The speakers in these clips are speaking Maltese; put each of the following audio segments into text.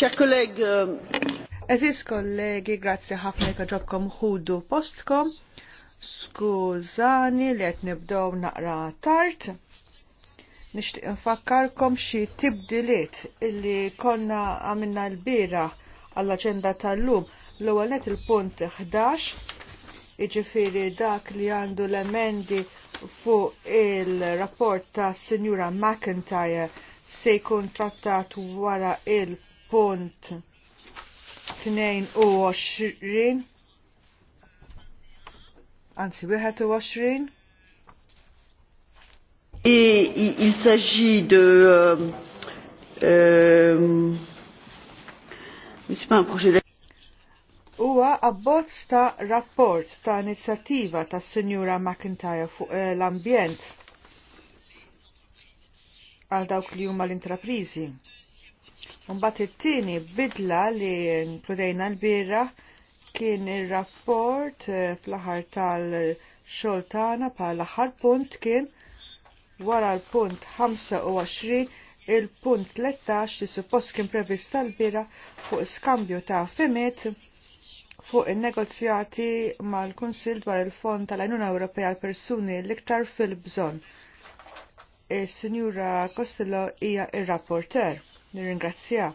Chers collègues, Aziz euh, kollegi, grazzi ħafna ka ġobkom ħudu postkom. Skużani li qed nibdew naqra tard. Nixtieq infakkarkom xi tibdiliet illi konna għamilna l-bira għall-aġenda tal-lum. L-ewwel net il-punt 11 iġifieri dak li għandu l-emendi fuq il-rapport ta' Sinjura McIntyre se jkun trattat wara il- punt 22 anzi 21 Et il s'agit de euh, euh, un projet de huwa abbozz ta' rapport ta' inizjattiva ta' Sinjura McIntyre fuq eh, l-ambjent għal dawk li huma l-intraprizi. Mbagħad it-tieni bidla li nkludejna l-bira kien ir-rapport eh, fl-aħħar tal-xogħol tagħna bħall aħħar punt kien wara l-punt 25 il-punt 13 li suppost kien previst tal-bira fuq skambju ta' femiet fuq in negozjati mal-Kunsil dwar il-Fond tal unjoni Ewropea għal persuni l-iktar fil-bżonn. Is-Sinjura e, Costello hija ir-rapporter nirringrazzja.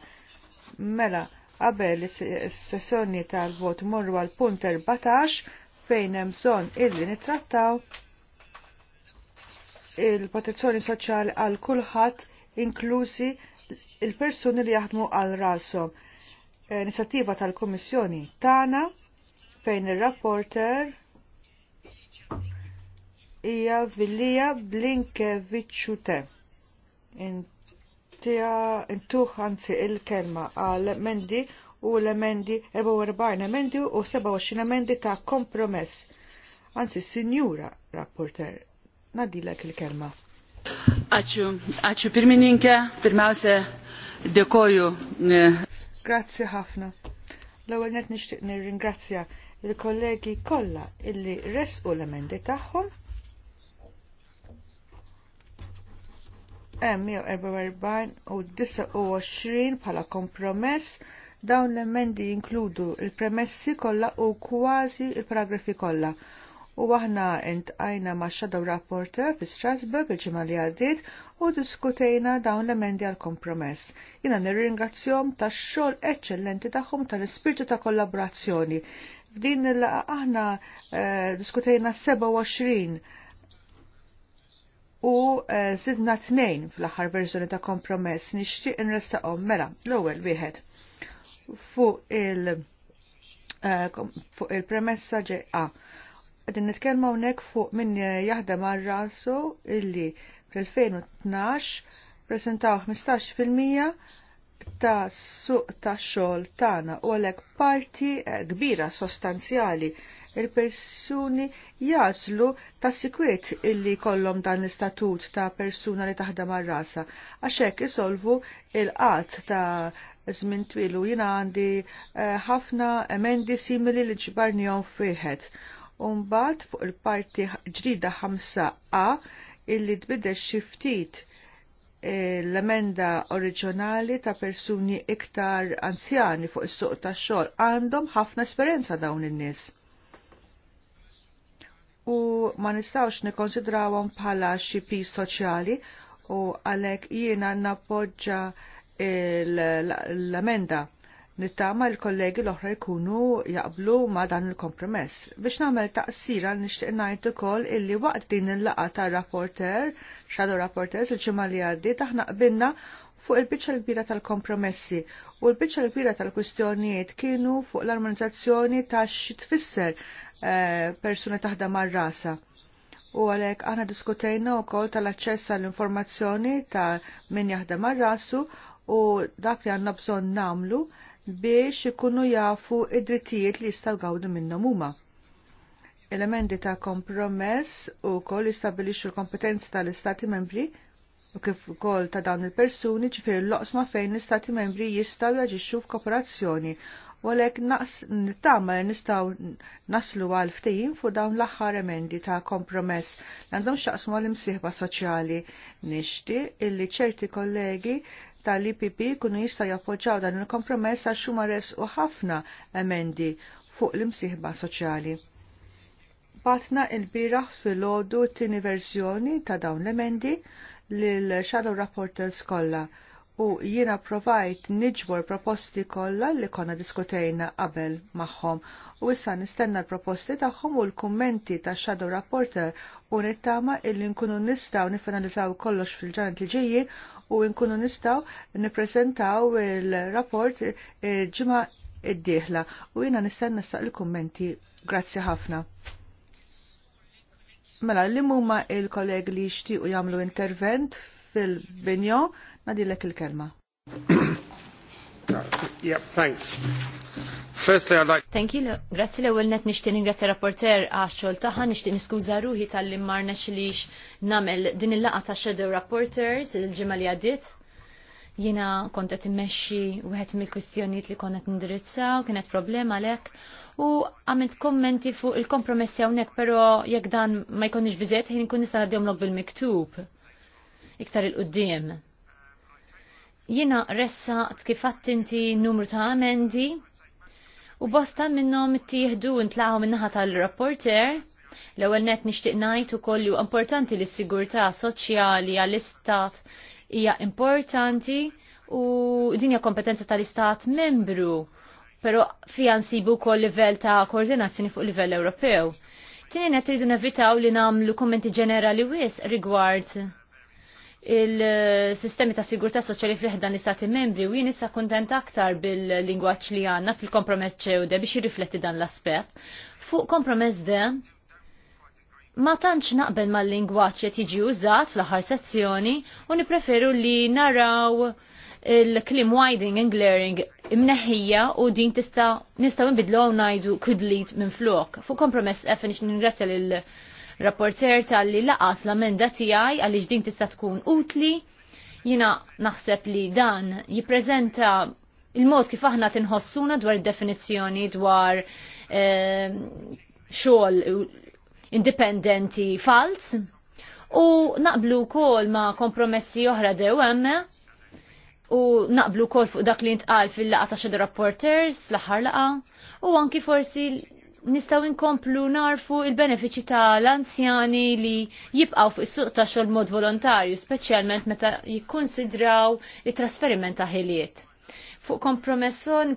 Mela, qabel is-sessjoni tal-vot morru għal punt 14 fejn hemm bżonn illi nittrattaw il-protezzjoni soċjali għal kulħadd inklusi il-persuni li jaħdmu għal rashom. Eh, inizjattiva tal-Kummissjoni tagħna fejn ir-rapporter hija Villija Blinkeviċute tija intuħ anzi il-kelma għal-mendi u l-emendi 44 emendi u 27 emendi ta' kompromess. Anzi, sinjura rapporter, nadilek il-kelma. Għacċu, għacċu, pirmininke, pirmawse dekoju. E, Grazzi ħafna. L-ewwel net nixtieq nirringrazzja il-kollegi kollha illi resqu l-emendi tagħhom hemm 144 u 29 bħala kompromess dawn l-emendi jinkludu il-premessi kollha u kważi il-paragrafi kollha. U aħna intqajna ma' Shadow Rapporteur fi Strasbourg il-ġimgħa li għaddiet u diskutejna dawn l-emendi għal kompromess. Jiena nirringrazzjom tax-xogħol eċċellenti tagħhom tal-ispirtu ta' kollaborazzjoni. F'din il laqgħa aħna eh, diskutejna 27 u eh, zidna tnejn fl-aħħar verżjoni ta' kompromess nixtieq nressaqhom mela l-ewwel wieħed fuq il- eh, premessa ġeqa. Din nitkellmu hawnhekk fuq min eh, jaħdem għal rasu illi fl-2012 presentaw 15% ta' suq ta' xogħol tagħna u għalhekk parti kbira sostanzjali il-persuni jaslu ta' sikwiet illi kollom dan l-istatut ta' persuna li taħdem ar-rasa. Għaxek isolvu il-qat ta' żmien twilu jina għandi eh, ħafna emendi simili li ġbarnijom fiħed. Umbat fuq il-parti ġrida 5a illi tbidel xiftit eh, l-emenda oriġinali ta' persuni iktar anzjani fuq is-suq tax-xogħol għandhom ħafna esperjenza dawn in-nies u ma nistawx nikonsidrawhom bħala xi pis soċjali u għalhekk jiena nappoġġa l-amenda nittama l-kollegi l-oħra jkunu jaqblu ma dan il-kompromess. Biex nagħmel taqsira nixtieq ngħid ukoll illi waqt din il-laqgħa ta' rapporter, shadow rapporters il-ġimgħa li għaddiet aħna qbilna fuq il-biċċa l bira tal-kompromessi u l-biċċa l bira tal-kwistjonijiet kienu fuq l-armonizzazzjoni tax xi tfisser Eh, persuni taħda mar-rasa u għalek għana diskutejna u kol tal-access għall-informazzjoni ta' min jaħdem rasu u dak li għanna bżon namlu biex ikunu jafu id-drittijiet li jistaw għawdu minnom huma. Elementi ta' kompromess u kol jistabilixu l-kompetenzi tal-istati membri u kif kol ta' dawn il-persuni ġifir l-loqsma fejn l-istati membri jistaw jaġixxu f'kooperazzjoni u naqs nittama nistaw naslu għal ftejim fu dawn l-axħar emendi ta' kompromess għandhom xaqsmu l-imsiħba soċjali. Nishti illi ċerti kollegi tal-IPP kunu jistaw jappoġġaw dan il-kompromess għax huma u ħafna emendi fuq l-imsiħba soċjali. Batna il-biraħ fil-ħodu t-tini verżjoni ta' dawn l-emendi lil shadow rapporters kollha u jiena provajt niġbor proposti kollha li konna diskutejna qabel magħhom u issa nistenna l-proposti tagħhom u l-kummenti ta' Shadow Rapporter u nittama illi nkunu nistgħu nifinalizzaw kollox fil-ġranet li ġejjin u nkunu nistgħu nippreżentaw il-rapport ġimgħa id-dieħla u jiena nistenna sa' il-kummenti. Grazzi ħafna. Mela, li huma il-kollegi li jixtiequ jagħmlu intervent fil-binjo Nadilek il-kelma. Firstly, like... Thank you. Grazzi l ewwel net nishtin ringrazzi rapporter għaxol taħħa nixtieq niskuża ruħi tal-li marna xilix namel din il-laqa ta' shadow rapporters il ġimgħa li Jiena kont qed immexxi wieħed mill-kwistjonijiet li konna u kienet problema lek u għamilt kommenti fuq il-kompromessi hawnhekk, però jekk dan ma jkunniex biżejt ħin nkun nista' l bil-miktub iktar il-qudiem. Jina ressa tkifat inti numru ta' amendi u bosta minnom tieħdu intlaħu minnaħa tal-rapporter. L-ewwel net nixtieq ngħid ukoll importanti li s-sigurtà soċjali għall-istat hija importanti u dinja kompetenza tal-istat membru, pero fija nsibu kol livell ta' koordinazzjoni fuq livell Ewropew. Tini net ridu nevitaw li nagħmlu kummenti ġenerali wis rigward il-sistemi ta' sigurtà soċjali fl-ħdan l-istati membri u jien issa kontent aktar bil-lingwaġġ li għandna fil-kompromess ċewde biex jirrifletti dan l-aspett. Fuq kompromess de ma tantx naqbel mal-lingwaġġ qed jiġi użat fl-aħħar sezzjoni u nippreferu li naraw il-klim widening and glaring imneħħija u din tista' nistgħu nbidlu ngħidu could lead minn flok. Fuq kompromess F nix ningrazzja lil rapporter tal-li laqas l-amenda tijaj għalli din tista' tkun utli. Jina naħseb li dan jiprezenta il-mod kif aħna tinħossuna dwar definizzjoni dwar eh, xogħol indipendenti fals u naqblu kol ma kompromessi oħra dew emme u naqblu kol fuq dak li ntqal fil-laqa ta' xedu rapporters l-aħħar laqa u anki forsi nistaw inkomplu narfu il-benefiċi ta' l-anzjani li jibqaw fuq is-suq ta' xogħol mod volontarju, speċjalment meta jikkonsidraw it-trasferiment ta' ħiliet. Fuq kompromesson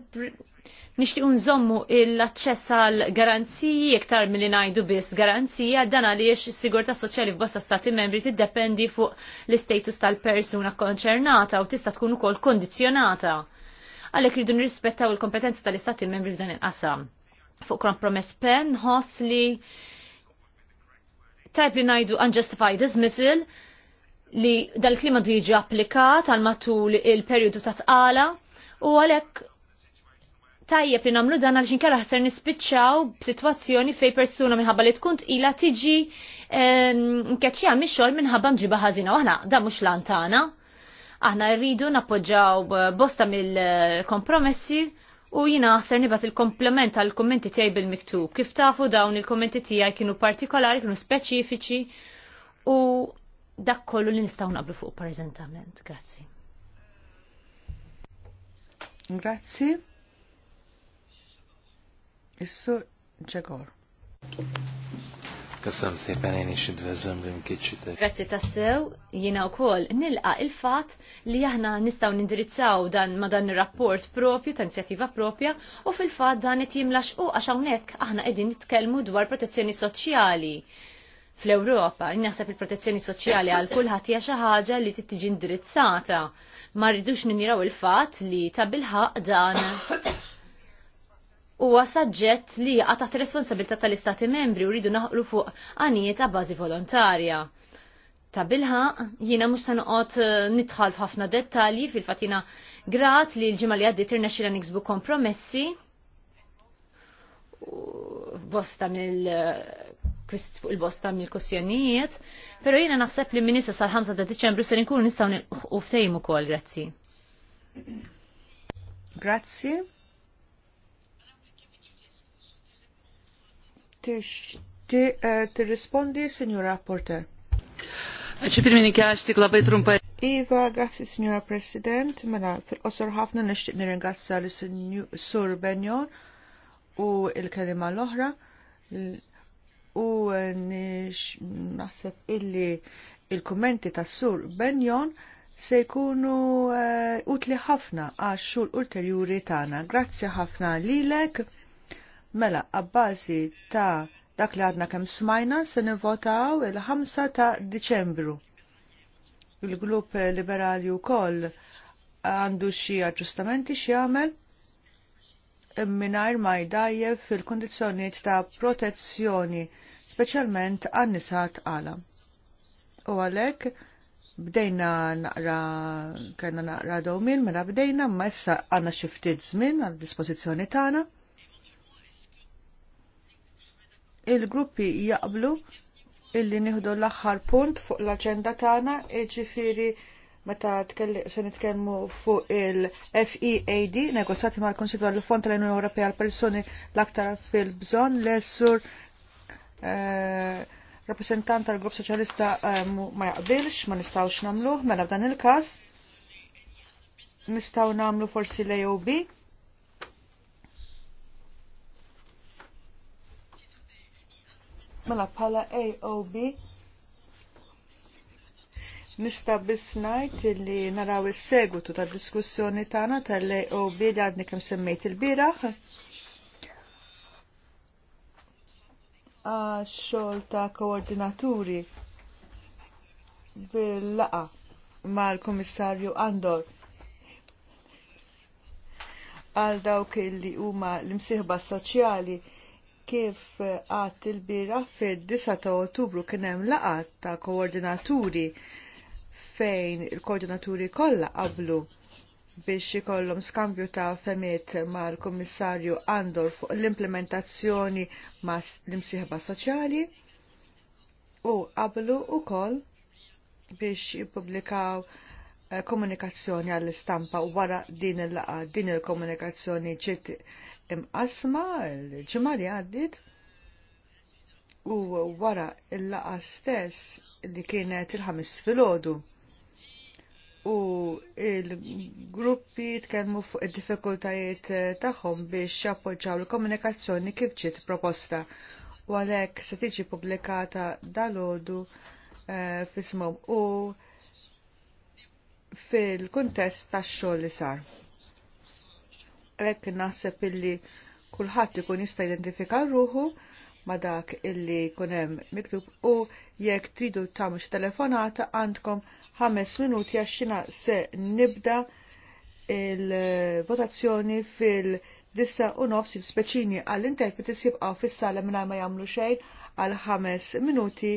nixtieq nżommu l-aċċess għal garanziji iktar milli ngħidu biss garanzija dan għaliex is-sigurtà soċjali f'bosta stati membri tiddependi fuq l-istatus tal-persuna konċernata u tista' tkun ukoll kondizzjonata għalhekk rridu nirrispettaw il-kompetenzi tal-istati membri f'dan il-qasam fuq kompromess pen nħoss li tajb li najdu unjustified dismissal li dal-klima du jiġi applikat għal matul il-periodu ta' tqala u għalek tajjeb li namlu dan għalxin kera ħser nispiċċaw b'sitwazzjoni fej persuna minħabba li tkun ila tiġi mkeċċija mixol minħabba mġiba ħażina. Aħna da mhux lantana. Aħna rridu nappoġġaw bosta mill-kompromessi U jina ħser nibat il-komplement għal kommenti tiegħi bil-miktub. Kif tafu dawn il-kommenti tiegħi kienu partikolari, kienu speċifiċi u dak kollu li nistgħu naqblu fuq preżentament. Grazzi. Grazzi. Issu ġegor. Köszönöm szépen, én is üdvözlöm kicsit. Grazzi tassew, jina u kol, nilqa il-fat li jahna nistaw nindirizzaw dan ma dan rapport propju, ta' inizjattiva propja, u fil-fat dan it jimlax u għaxawnek aħna edin nitkelmu dwar protezzjoni soċjali fl-Ewropa, naħseb il-protezzjoni soċjali għal kulħadd hija xi ħaġa li tittiġi indirizzata. Ma rridux ninjiraw il-fatt li ta' bilħaq dan huwa saġġett li jaqa' taħt responsabilità tal-Istati membri u rridu naħqlu fuq għanijiet ta' bażi volontarja. Ta' bilħa jiena mhux se noqgħod eh, nidħal f'ħafna dettalji fil-fatina grat li l-ġimgħa li għaddiet irnexxilha niksbu kompromessi bosta mill fuq il-bosta mill-kussjonijiet, però jiena naħseb li minissa sal-5 ta' Diċembru se nkunu nistgħu nilqu ftehim ukoll, grazzi. Grazzi. Eh, tirrispondi, Signora Porter. Ċi pirminika, xtik labai trumpa. Iva, grazzi Signora President, mela fil-qosor ħafna nishtiq nirringazza li sur Benjon u il-kelima l-oħra u naħseb illi il-kommenti ta' sur Benjon se jkunu eh, utli ħafna għax xul ulterjuri tana. Grazzi ħafna lilek. Mela, għabbażi ta' dak li għadna kem smajna se nivvotaw il-5 ta' Diċembru. Il-grupp liberali u koll għandu xie aġġustamenti xie għamel minnajr ma jdajjeb fil-kondizjoniet ta' protezzjoni, specialment għannisat għala. U għalek bdejna naqra, kena naqra dawmin, mela bdejna ma issa għanna xiftit zmin għal dispożizzjoni tagħna il-gruppi jaqblu illi nieħdu l-aħħar punt fuq l-aġenda tagħna, jiġifieri meta se nitkellmu fuq il-FEAD, negozjati mal-Konsil tal-Fond tal-Unjoni Ewropea għal persuni l-aktar fil-bżonn, l-essur eh, rappresentant tal-Grupp Soċjalista eh, ma jaqbilx, ma nistgħux nagħmluh, mela f'dan il-każ nistgħu nagħmlu forsi l-AOB e Mela bħala AOB Nista biss ngħid li naraw is-segwitu tad-diskussjoni tagħna tal aob li għadni kemm semmejt il-bieraħ. Għax-xogħol ta' koordinaturi bil-laqa mal-Kummissarju Andor għal dawk li huma l-imsieħba soċjali kif għat il-bira fid-9 ta' ottubru kien hemm laqat ta' koordinaturi fejn il-koordinaturi kollha qablu biex ikollhom skambju ta' femiet mal-Kummissarju Andor fuq l-implementazzjoni ma' l-imsieħba soċjali u qablu wkoll biex jippubblikaw eh, komunikazzjoni għall-istampa wara din il-laqa din il-komunikazzjoni ċit imqasma l-ġimgħa li għaddit u wara il-laqa stess li kienet il-ħamis filgħodu u il-gruppi tkellmu fuq id-diffikultajiet tagħhom biex jappoġġaw il-komunikazzjoni kif ġiet proposta u għalhekk se tiġi pubblikata dalodu ħodu eh, fismhom u fil-kuntest tax-xogħol li sar hekk naħseb illi kulħadd ikun jista' jidentifika ruħu ma dak illi jkun hemm miktub u jekk tridu tagħmlu xi telefonata għandkom ħames minuti għax xina se nibda il-votazzjoni fil- dissa u nofs il-speċini għall-interpreti sibqaw fis-sala minna ma jamlu xejn għal ħames minuti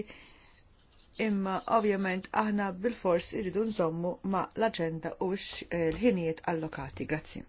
imma ovvjament aħna bil-fors irridu nżommu ma l-aġenda u eh, l-ħinijiet allokati. Grazzi.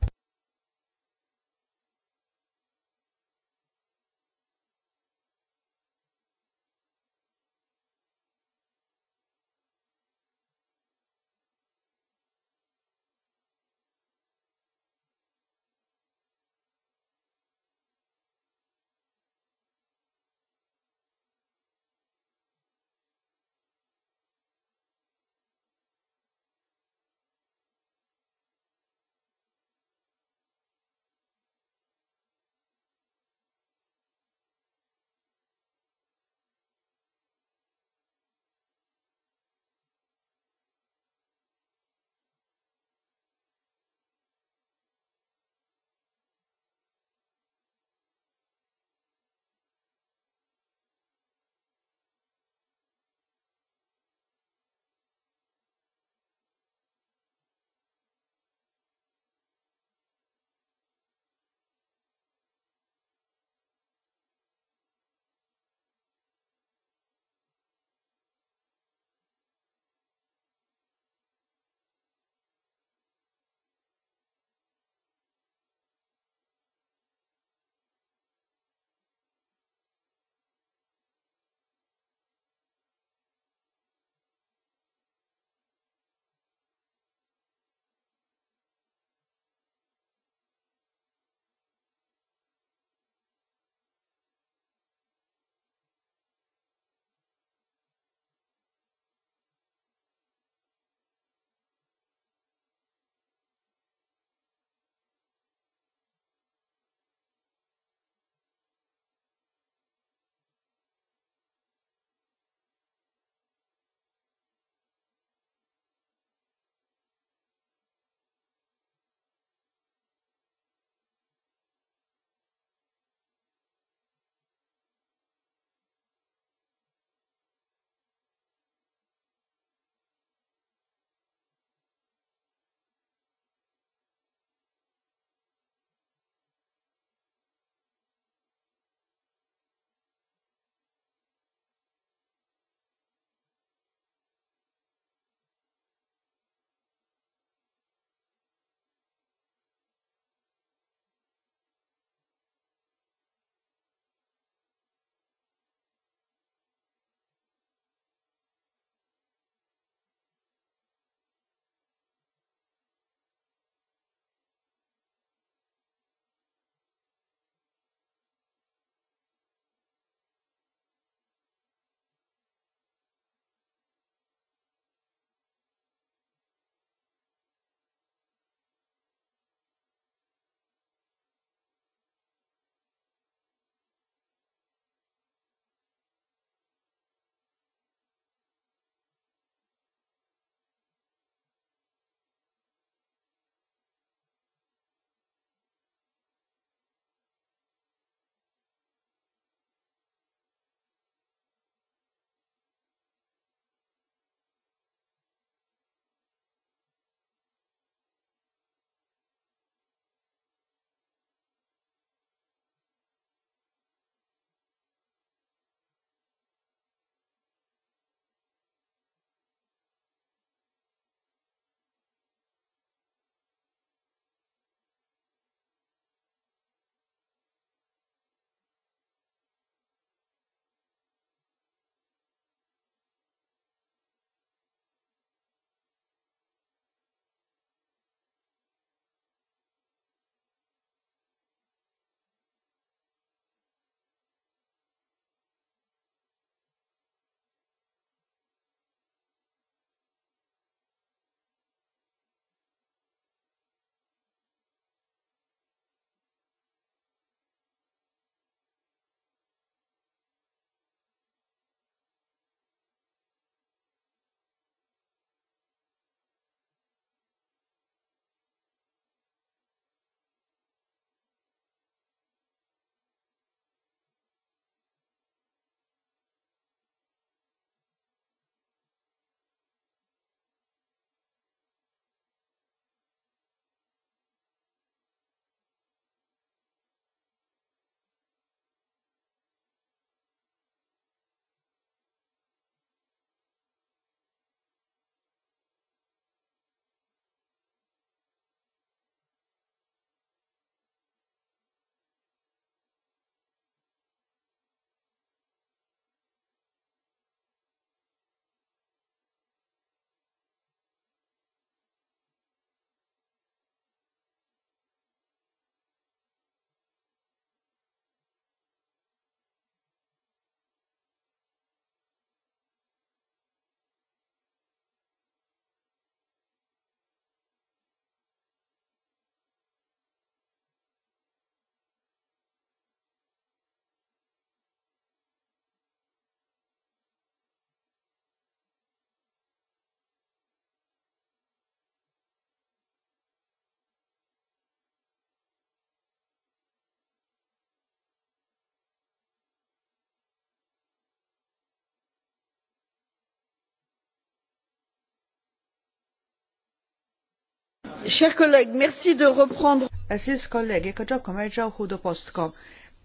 Chers collègues, merci de reprendre. Assis kollegi, kħġobkom erġaw ħudu postkom.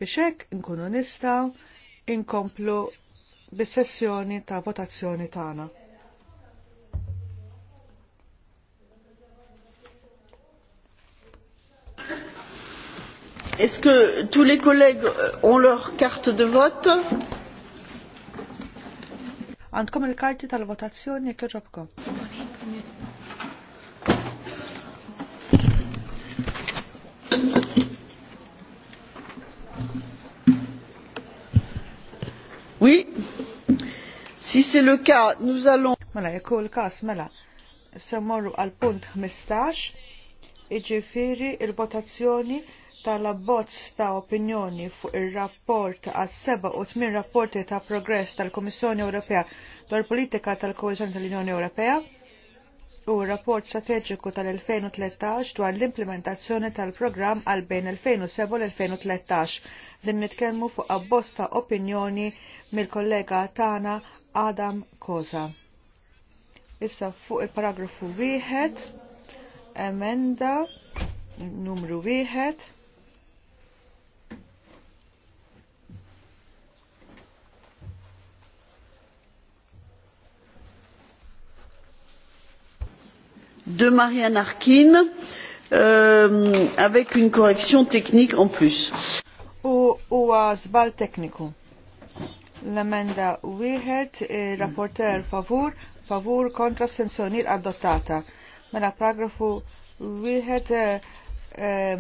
Biexek nkunu nistaw inkomplu bis-sessjoni ta' votazzjoni tana. Est-ce que tous les collègues ont leur carte de vote Għandkom il-karti tal-votazzjoni jek joġobkom. Si c'est le cas, nous allons... Mela, jekku l-kas, mela, semmorru għal-punt 15, iġifiri il-votazzjoni tal-abbozz ta' opinjoni fuq ir-rapport għal seba' u tmien rapporti ta' progress tal-Kummissjoni Ewropea dwar politika tal-Koeżjoni tal-Unjoni Ewropea u rapport strateġiku tal-2013 dwar l-implementazzjoni tal-programm għal bejn 2007 l-2013 din nitkellmu fuq abbosta opinjoni mill-kollega tana Adam Koza. Issa fuq il-paragrafu wieħed, emenda numru wieħed, de Marianne Arkin euh, avec une correction technique en plus. U huwa żball tekniku. L-emenda wieħed eh, rapporter favur, favur kontra sensjonijiet adottata. Mela paragrafu wieħed eh,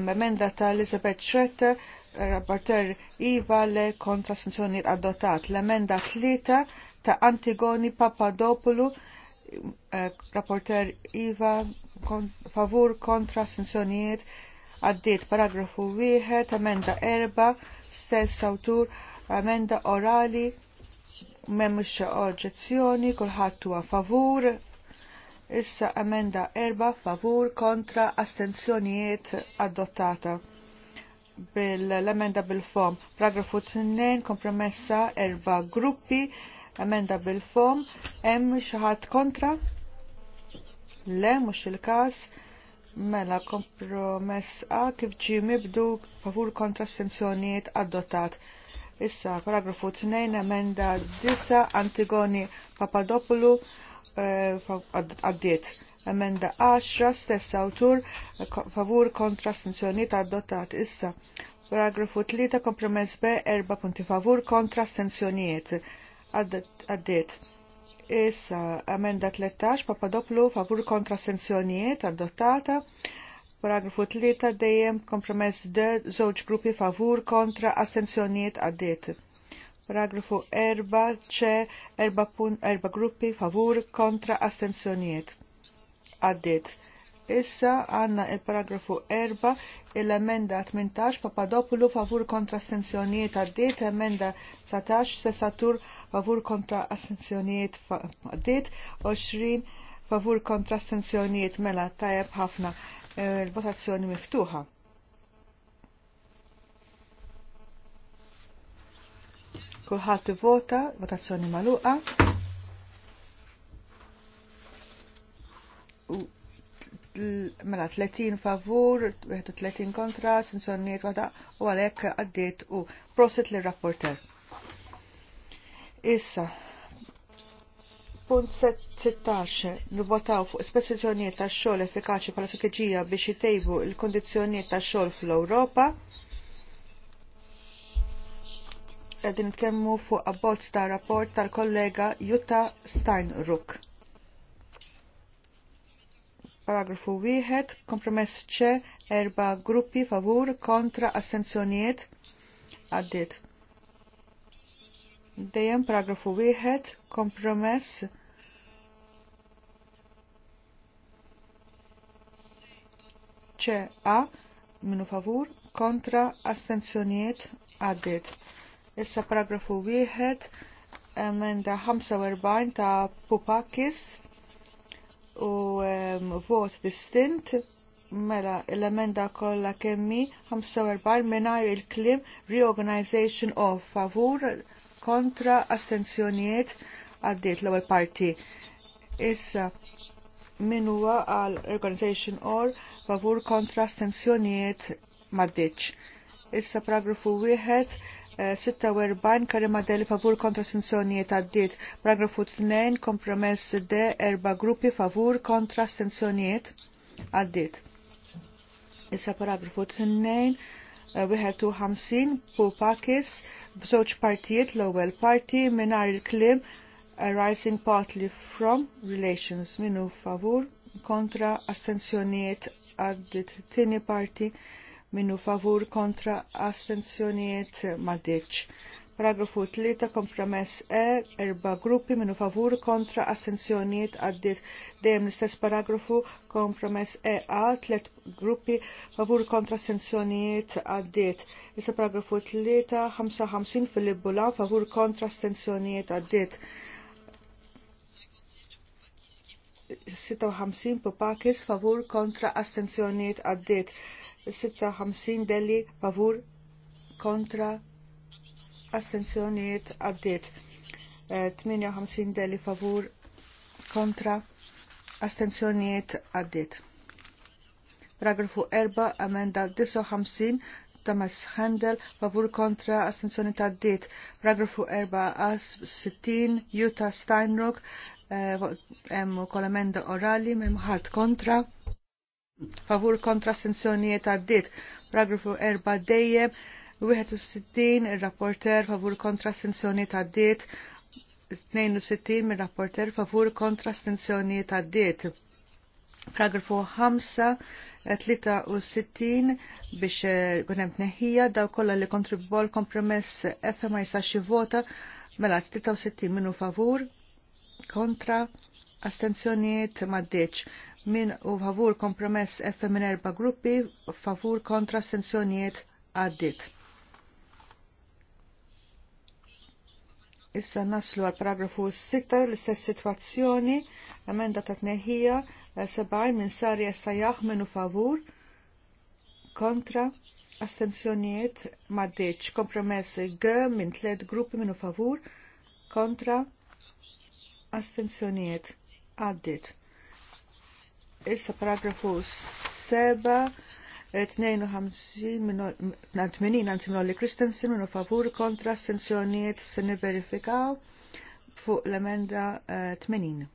emenda ta' Elizabeth Schroeter eh, rapporter Iva le kontra sanzjoniet adottat. L-emenda tlieta ta' Antigoni Papadopoulou Eh, rapporter Iva kon, favur kontra sanzjonijiet għaddiet paragrafu wieħed, amenda erba, stess autur, amenda orali, memx oġezzjoni, kulħadd huwa favur, issa amenda erba favur kontra astenzjonijiet adottata bil-emenda bil-fom. Paragrafu 2, kompromessa erba gruppi, Emenda bil-fom, hemm xi ħadd kontra? Le, mhux il-każ. Mela kompromess A kif ġi mibdu favur kontra stenzjoniet adottat. Issa, paragrafu 2, emenda 9, Antigoni Papadopoulou, għaddiet. Eh, emenda 10, stess autur, eh, favur kontra stenzjoniet adottat issa. Paragrafu 3, kompromess B, erba punti favur kontra stenzjoniet għaddit. Issa amenda 13 Papadoplu favur kontra sanzjonijiet adottata. Paragrafu 3 dejjem kompromess de żewġ gruppi favur kontra astenzjonijiet għaddit. Paragrafu 4 ċe erba' erba gruppi favur kontra astenzjonijiet għaddit. Issa għanna il-paragrafu 4, il-emenda 18, Papadopoulou favur kontra astenzjonijiet għaddit, emenda 19, Sessatur favur kontra astenzjonijiet għaddit, 20 favur kontra astenzjonijiet mela tajab ħafna il-votazzjoni miftuħa. Kulħat vota, votazzjoni maluqa mela 30 favur, 31 kontra, sinsonniet wada u għalek għaddit u prosit li rapporter. Issa, punt 16 nubotaw fuq spezzjonijiet ta' xol effikaċi pala strategija biex jitejbu il kondizzjonijiet ta' xol fl-Ewropa. Qegħdin kemmu fuq abbozz ta' rapport tal-kollega Jutta Steinruck. Paragrafu 1, kompromess ċe, erba gruppi favur kontra astenzjonijiet għaddit. Dejjem paragrafu 1, kompromess ċe A, minu favur kontra astenzjoniet, għaddit. Issa paragrafu 1, emenda 45 ta' Pupakis u ehm, vot distint mela l-emenda kollha kemmi 45 mingħajr il-klim reorganization of favur kontra astenzjonijiet għaddit l-ewwel parti. Issa min huwa għal organization or favur kontra astenzjoniet maddiċ. Issa paragrafu wieħed 46 eh, karima deli favur kontra stenzjonijiet għaddit. Paragrafu 2 kompromess D erba gruppi favur kontra stenzjonijiet għaddit. Issa paragrafu 2 pu pakis b'żewġ partijiet l-ewwel parti mingħajr il-klim arising partly from relations minu favur kontra astensjonijiet għaddit tini parti minnu favur kontra astenzjonijiet maddiċ. Paragrafu 3 kompromess E, erba gruppi minnu favur kontra astenzjoniet għaddit. Dejjem l-istess paragrafu kompromess E A, tlet gruppi favur kontra astenzjoniet għaddit. Issa paragrafu 3, 55 fil-libbula favur kontra astenzjoniet għaddit. 56 popakis favur kontra astenzjoniet għaddit. 56 deli favur kontra astenzjoniet għaddit 58 eh, deli favur kontra astenzjoniet għaddit paragrafu 4 amenda 59 Thomas Handel favur kontra astenzjoni ta' ditt. Paragrafu 4 as 60 Jutta Steinrock emmu eh, kol emenda orali memħat kontra Favur kontra sensjonijiet għaddit. Paragrafu 4 dejjem. 61 il-rapporter favur kontra sensjonijiet għaddit. 62 il rapporter favur kontra sensjonijiet għaddit. Paragrafu 5 63 biex eh, kunem tneħħija daw kollha li kontribu kompromess F ma jistax jivvota mela 63 minu favur kontra astenzjonijiet maddeċ min u favur kompromess fm minn erba gruppi favur kontra stenzjonijiet għaddit. Issa naslu għal paragrafu 6 l-istess situazzjoni, emenda ta' tneħija 70 eh, minn sari minn u favur kontra astenzjonijiet maddeċ kompromess G minn tled gruppi u favur kontra astenzjonijiet għaddit. Issa paragrafu 7 52 eh, minn għantimlolli Kristensen minnu favur kontra stenzjoniet se verifikaw fuq l-emenda 80. Eh,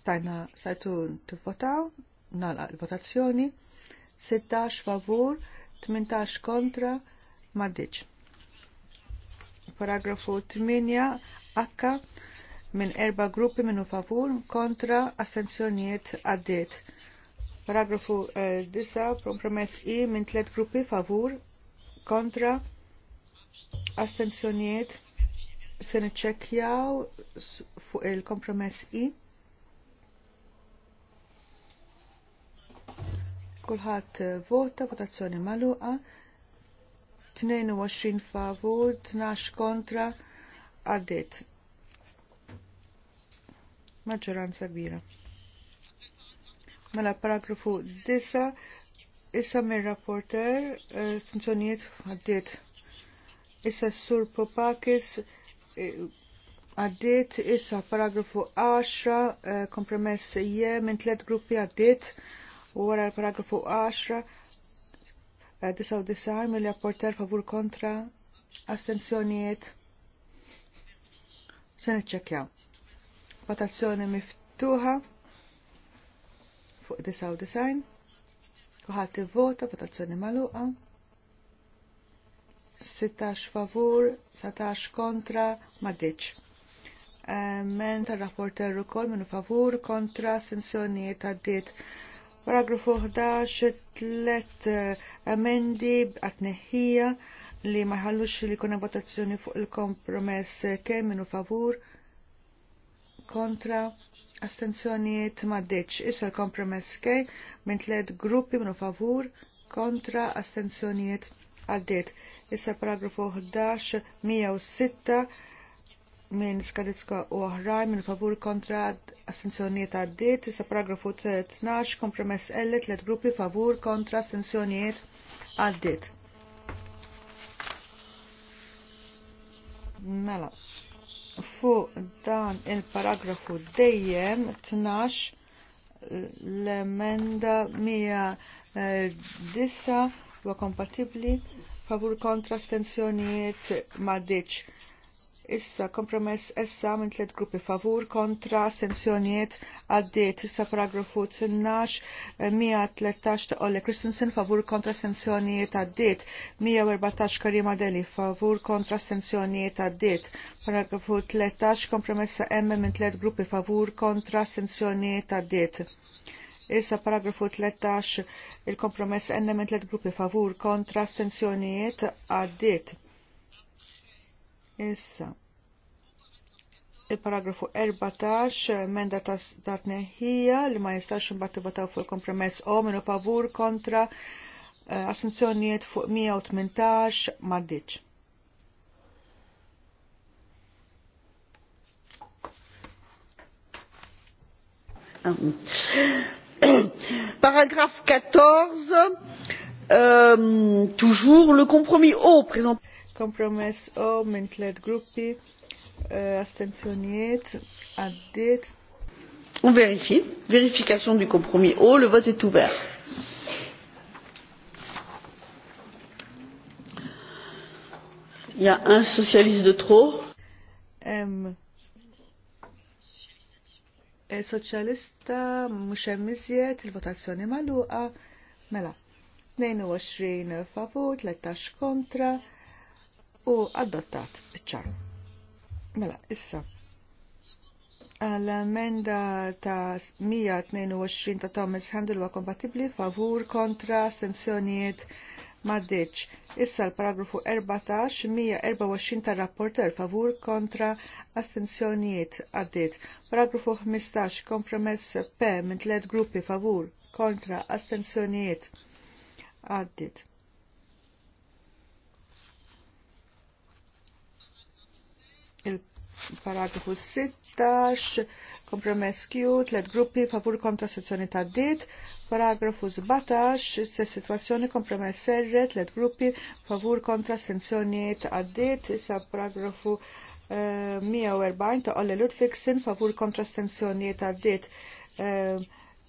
Stajna sajtu t-votaw, nala l-votazzjoni, 16 favur, 18 kontra, maddiċ. Paragrafu 8 akka minn erba gruppi minnu favur kontra astenzjonijiet għaddiet. Paragrafu 9 eh, kompromess i minn tlet gruppi favur kontra astenzjonijiet se niċċekkjaw fuq il-kompromess i. Kulħadd eh, vota votazzjoni maluqa. 22 favur, 12 kontra, għaddit. Maġġoranza kbira. Mela paragrafu 9, issa mir rapporter eh, sanzjonijiet għaddit. Issa sur Popakis eh, għaddit, issa paragrafu 10, eh, kompromess je minn tlet gruppi għaddit, u wara paragrafu 10, 99 eh, mill-rapporter favur kontra astenzjonijiet se niċċekjaw. Votazzjoni miftuħa fuq 99. Kuħat vota votazzjoni maluqa. 16 favur, 16 kontra, maddiċ. Eh, men tar-rapporter ukoll minn favur kontra astenzjonijiet għaddiet. Paragrafu 11, tlet amendi eh, għatneħija li ma ħallux li kuna votazzjoni fuq il-kompromess eh, kemmin u favur, kontra, astenzjonijiet maddeċ. Issa l-kompromess kej minn tlet gruppi u favur, kontra, astenzjonijiet għaddiet. Issa paragrafu 11, 106, minn skadizka u oħraj minn favur kontra astenzjonijiet għaddit, issa paragrafu 12, kompromess L, tlet gruppi favur kontra astenzjonijiet għaddit. Mela, Fu dan il-paragrafu dejjem 12 l-emenda eh, Disa huwa kompatibbli favur kontra astenzjonijiet ma' Issa kompromess essa minn tliet gruppi favur kontra astensjonijiet għaddiet issa paragrafu 12 113 eh, ta' Olle Christensen favur kontra astensjonijiet għaddiet 114 Karima Deli favur kontra astensjonijiet għaddiet paragrafu 13 kompromessa M minn tliet gruppi favur kontra astensjonijiet għaddiet. Issa paragrafu 13 il-kompromess N minn tliet gruppi favur kontra astensjonijiet għaddiet. Issa il-paragrafu 14, menda ta' tneħħija li ma jistax imbagħad votaw fuq il-kompromess o minu pavur kontra eh, assunzjonijiet fuq 118 maddiċ. Paragraf 14, euh, toujours le compromis O présent. Compromis O, mentlet tlet gruppi Euh, Astensioniet, għaddit. On vérifie. Vérification du compromis O. Oh, le vote est ouvert. Il y a un socialiste de trop. Um, e Soċjalista mhux hemm iżjed il-votazzjoni magħluqa mela 22 favur, 13 kontra u adottat biċ-ċar. Mela, issa. L-emenda ta' 122 ta' Thomas Handel huwa kompatibbli favur kontra stenzjoniet maddeċ. Issa l-paragrafu 14, 124 ta' rapporter favur kontra astensjonijiet għaddit. Paragrafu 15, kompromess P minn tlet gruppi favur kontra astensjonijiet għaddit. il-paragrafu 16, kompromess Q, tlet gruppi favur kontra sezzjoni ta' dit, paragrafu 17, se situazzjoni kompromess R, tlet gruppi favur kontra sezzjoni ta' dit, sa paragrafu 140 eh, ta' Olle Ludwigsen favur kontra sezzjoni ta' dit. Eh,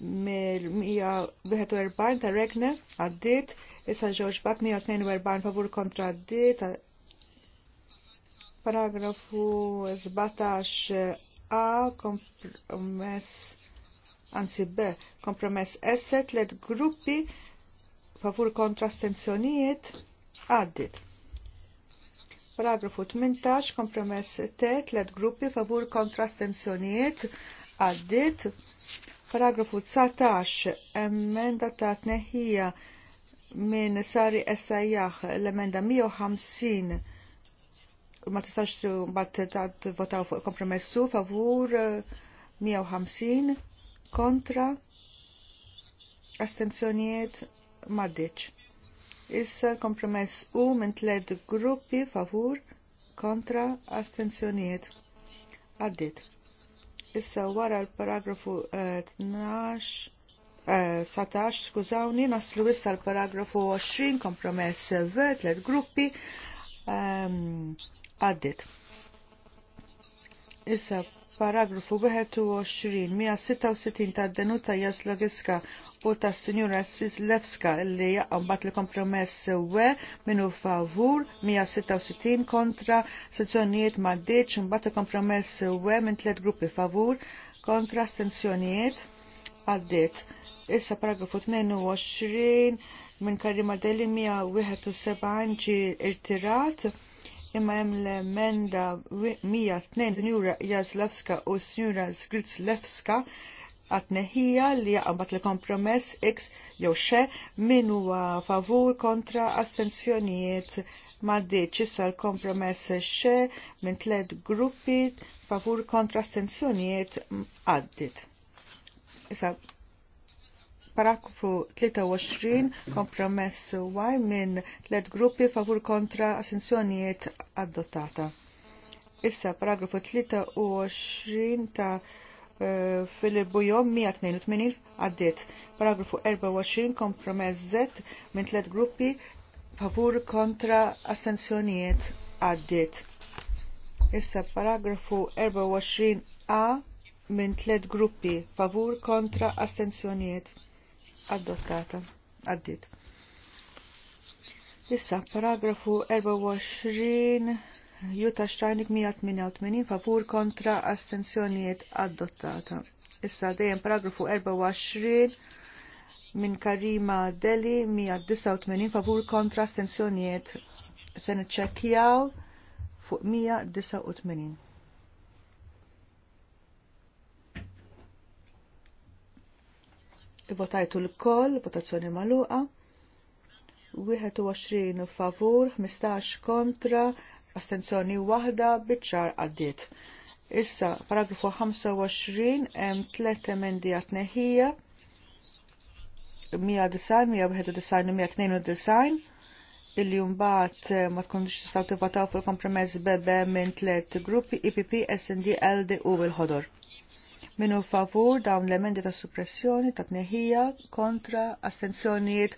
mill 140 ta' Regne għaddit, issa ġoġbat 142 favur kontra għaddit, Paragrafu 17a kompromess anzi B kompromess esset let gruppi favur kontra stenzjonijiet għaddit. Paragrafu 18 kompromess tet let gruppi favur kontra stenzjonijiet għaddit. Paragrafu 19 emenda ta' tneħija minn Sari Essajjaħ l-emenda 150 ma tistax mbagħad votaw fuq kompromessu favur 150 eh, kontra astenzjonijiet maddiċ. Issa kompromess u minn tled gruppi favur kontra astenzjonijiet għaddit. Issa wara l-paragrafu 12 eh, eh, satax, skużawni, naslu issa l-paragrafu 20, kompromess vet, let gruppi, um, għaddit. Issa paragrafu 21 166 ta' Denuta Jaslogiska u ta' signora Sislevska li bat li kompromess we minu favur 166 kontra sezzjonijiet ma' deċ li kompromess we minn tlet gruppi favur kontra stenzjonijiet għaddit. Issa paragrafu 22 minn Karima Deli 171 ġi irtirat imma hemm l-emenda 102 Njura Jaslewska u Snjura Skritzlewska għatneħija li jaqbat li kompromess X jew xe min huwa favur kontra astenzjonijiet maddiċ issa l-kompromess xe minn tliet gruppi favur kontra astenzjonijiet għaddit. Issa paragrafu 23 kompromess Y minn let gruppi favur kontra assenzjonijiet adottata. Issa paragrafu 23 ta' eh, Filip Bujom 182 għaddit. Paragrafu 24 kompromess Z minn tlet gruppi favur kontra astenzjonijiet għaddit. Issa paragrafu 24a minn tlet gruppi favur kontra astenzjonijiet adottata. Addit. Issa, paragrafu 24, Juta Xtrajnik 188, favur kontra astenzjonijiet adottata. Issa, dejjem paragrafu 24, minn Karima Deli 189, favur kontra astenzjonijiet. Se niċċekkjaw fuq 189. votajtu l-koll, votazzjoni maluqa, 21 favur, 15 kontra, astenzjoni wahda bitxar għaddiet. Issa, paragrafu 25, hemm tlet emendi għatneħija, 191-192, illi jumbat eh, ma tkunx tistaw tivvotaw fil-kompromess bebe minn tlet gruppi IPP, e SND, LD u l-ħodor. Minnu favur dawn l-emendi ta' suppressjoni ta' tneħija kontra astenzjonijiet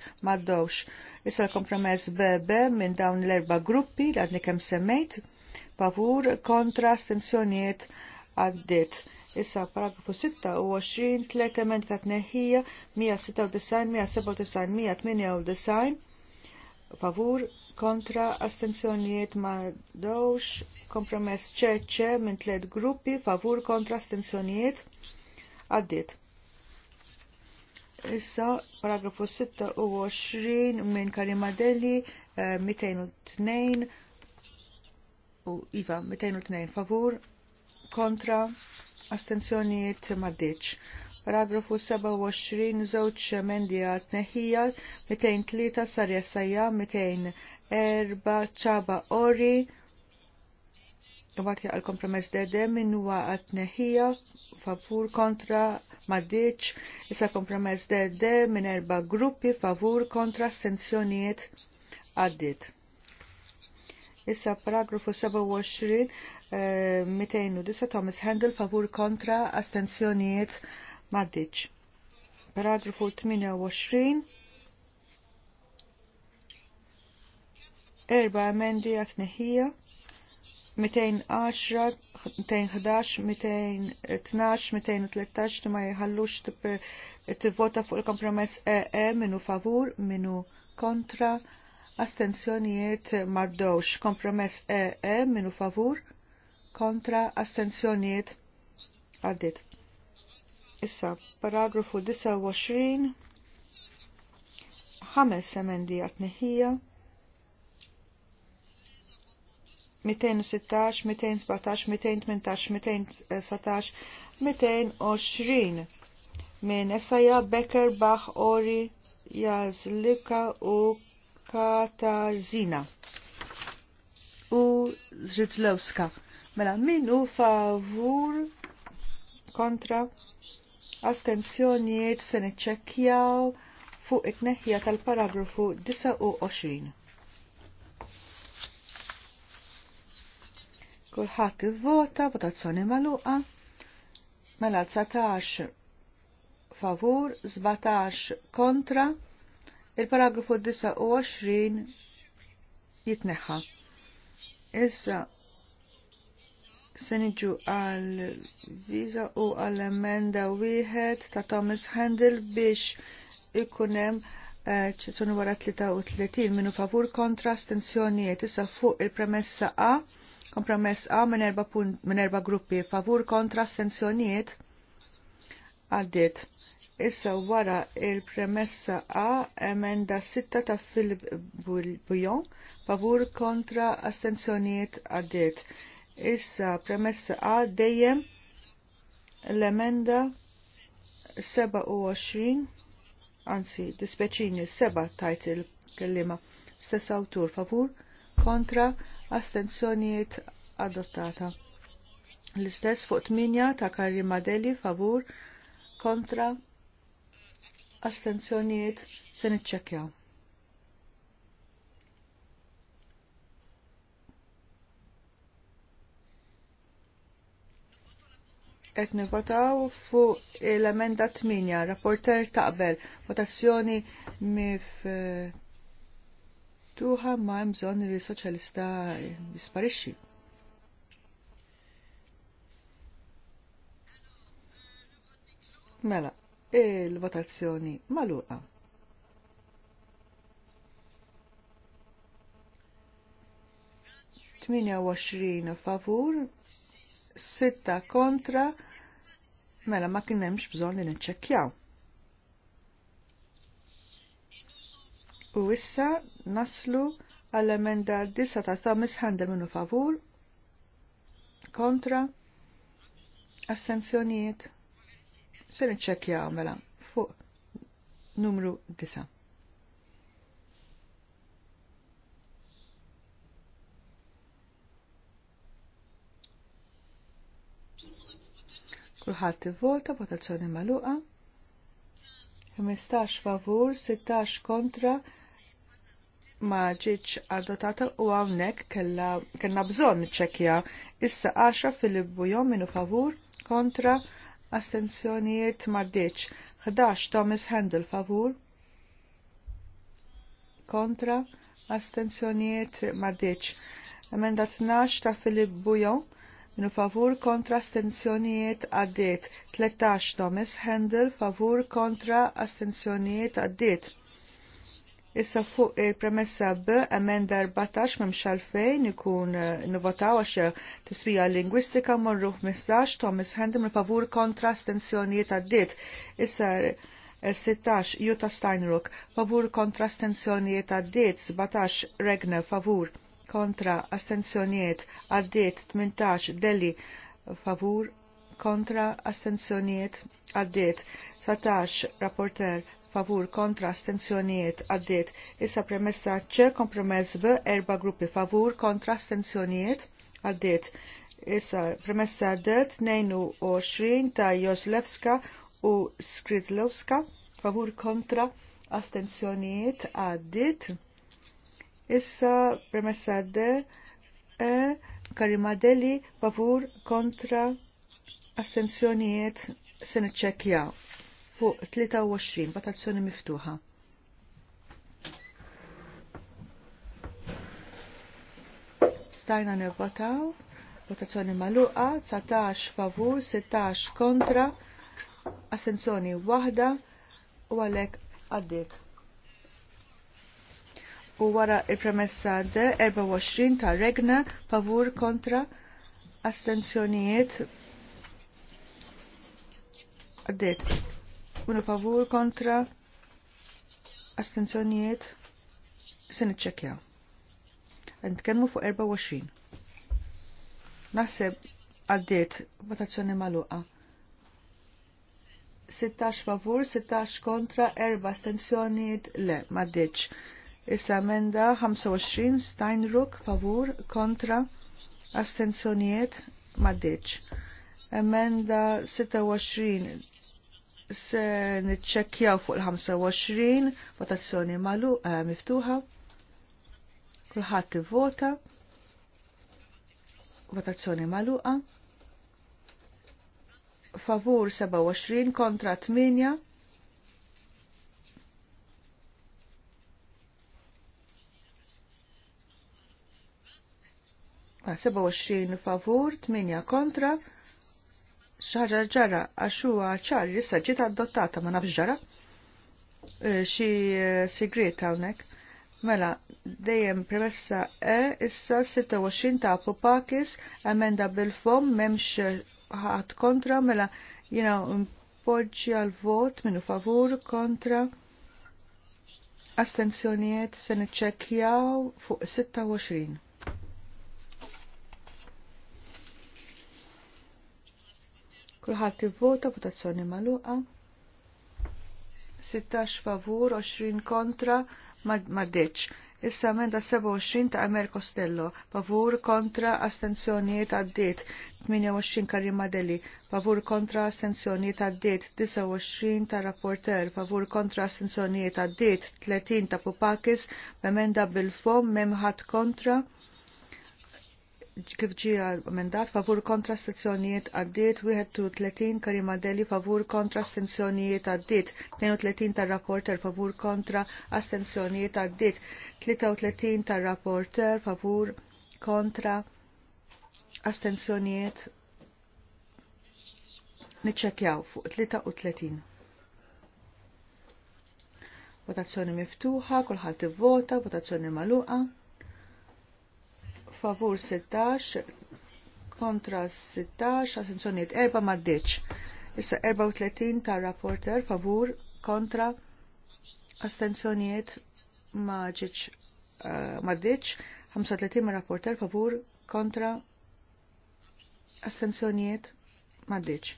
dowx Issa l-kompromess BB minn dawn l-erba gruppi li għadni kem semmejt favur kontra astenzjonijiet għaddit. Issa paragrafu 26 tlet emendi ta' tneħija 196, 197, 198 favur kontra astenzjonijiet ma dawx, kompromess ċeċe minn tliet gruppi favur kontra astenzjonijiet għaddit. Issa, paragrafu 26 minn Karimadelli, 202 eh, u Iva, 202 favur kontra astenzjonijiet maddiċ. Paragrafu 27 żewġ mendija tneħija 203 sarja sajja erba ċaba ori Għabati għal kompromess dede minn huwa neħija favur kontra maddiċ, issa kompromess dede minn erba gruppi favur kontra stenzjoniet għaddit. Issa paragrafu 27 eh, disa Thomas Handel favur kontra astenzjonijiet maddiċ. Paragrafu 28 erba emendi għat 210, 211, 213 ma jħallux t-vota fuq il-kompromess EE e, minu favur, minu kontra, astenzjonijiet maddowx. Kompromess EE e, minu favur, kontra, astenzjonijiet għaddit. Issa, paragrafu 29, ħames emendi għat 216, 217, 218, 219, 220 minn Esaja Becker Bach Ori Jazlika u katarzina. u Zridlowska. Mela, min u favur kontra astenzjonijiet se niċċekkjaw fuq it-neħja tal-paragrafu 29. Kulħadd ivvota, votazzjoni magħluqa. Mela 19 favur, 17 kontra. Il-paragrafu 29 jitneħħa. Issa se niġu għal viza u għal emenda wieħed ta' Thomas Handel biex ikunem eh, ċetunu wara 33 minu favur kontra stenzjonijiet issa fuq il-premessa A Kompromess A minn erba, erba gruppi favur kontra stenzjoniet għaddit. Issa wara il-premessa A emenda 6 ta' Filip Bujon favur kontra astenzjoniet għaddit. Issa premessa A dejjem l-emenda 27 anzi dispeċini 7 tajt il-kellima stess autur favur kontra astenzjonijiet adottata. L-istess fuq 8 ta' karri madeli favur kontra astenzjonijiet se niċċekjaw. qed nivotaw fuq l-emenda 8, rapporter taqbel votazzjoni mif miftuħa ma hemm bżonn li soċjalista jisparixxi. Mela, il-votazzjoni maluqa. Tminja 28 favur, sitta kontra, mela ma kien hemmx bżonn li niċċekkjaw. U issa naslu għall-emenda 9 ta' Thomas Handel minnu favur, kontra, astenzjonijiet, se niċċekjaw mela fuq numru 9. Kulħadd ivvota votazzjoni magħluqa. 15 favur, 16 kontra, ma ġietx adottata u hawnhekk kellha kellna bżonn niċċekkja issa għaxa fil-bujom minu favur kontra astenzjonijiet ma ġiċ. 11 Thomas Handel favur kontra astenzjonijiet ma ġietx emenda 12 ta' Filip Bujon minu favur kontra astenzjonijiet għadiet. 13 Thomas Handel favur kontra astenzjonijiet għaddiet Issa fuq il-premessa B, emenda 14 mem xalfejn ikun eh, nivotaw għax eh, tiswija lingwistika morru 15 Thomas Hendem il-favur kontra stenzjonijiet għaddit. Issa 16 eh, Jutta Steinrock, favur kontra stenzjonijiet għaddit, 17 Regne favur kontra astenzjonijiet għaddit 18 Deli favur kontra astenzjonijiet għaddit 17 Rapporter favur kontra stenzjonijiet għaddiet. Issa premessa ċe kompromess B erba gruppi favur kontra stenzjonijiet għaddiet. Issa premessa D 22 ta' Joslewska u Skridlowska favur kontra astenzjonijiet għaddiet. Issa premessa D e, Karimadeli favur kontra astenzjonijiet se fuq 23 votazzjoni miftuħa. Stajna nivvotaw, votazzjoni maluqa, 19 favur, 16 kontra, astenzjoni waħda u għalek għaddit. U wara il-premessa d 24 ta' regna favur kontra astenzjonijiet għaddit. Minu favur kontra astenzjonijiet se niċċekjaw. Nitkellmu fuq 24. Naħseb għaddiet votazzjoni maluqa. 16 favur, 16 kontra, 4 astenzjonijiet le, maddiċ. Issa emenda 25 Steinruck favur kontra astenzjonijiet maddiċ. Emenda 26 se niċċekkjaw fuq il-25 votazzjoni malu uh, miftuħa. Kulħadd ivvota. Votazzjoni maluqa. Favur 27 kontra 8. Ma 27 favur, 8 kontra, xaġa ġara għaxuwa ċar li issa ġiet adottata ma nafx ġara e, xi e, sigriet hawnhekk. Mela, dejjem premessa E issa 26 ta' Popakis emenda bil-fom m'hemmx e, ħadd kontra mela jiena mpoġġi għal vot minnu favur kontra astenzjonijiet se niċċekkjaw fuq 26. Kulħadd ivvota votazzjoni magħluqa. 16 favur, 20 kontra, ma deċ. Issa emenda 27 ta' Amer Costello, favur kontra astenzjonijiet għaddit. 28 Karim Madeli, favur kontra astenzjoniet għaddit. 29 ta' Rapporter, favur kontra astenzjoniet għaddiet, 30 ta' Pupakis, Memenda bil-fom memħat kontra, kif ġie mendat favur kontra stazzjonijiet għaddiet 31 Karima Deli favur kontra stazzjonijiet għaddiet 32 tar-rapporter favur kontra astenzjonijiet għaddiet 33 tar-rapporter favur kontra astenzjonijiet niċċekjaw fuq 33. Votazzjoni miftuħa, kulħadd ivvota, votazzjoni magħluqa favur 16, kontra 16, assenzjoniet 4 maddeċ Issa 34 ta' rapporter favur kontra astenzjoniet maġiċ uh, eh, maddeċ 35 ma' rapporter favur kontra astenzjoniet maddeċ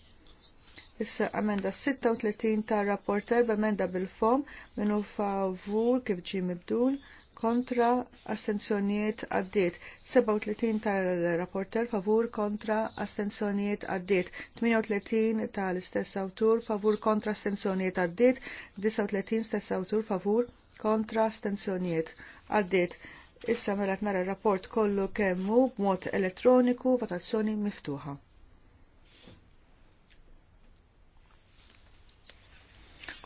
Issa amenda 36 ta' rapporter b'amenda bil-fom minu favur kif ġi mibdul kontra astenzjonijiet għaddiet. 37 tal-rapporter favur kontra astenzjonijiet għaddiet. 38 tal-istess autur favur kontra astenzjonijiet għaddiet. 39 stess autur favur kontra astenzjonijiet għaddiet. Issa mela nara rapport kollu kemmu b'mod elettroniku votazzjoni miftuħa.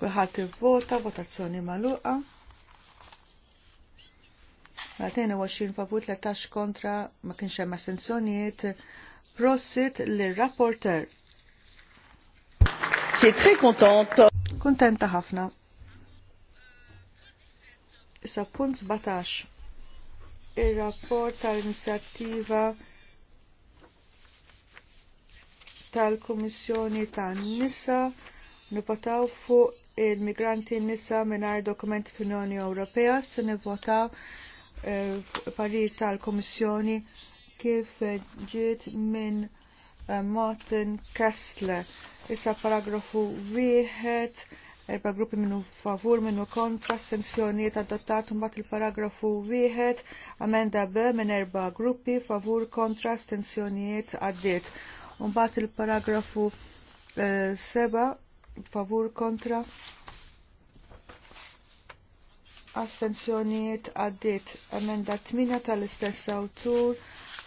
Kulħadd ivvota votazzjoni magħluqa. 22 favut 13 kontra ma kienx hemm astensjonijiet. Prosit li rapporter C'est très contente. Kontenta ħafna. Issa punt 17. Ir-rapport tal-inizjattiva tal-Kummissjoni tan-Nisa nipotaw fuq il-migranti nisa mingħajr dokumenti finjoni unjoni Ewropea se nivvotaw Eh, parir tal-Komissjoni kif eh, ġiet minn eh, Martin Kessler. Issa paragrafu wieħed erba' gruppi minnu favur minnu kontra stenzjonijiet adottat mbagħad il-paragrafu wieħed amenda B minn erba' gruppi favur kontra stenzjonijiet għaddiet. Mbagħad il-paragrafu seba' favur kontra astenzjonijiet għaddit emenda 8 tal-istess autur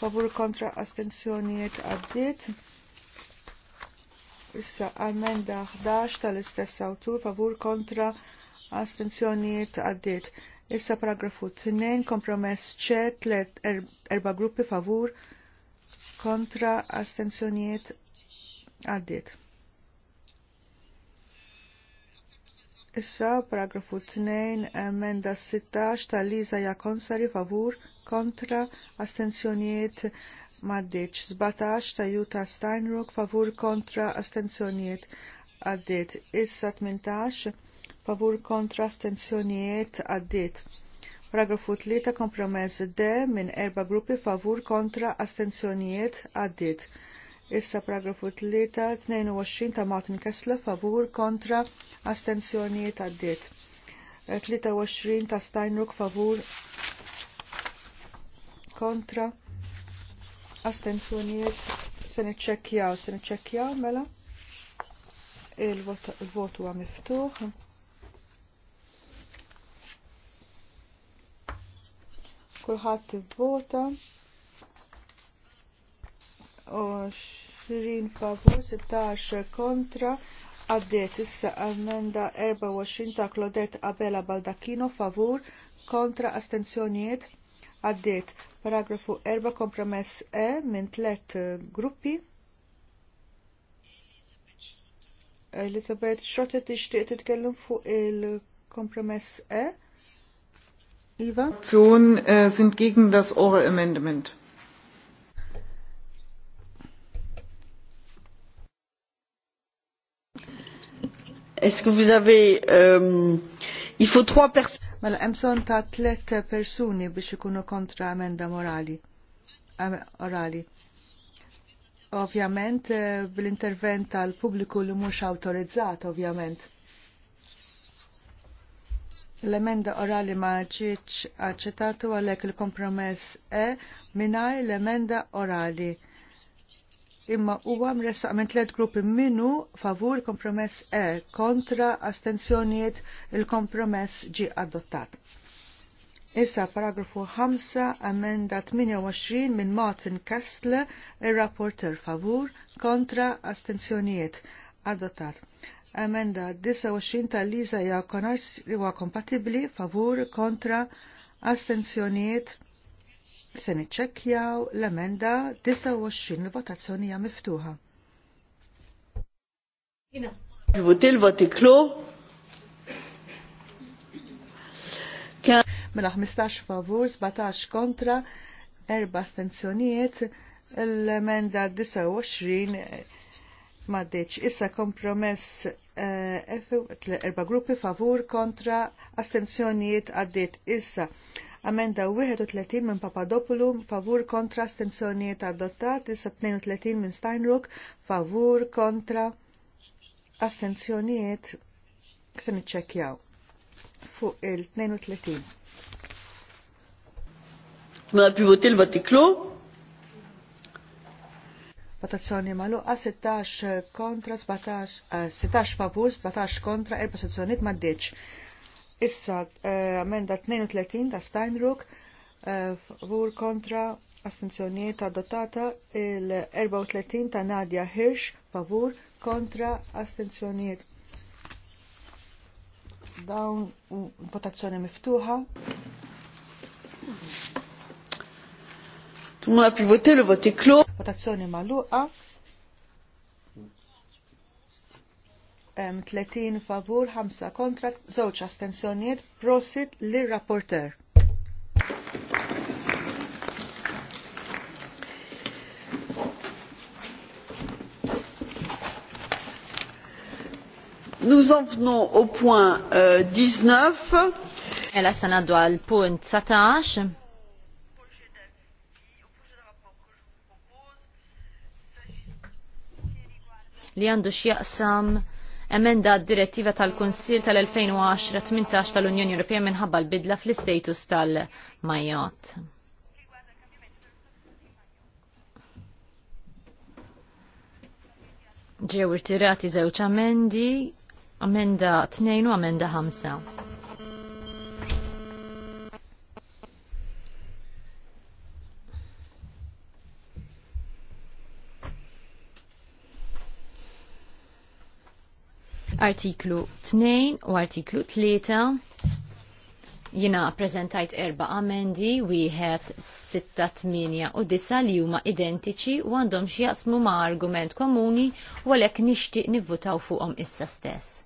favur kontra astenzjonijiet għaddit issa emenda 11 tal-istess autur favur kontra astenzjonijiet għaddit issa paragrafu 2 kompromess ċe tlet er, erba gruppi favur kontra astenzjonijiet għaddit Issa, paragrafu 2, emenda 16 ta' Liza Jakonsari favur kontra astenzjonijiet maddeċ. 17 ta' Juta Steinrock favur kontra astenzjonijiet għaddit. Issa 18 favur kontra astenzjonijiet għaddit. Paragrafu 3 kompromess D minn erba gruppi favur kontra astenzjoniet għaddit. Issa paragrafu 3, 22 ta' Martin Kessler favur kontra astenzjonijiet għaddiet. 23 eh, ta' Steinruck favur kontra astenzjonijiet se niċċekkjaw, se niċċekkjaw mela il-vot huwa miftuħ. Kulħadd ivvota. vota 20 favur 16 kontra għaddiet issa għamenda 24 ta' Klodet Abela Baldacchino favur kontra astenzjonijiet għaddiet paragrafu 4 kompromess E minn tlet gruppi Elizabeth Schrotter tixtieq titkellem fuq il-kompromess E. Iva? Zun sind gegen das Ore Amendment. Est-ce que vous avez... Euh, il faut trois personnes... Mela, emson ta' tlet persuni biex ikunu kontra amenda morali. Am orali. Ovvjament, eh, bl-intervent tal-pubbliku li mhux awtorizzat, ovvjament. L-emenda orali ma ġietx aċċettatu għalhekk il-kompromess E mingħajr l-emenda orali imma huwa mressaq minn tliet gruppi minnu favur kompromess E kontra astenzjoniet il-kompromess ġi adottat. Issa paragrafu 5 amenda 28 minn Martin Kastle ir-rapporter favur kontra astenzjonijiet adottat. Amenda 29 ta' Liza Jakonars huwa kompatibbli favur kontra astenzjonijiet adottat se niċċekkjaw l-emenda 29 votazzjoni hija miftuħa. Votil voti klu. Mela 15 favur, 17 kontra, 4 astenzjonijiet, l-emenda 29 ma maddeċ. Issa kompromess eh, erba gruppi favur kontra astenzjonijiet għaddit. Issa Amenda 31 minn Papadopoulou favur kontra astensjonijiet adottat, issa 32 minn Steinruck favur kontra astensjonijiet se niċċekkjaw fuq il-32. Mela pivoti l-Vatiklu? Votazzjoni maluqa 16 kontra 17, 16 eh, favur, 17 kontra, 4 sezzjoniet ma' Issa eh, amenda 32 ta' Steinruck eh, favur kontra astenzjonijiet adottata il-34 ta' Nadja Hirsch favur kontra astenzjonijiet. Dawn votazzjoni miftuħa. Tumma pivotilu voti klo. Votazzjoni maluqa. 30 favur, 5 kontra, zoċ astensjonijiet, prosit li rapporter Nous en venons au point euh, 19. Ela sanaddu għal punt 19. Li għandu x'jaqsam emenda d-direttiva tal-Konsil tal-2010-18 tal-Unjoni Ewropea minħabba l-bidla fl-istatus tal-majot. Ġew irtirati żewġ amendi, amenda 2 u amenda 5. artiklu 2 u artiklu 3 jina prezentajt erba amendi wieħed 6-8 u 9 li huma identiċi u għandhom x'jaqsmu ma' argument komuni u għalhekk nixtieq nivvutaw fuqhom issa stess.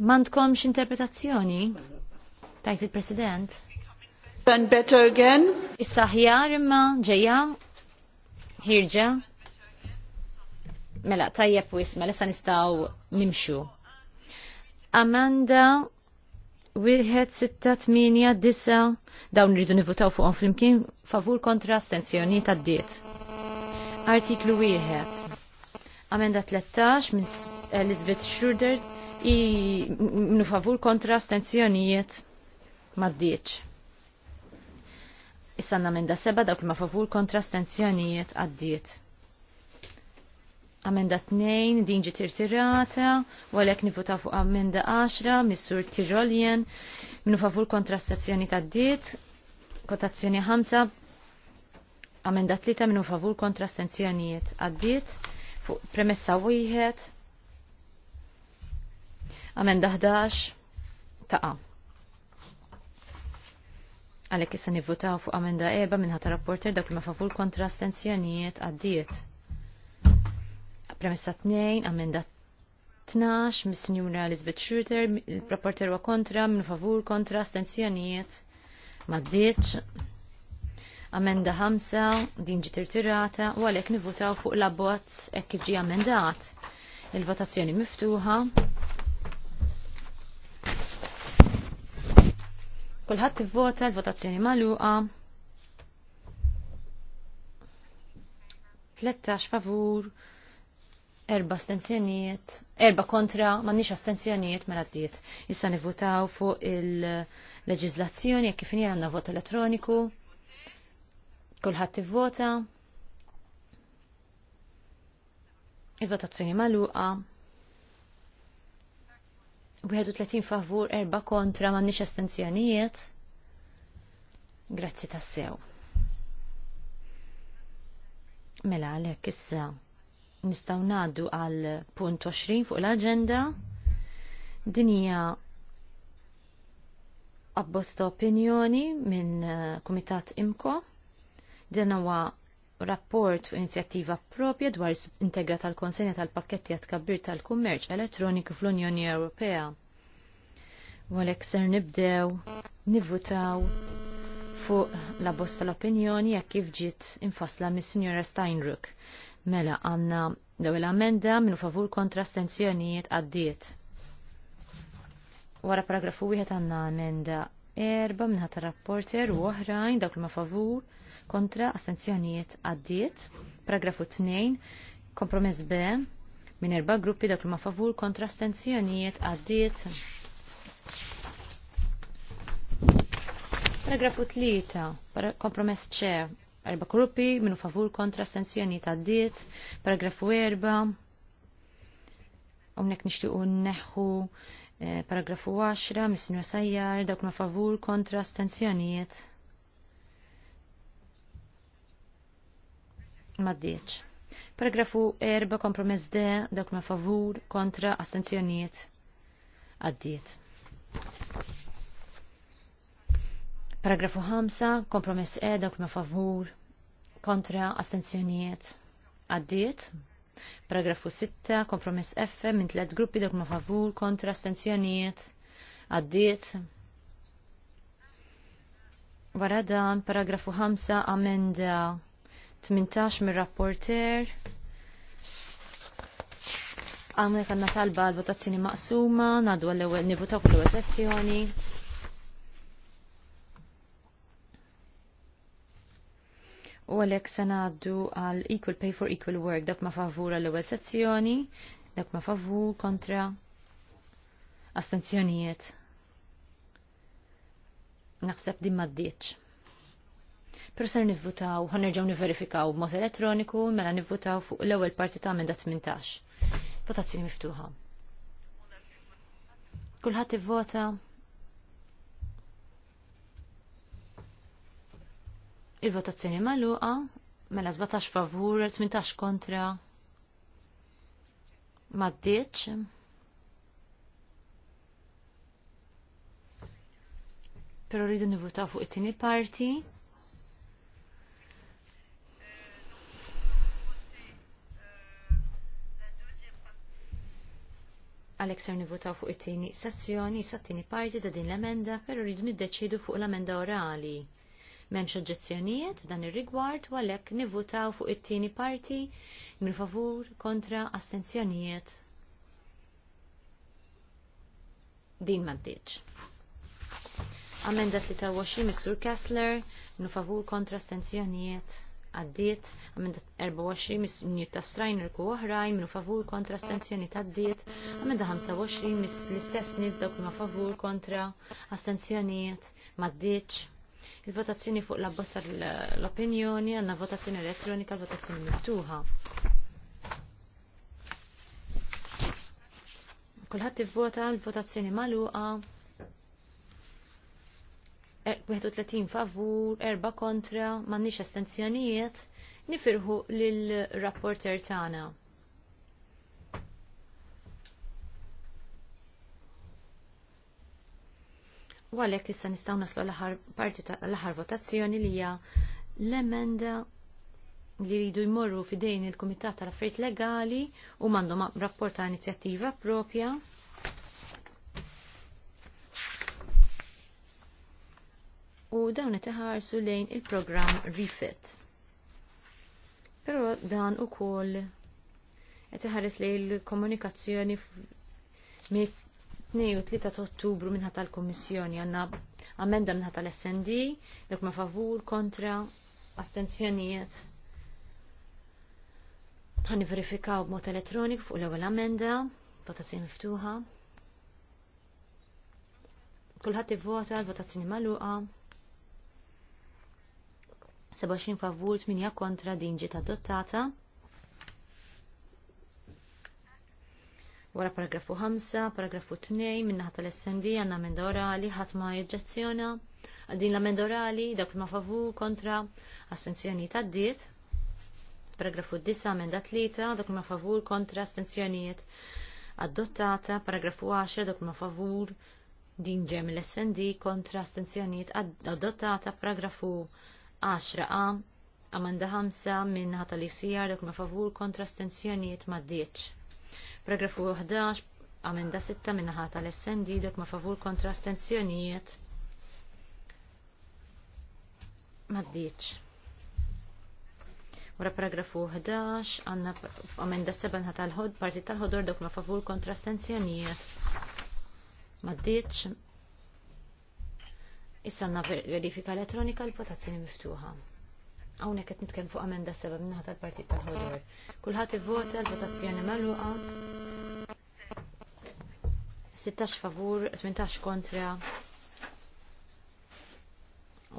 M'għandkomx interpretazzjoni? Tajt il-President? And better again? Issa ħjar imma ġejja ħirġa' Mela, tajjeb u isma, mela lissa nistaw nimxu. Amanda, wieħed sitta tminja disa dawn rridu nivutaw fuqhom flimkien favur kontra astenzjoni tad-diet. Artiklu wieħed. Amenda 13 minn Elizabeth Schroeder i minnu favur kontra astenzjonijiet mad diet. Issa amenda seba dawk ma favur kontra astenzjonijiet għad-diet. Amenda 2 din ġitir tirtirata, u għalhekk nivvotaw fuq amenda 10 Missur sur Tirolien minnu favur kontra stazzjoni ta' dit, kotazzjoni 5, amenda 3 minnu favur kontra stazzjonijiet għaddiet, fuq premessa wieħed, amenda 11 ta' Għalhekk issa nivvotaw fuq amenda eba minnħata rapporter dak ma favur kontra stazzjonijiet għaddiet. Premessa 2, amenda 12, mis-Sinjura Elizabeth Schroeder, il-rapporter wa kontra, minn favur kontra, stenzjonijiet, maddiċ. Amenda 5, din ġi tirtirata, u għalek nivutaw fuq la bozz e amendat. Il-votazzjoni miftuħa. Kulħadd tivvota l-votazzjoni magħluqa. 13 favur, erba astenzjonijiet, erba kontra, ma nix astenzjonijiet mela raddiet. Issa nivutaw fuq il-leġizlazzjoni, jekk kif għanna vot elettroniku, kullħat tivvota, il-votazzjoni maluqa, 31 favur, erba kontra, ma nix astenzjonijiet. Grazzi tassew. Mela għalek issa nistaw naddu għal punt 20 fuq l-agenda. Dinija abbosta opinjoni minn eh, Kumitat Imko. Din huwa rapport fuq inizjattiva propja dwar integra tal-konsenja tal-pakketti għat-kabbir tal-kummerċ elettroniku fl-Unjoni Ewropea. U għalek ser nibdew, nivvutaw fuq la bosta l-opinjoni jekk kif ġiet infasla mis signora Steinruck. Mela għanna l amenda minu favur kontra stenzjonijiet għaddiet. Wara paragrafu wieħed għandna amenda erba minn ħata rapporter u oħrajn dawk ma favur kontra astenzjonijiet għaddiet. Paragrafu 2 kompromess B minn erba' gruppi dawk ma favur kontra astenzjonijiet għaddiet. Paragrafu 3 kompromess C erba gruppi minu favur kontra astensjoni ta' diet, paragrafu erba, umnek nishtiqu neħu eh, paragrafu 10, missinju sajjar, dak ma favur kontra astensjonijiet. Ma Paragrafu 4, kompromess D, dak ma favur kontra astenzjonijiet Għaddiet. Paragrafu 5, kompromess edha ma favur, kontra astenzjonijiet għaddiet. Paragrafu 6, kompromess F, minn tlet gruppi dok ma favur, kontra astenzjoniet għaddiet. Wara dan, paragrafu 5, amenda 18 mir rapporter Għamnek għanna talba għal votazzjoni maqsuma, nadu għal-ewel nivutaw kull ewel sessjoni. U għalek sanaddu għal Equal Pay for Equal Work, dak ma favur għal ewwel sezzjoni, dak ma favur kontra astenzjonijiet. Naħseb din ma ddiċ. Pero ser nivvutaw, ħanerġaw niverifikaw b'mod elettroniku mela nivvutaw fuq l-ewwel parti ta' emenda 18. Votazzjoni miftuħa. Kulħadd ivvota. vota Il-votazzjoni maluqa, mela 17 favur, 18 kontra, maddiċ. Pero rridu nivuta fuq it-tini parti. għalek ser nivuta fuq it-tini sezzjoni, sa' t-tini parti ta' din l-emenda, pero rridu niddeċidu fuq l-emenda orali. M'hemmx oġġezzjonijiet f'dan ir-rigward u għalhekk nivvutaw fuq it-tieni parti minn favur kontra astenzjonijiet. Din m'għaddiċ. Amenda 23 sur Kessler, minn favur kontra astenzjonijiet għaddiet, għamenda 24 mis Njuta Strajner ku uħrajn, minu favur kontra astenzjoni ta' għaddiet, għamenda 25 mis l-istess nis dawk ma' favur kontra astenzjonijiet ma' Il-votazzjoni fuq l-abbozza l-opinjoni għandna votazzjoni elettronika, votazzjoni miftuħa. Kulħadd ivvota l-votazzjoni magħluqa. 31 e, favur, 4 kontra, m'għandniex astenzjonijiet, nifirħu lill rapporter tagħna. U għalek issa nistgħu naslu l-aħħar parti aħħar votazzjoni li hija l-emenda li jridu jmorru fidejn il-Kumitat tal-Affarijiet Legali u m'għandhom rapport ta' inizjattiva propja. U dawn qed iħarsu lejn il-programm Refit. Però dan ukoll qed iħares lejn il-komunikazzjoni mit 2 u 3 ta' ottubru ħata tal-Kommissjoni għanna amenda minnħat tal-SND, jek ma' favur, kontra, astenzjonijiet. Għanni verifikaw b'mod elettronik fuq l-ewwel amenda, votazzjoni miftuħa. Kulħadd ivvota l-votazzjoni magħluqa. 27 favur, 8 kontra din ġiet adottata. Wara paragrafu 5, paragrafu 2, minnaħat tal-SND għanna amenda orali, ħatma jġazzjona, Għaddin l-amenda orali, dak ma favu kontra astenzjoni ta' diet. Paragrafu 10, amenda 3, dak ma favur kontra astenzjoniet adottata. Paragrafu 10, dak ma favur din ġem l-SND kontra astenzjonijiet adottata. Paragrafu 10a, amenda 5, minnaħat l icr dak ma favur kontra astenzjoniet ma' dietx Paragrafu 11, amenda 6 ħata tal-essendi dek ma favur kontra astenzjonijiet. Maddiċ. Wara paragrafu 11, għanna amenda 7 ħata tal-ħod, parti tal-ħodor dok ma favur kontra stenzjonijiet. Maddiċ. Issa għanna verifika elettronika l potazzjoni miftuħa. Hawnhekk qed nitkellem fuq amenda seba' minnaħa tal-Partit tal-Ħodor. Kulħadd ivvota l-votazzjoni mal-luqa. 16 favur, 18 kontra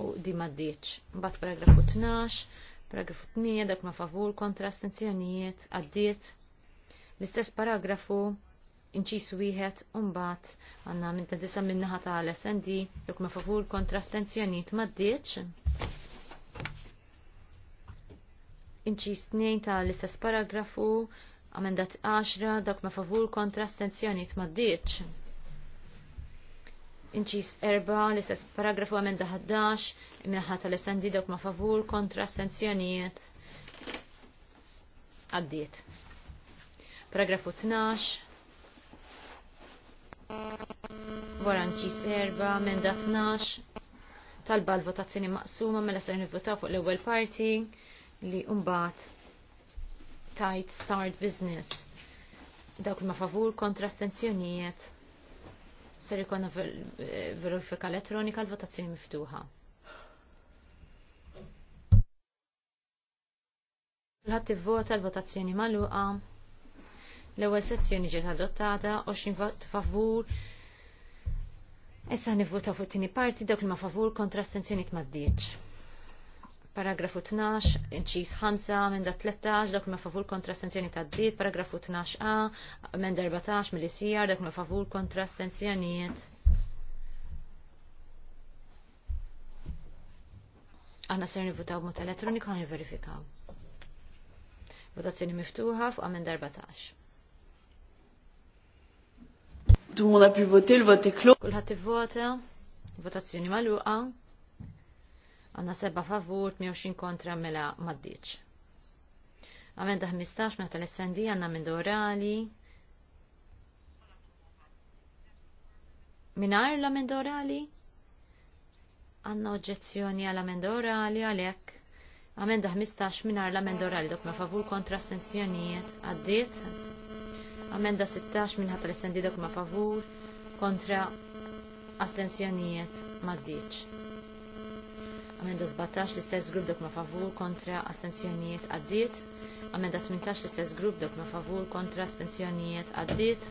u di maddiċ. Bat paragrafu 12, paragrafu 8 dak ma favur kontra astenzjonijiet għaddiet. L-istess paragrafu inċisu wieħed umbat għanna minn t disa minnaħa ta' snd jok ma' favur kontra astenzjonijiet maddiċ. Inċis snin ta' l-istess paragrafu, amendat 10, dak ma' favur kontra stenzjoniet ma' diċ. Inċis 4, l-istess paragrafu amenda 11, imnaħat tal-essendi dak ma' favur kontra stenzjoniet għaddiet. Paragrafu 12, Waranċi serba, amenda 12, talba l-votazzjoni maqsuma mela ser nivvotaw fuq l-ewwel parti, li umbat tajt start business dawk ma favur kontra astenzjonijiet ser ikonna eh, verifika elettronika l-votazzjoni miftuħa. Kulħadd vota l-votazzjoni magħluqa. L-ewwel sezzjoni ġiet adottata 20 vot favur. Issa nivvota fuq it-tieni parti dawk li ma favur kontra astenzjonijiet maddiċ. Paragrafu 12, inċis 5, minn da 13, dak ma favur kontra stenzjoni ta' d dit paragrafu 12a, minn 14, mill sijar, dak ma favur kontra stenzjonijiet. Għanna ser nivutaw mot elettroniku għan verifikaw. Votazzjoni miftuħa fuq għamend 14. Tu pivoti l voti klu. Kulħat vota, votazzjoni maluqa. Għanna seba favur, 120 kontra mela maddiċ. Amenda 15 meta l-essendi għanna minn dorali. għar l minn dorali? Għanna oġġezzjoni għal minn orali għalek. Amenda 15 għar l minn orali dok ma favur kontra astenzjonijiet. Għaddiet. Amenda 16 minn ħatta l-essendi dok ma favur kontra astenzjonijiet maddiċ. Amenda 17 l-istess grupp dok ma favur kontra astenzjonijiet għaddiet. Amenda 18 l-istess grupp dok ma favur kontra astenzjonijiet għaddiet.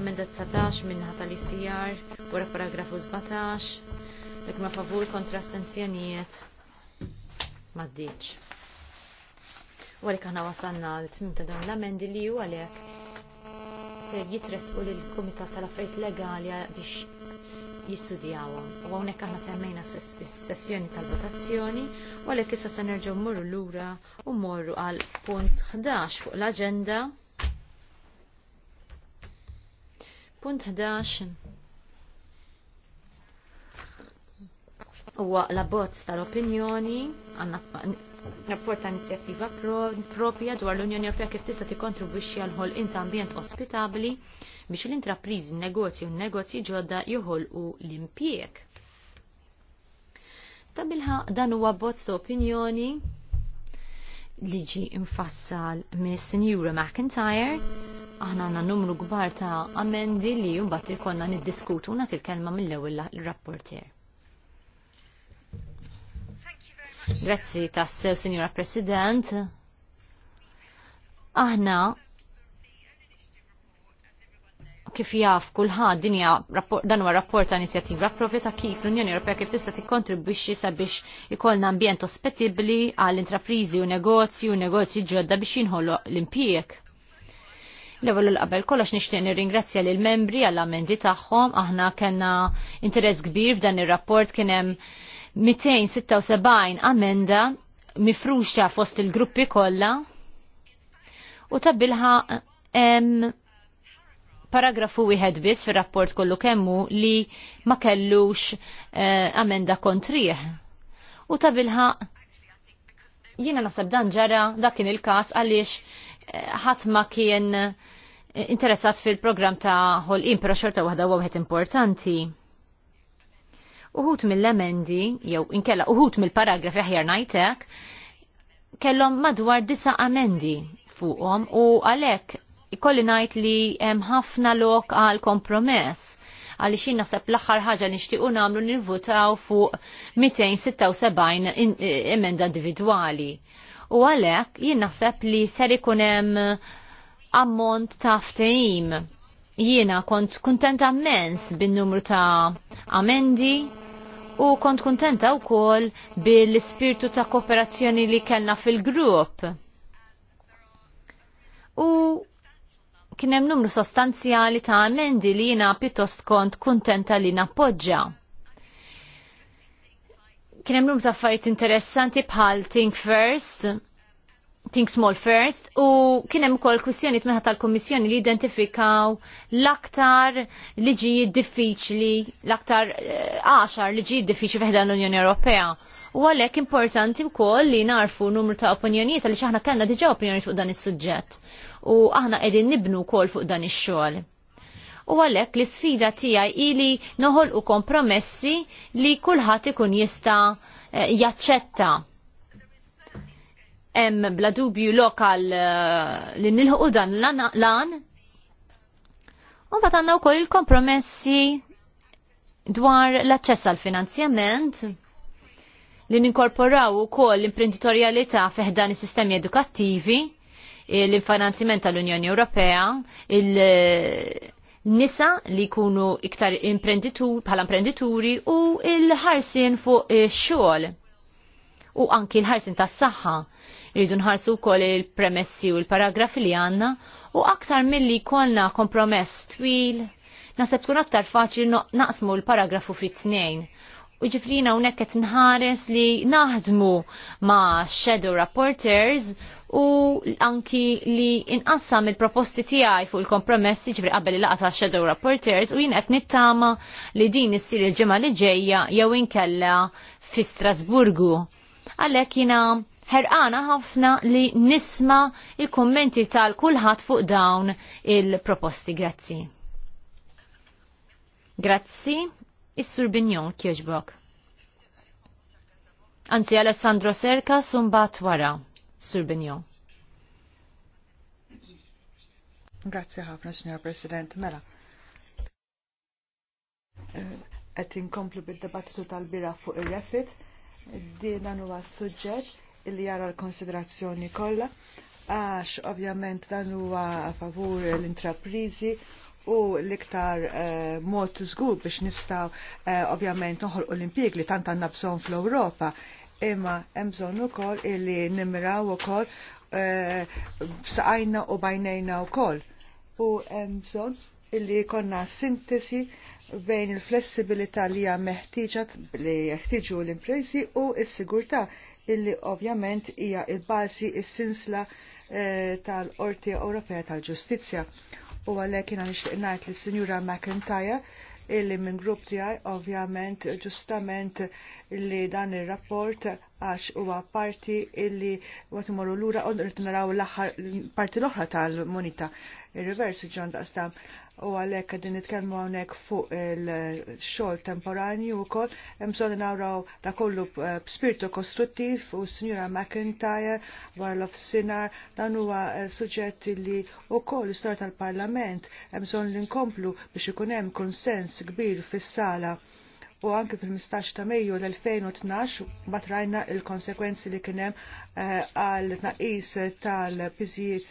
Amenda 19 minnaħa tal sijar wara paragrafu 17 dok ma favur kontra astenzjonijiet maddiċ. għalik għana wasanna l-tmim ta' dawn l-amendi li ju għalek ser jitresqu l-Komitat tal-Affarijiet Legali biex jistudjawhom. U hawnhekk għahna temmejna sessjoni tal-votazzjoni, u għalhekk issa se nerġgħu l lura u mmorru għal punt 11 fuq l-aġenda. Punt 11 huwa la bozz tal-opinjoni għandna Rapporta inizjattiva propja dwar l-Unjoni Ewropea kif tista' tikkontribwixxi għal ħol inta ambjent ospitabbli biex l-intrapriżi, negozju u negozji ġodda joħolqu l-impjieg. Ta' bilħa dan huwa bozz ta' opinjoni li ġi infassal Miss Sinjura McIntyre aħna għanna numru gbar ta' amendi li jumbat ikonna niddiskutu nat kelma mill-ewel rapporter Grazzi tassew, Signora President. Aħna kif jaf kulħadd dinja dan huwa rapport ta' inizjattiva propja ta' kif l-Unjoni Ewropea kif tista' tikkontribwixxi sabiex ikollna ambjent ospettibbli għall intrapriżi u negozji u negozji ġodda biex jinħollu l-impjieg. L-ewwel qabel kollox nixtieq nirringrazzja lil membri għall amendi tagħhom aħna kellna interess kbir f'dan ir-rapport kien hemm 276 amenda mifruxa fost il-gruppi kollha u tabilħa paragrafu wieħed biss fir-rapport kollu kemmu li ma kellux eh, amenda kontrih. U ta' bilħaq jiena nasab dan ġara dak kien il-każ għaliex eh, ħadd ma kien eh, interessat fil-programm ta' ħolqien però xorta waħda huwa importanti uħut mill-emendi, jew inkella uħut mill-paragrafi aħjar najtek, kellhom madwar disa amendi fuqhom u għalhekk ikolli ngħid li hemm ħafna lok għal kompromess għalli xin nasab l-axar ħagġa nishtiqu namlu nivvotaw fuq 276 e, emenda individuali. U għalek jien naħseb li ser ikunem ammont ta' jiena kont kontenta mens bin-numru ta' amendi u kont u wkoll bil-ispirtu ta' kooperazzjoni li kellna fil-grupp. U kien hemm numru sostanzjali ta' amendi li jiena pittost kont kontenta li nappoġġa. Kien hemm numru ta' fajt interessanti bħal Think First, Think Small First u kienem kol kwistjoni tmeħa tal-Kommissjoni li identifikaw l-aktar liġi diffiċli, l-aktar eh, għaxar liġi diffiċli fiħda l-Unjoni Ewropea. U għalek importanti wkoll li narfu numru ta' opinjonijiet li aħna kellna diġà opinjoni fuq dan is-suġġett u aħna qegħdin nibnu wkoll fuq dan ix-xogħol. U għalek l sfida tiegħi ili noħolqu kompromessi li kulħadd ikun jista' eh, jaċċetta hemm bla dubju lokal eh, li nilħu dan lan. U bat għanna u koll il-kompromessi dwar l-aċċess għal finanzjament li ninkorporaw u koll l imprenditorialita feħdan is-sistemi edukattivi, l-finanzjament tal-Unjoni Ewropea, il-nisa li kunu iktar bħala imprendituri u il-ħarsin fuq xogħol u anki l-ħarsin tas saħħa Rridu nħarsu wkoll il-premessi u l-paragrafi li għandna u aktar milli jkollna kompromess twil. nasab tkun aktar faċli naqsmu l-paragrafu fit-tnejn u ġifrina unek qed nħares li naħdmu ma' shadow rapporters u anki li inqassam il-proposti tiegħi fuq il-kompromessi ġifri qabel il-laqta shadow rapporters u jien qed nittama li din issir il-ġimgħa li ġejja jew inkella fi Strasburgu. Għalhekk jiena Herqana ħafna li nisma il-kommenti tal-kulħat fuq dawn il-proposti. Grazzi. Grazzi, Is-Sur Binjon kieġbok. Anzi, Alessandro Serka sumbat wara, Sur Binjon. Grazzi ħafna, Signor President. Mela, eh, qed inkomplu bid debattitu tal-bira fuq ir-refit, din huwa suġġett illi jara l-konsiderazzjoni kollha għax ovvjament dan huwa favur l-intraprizi u l-iktar uh, mod żgur biex nistgħu uh, eh, ovvjament noħolqu l li tant għandna bżonn fl-Ewropa imma hemm bżonn ukoll illi nimraw ukoll eh, b'saqajna u bajnejna wkoll. U hemm bżonn illi konna sintesi bejn il-flessibilità li hija meħtieġa li jeħtieġu l imprezi u s-sigurtà illi ovvjament hija il-bażi is-sinsla eh, tal-Qorti Ewropea tal-Ġustizzja. U għalhekk jiena nixtieq ngħid li sinjura McIntyre illi minn grupp tiegħi ovvjament ġustament li dan ir-rapport għax huwa parti illi waqt imorru lura qod naraw l-aħħar parti l-oħra tal-monita il-reversi ġon daqstam u għalek it-kelmu għonek fuq il-xol temporanju u kol, mżon nawraw da kollu b-spirtu eh, kostruttiv u s-signora McIntyre, Warlof Sinar, dan huwa eh, suġġett li u kol l tal-parlament, eh, mżon l-inkomplu biex ikunem konsens kbir fis-sala u anke fil-15 ta' Mejju l-2012 batrajna il-konsekwenzi li kienem eh, għal tnaqis tal-piżijiet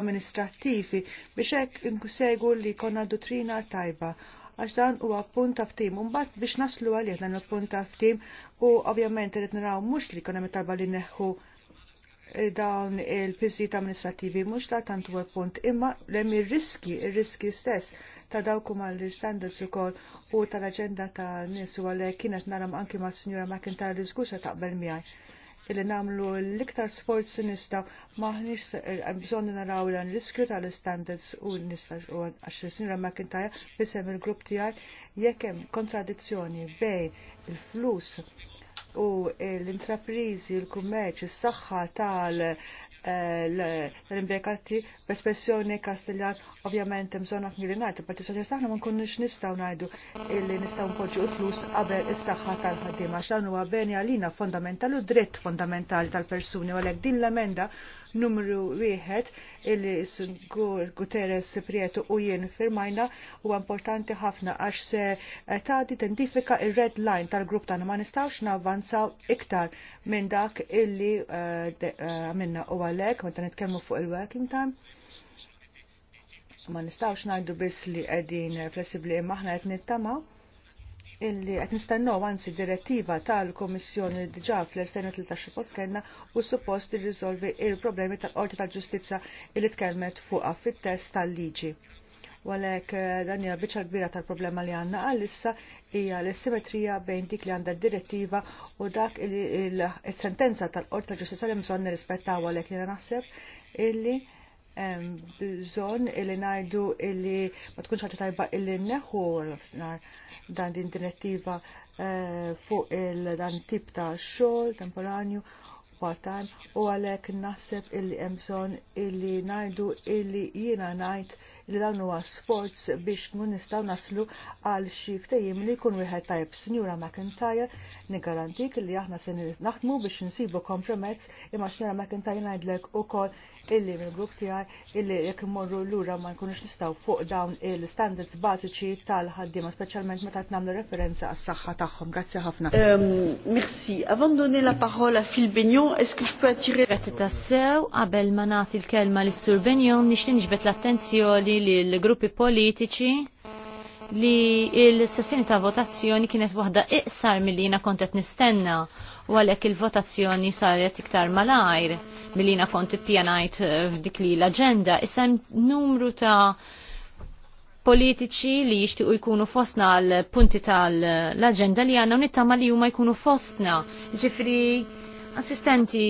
amministrattivi biex hekk insegu li konna dottrina tajba għax dan huwa punta ta' ftim. Mbagħad biex naslu għalih dan il-punt ta' ftim u ovvjament irid naraw mhux li konna mitalba li neħħu eh, dawn il-piżijiet amministrativi mhux ta tant punt imma lem ir-riski, ir-riski stess ta' dawk huma l-standards ukoll u tal-aġenda ta' nisu u kienet naram anki ma' Sinjura McIntyre li żgur ta' taqbel miegħi illi namlu l-iktar sforzi nistgħu maħniex eh, bżonn naraw dan riskju tal-standards u nista' u għax Sinjura McIntyre bisem il-grupp tiegħi jekk hemm kontradizzjoni bejn il-flus u l-intraprizi, il kummerċ is saħħa tal Eh, l imbekati b'espressjoni kastiljan ovvjament mżonna f'mirinajt b'għati partit Soċjalista ma nkunux nistgħu najdu illi nistaw npoġġu l-flus għabel il-saxħa tal-ħaddiema għax dan huwa għalina fondamentali u dritt fondamentali tal-persuni u għalek din l-emenda numru wieħed illi Singur Guterres Prieto u jien firmajna u importanti ħafna għax se eh, tadi tendifika il-red line tal-grupp tagħna ma nistgħux navvanzaw iktar minn dak illi eh, eh, għamilna u għalhekk meta nitkellmu fuq il-working time ma nistawx najdu biss li għedin flessibli imma ħna għed nittamaw illi qed nistennew anzi direttiva tal komissjoni diġà fl-2013 fost kellna u suppost irriżolvi il-problemi tal-Qorti tal ġustizza illi tkellmet fuqha fit-test tal-liġi. Walek eh, dan hija biċċa kbira tal-problema li għandna għalissa hija l-simetrija bejn dik li għandha d-direttiva u dak il-sentenza tal-Qorti tal ġustizza li bżonn nirrispettaw għalhekk li naħseb illi bżonn illi ngħidu illi ma tkunx ħaġa tajba illi neħu l-ofsinhar dan din direttiva eh, fuq il-dan tip ta' xogħol temporanju part-time u għalhekk naħseb illi hemm bżonn illi ngħidu illi jiena ngħid li dan huwa sforz biex mun nistgħu naslu għal xi ftehim li jkun wieħed tajb. Sinjura McIntyre niggarantik li aħna se naħdmu biex nsibu kompromezz imma Sinjura McIntyre ngħidlek ukoll illi mill-grupp tiegħi illi jekk l-ura ma nkunux nistgħu fuq dawn il-standards bażiċi tal-ħaddiema, speċjalment meta tnamlu referenza għas-saħħa tagħhom. Grazie ħafna. Ehm, merci. Avandoni la parola fil Benjon, Benyon, est attirer tassew, qabel ma nagħti l-kelma lis sur Benjon, nixtieq niġbed l-attenzjoni lill gruppi politiċi li il-sessjoni ta' votazzjoni kienet waħda iqsar mill-li jina kontet nistenna u għalhekk il-votazzjoni saret iktar malajr millina kont ippjanajt eh, f'dik li l agenda isem numru ta' politiċi li jixtiqu jkunu fostna għal punti tal-aġenda li għanna unittama li huma jkunu fostna. Ġifri, assistenti,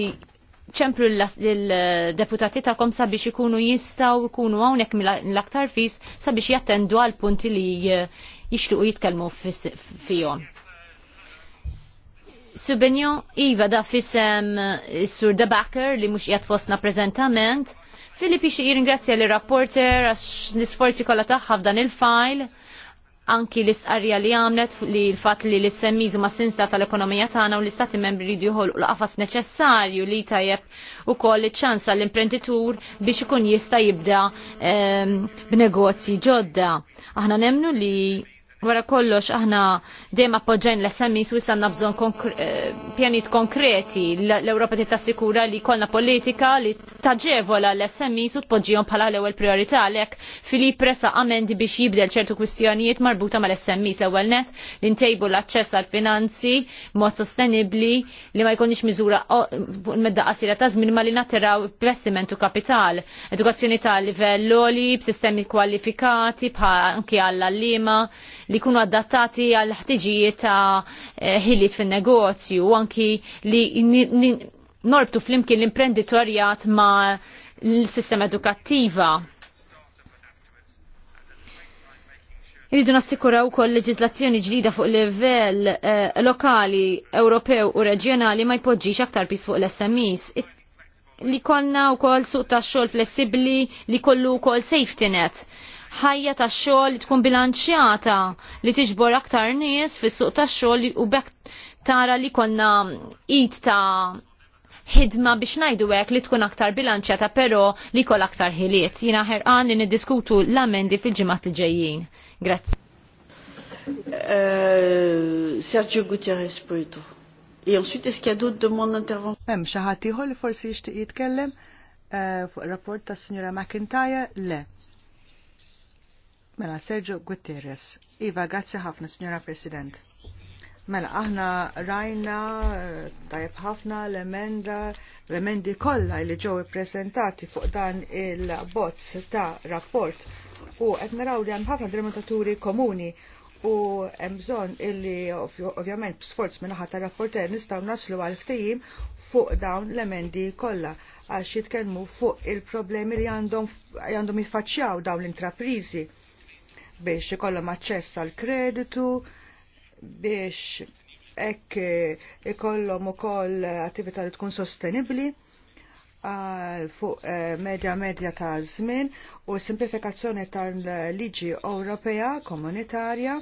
ċemplu l-deputati ta'kom sabiex ikunu jistaw, ikunu għawnek mill-aktar fis sabiex jattendu għal punti li eh, jixtiqu jitkelmu fijom. Subenjo, Iva da fissem eh, Sur Debaker li mux jgħat fosna prezentament. Filippi xie jiringrazzja li rapporter għax l kolla taħħaf f'dan il-fajl anki l-istqarja li għamlet li l-fat li l-semmizu ma sinsta tal-ekonomija tagħna u l-istati membri li diħol u l-qafas neċessarju li tajjeb u koll ċansa l-imprenditur biex ikun jista jibda ehm, b'negozji ġodda. Aħna nemnu li wara kollox aħna dejjem appoġġejn l-SMI Swissa għandna bżonn eh, pjanit konkreti l-Ewropa tit tassikura li jkollna politika li taġevola l-SMI u tpoġġihom bħala l-ewwel priorità għalhekk Filip resa amendi biex jibdel ċertu kwistjonijiet marbuta mal-SMI l-ewwel net li ntejbu l-aċċess għal finanzi mod sostenibbli li ma jkunx miżura medda qasira ta' żmien ma li nattiraw investiment u kapital, edukazzjoni ta' livell loli, b'sistemi kwalifikati bħal anki għall liema li kunu adattati għal ħtiġijiet ta' eh, ħiliet fin-negozju u anki li norbtu flimkien l-imprenditorjat ma' l-sistema edukattiva. Iridu nassikuraw kol leġizlazzjoni ġdida fuq livell eh, lokali, Ewropew u reġjonali ma jpoġġix aktar pis fuq l-SMEs. Li konna u kol suq ta' xol flessibli li kollu kol safety net ħajja ta' xogħol li tkun bilanċjata li tiġbor aktar nies fis-suq ta' xogħol u bekk tara li konna id ta' ħidma biex najdu għek li tkun aktar bilanċjata pero li kol aktar ħiliet. Jina ħerqan li niddiskutu l-amendi fil-ġimat li ġejjin. Grazzi. Euh, Sergio Gutierrez Poeto. Et ensuite, est-ce qu'il y a d'autres demandes d'intervention Mem, xaħatiħol forsi jishtiq jitkellem euh, fuq rapport ta' signora McIntyre? Le. Mela, Sergio Guterres. Iva, grazzi ħafna, Signora President. Mela, aħna rajna eh, tajab ħafna l-emenda, l-emendi kollha li ġew ippreżentati fuq dan il-bozz ta' rapport u qed naraw li hemm ħafna denominatori komuni u hemm bżonn illi ovvjament b'sforz minn ħadd rapporter nistgħu naslu għal ftehim fuq dawn l-emendi kollha għax jitkellmu fuq il-problemi li għandhom jiffaċċjaw dawn l-intrapriżi biex ikollhom aċċess għal kreditu biex hekk eh, ikollhom ukoll attività li tkun sostenibbli eh, fuq eh, medja medja ta' żmien u simplifikazzjoni tal-liġi Ewropea komunitarja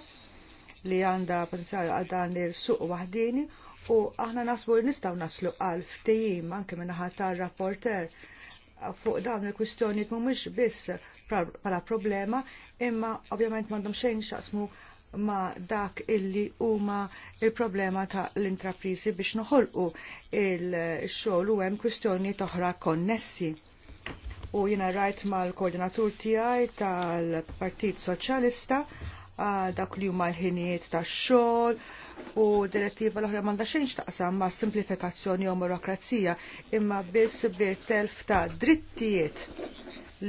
li għandha potenzjal għal dan il-suq waħdini u aħna nasbu li nistgħu naslu għal ftehim anke min-naħa tar-rapporter fuq dawn il-kwistjoni mhumiex biss bħala problema imma ovvjament m'għandhom xejn xaqsmu ma dak illi huma il-problema ta' l-intraprizi biex noħolqu il-xogħol u hemm kwistjoni toħra konnessi. U jiena rajt mal-koordinatur tiegħi tal-Partit Soċjalista dak li huma l-ħinijiet tax-xogħol u direttiva l-oħra m'għandha xejn x'taqsam ma' simplifikazzjoni u burokrazija imma biss bi telf ta' drittijiet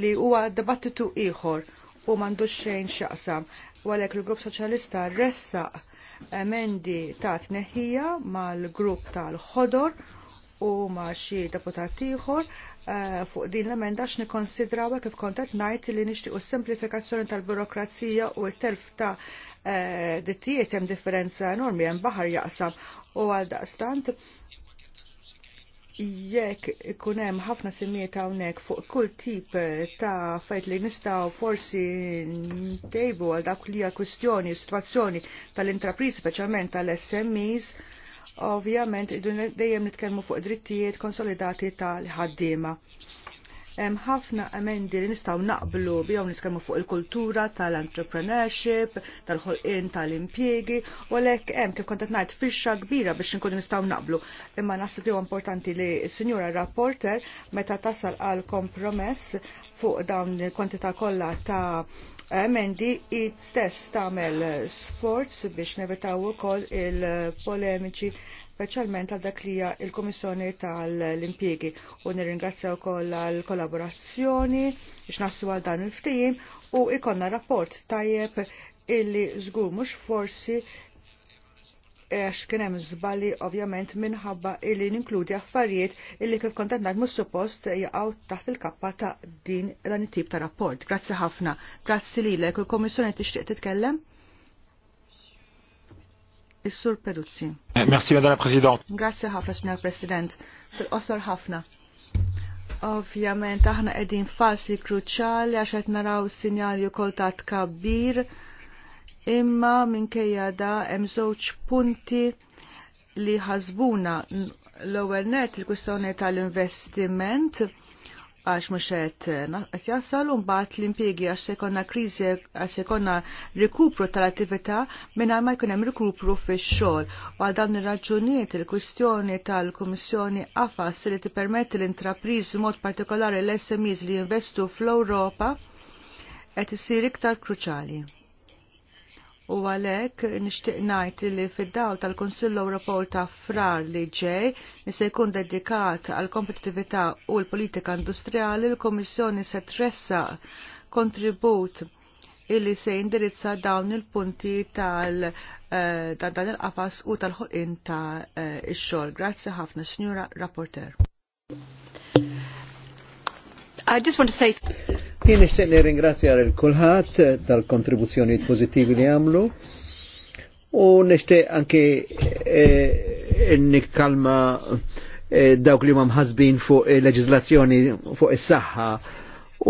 li huwa dibattitu ieħor u m'għandux xejn x'jaqsam. Walek il-Grupp Soċjalista ressa emendi ta' tneħħija mal-grupp tal-ħodor u ma' xi deputat ieħor eh, fuq din l-emenda x'nikkonsidrawa kif kont qed ngħid li nixtiequ s-simplifikazzjoni tal-burokrazija u t-telf ta' eh, dittijiet hemm differenza enormi hemm baħar jaqsam u għal daqstant jekk ikun hemm ħafna simijiet hawnhekk fuq kull tip ta' fajt li nistgħu forsi ntejbu għal dak li hija kwistjoni, situazzjoni tal-intrapriż speċjalment tal-SMEs, ovvjament dejjem nitkellmu fuq drittijiet konsolidati tal-ħaddiema hemm ħafna emendi li nistgħu naqblu bihom niskemmu fuq il-kultura tal-entrepreneurship, tal-ħolqien tal-impjiegi, u għalhekk hemm kif kont qed ngħid firxa kbira biex inkunu nistgħu naqblu. Imma naħseb li huwa importanti li s-sinjura rapporter meta tasal għal kompromess fuq dawn il-kwantità kollha ta' emendi id stess tagħmel sforz biex nevitaw ukoll il-polemiċi speċjalment għal dak li hija l-Kummissjoni tal-Impjiegi u nirringrazzja wkoll għal kollaborazzjoni biex nassu għal dan il ftim u ikonna rapport tajjeb illi żgur mhux forsi għax kien hemm ovjament ovvjament minħabba illi ninkludi affarijiet illi kif kontent ngħid mhux suppost jaqgħu taħt il-kappa ta' din dan it-tip ta' rapport. Grazzi ħafna. Grazzi lilek. t kommissjoni tixtieq titkellem? Is-Sur Peruzzi. Eh, merci, Madame la Présidente. Grazie ħafna, Signor President. Fil-qosor ħafna. Ovvjament, aħna edin fasi kruċali għax qed naraw sinjali wkoll ta' tkabbir imma minkejja da hemm żewġ punti li ħasbuna l-ewwel net il-kwistjoni tal-investiment għax mux għet eh, jasal un bat l-impiegi għax sekonna krizi għax sekonna rikupru tal-attività għal ma jkunem rikupru fi xol u għal dan il-raġuniet il-kwistjoni tal-Komissjoni għafas li ti permetti l-intrapriz mod partikolari l-SMEs li jinvestu fl-Europa għet isir iktar kruċali. U għalek nishtiq najt li fid dawl tal konsillu Ewropew ta' frar li ġej li se jkun dedikat għal kompetitività u l-politika industrijali l-Komissjoni se tressa kontribut illi se jindirizza dawn il-punti tal eh, dan il-qafas u tal-ħolqin ta' eh, ix-xogħol. Grazzi ħafna, Signora Rapporter. I just want to say Jien nixtieq ringrazzjar il kulħadd tal-kontribuzzjoni pożittivi li għamlu u nixtieq anke eh, nikkalma eh, dawk li huma mħasbin fuq il leġiżlazzjoni fuq is-saħħa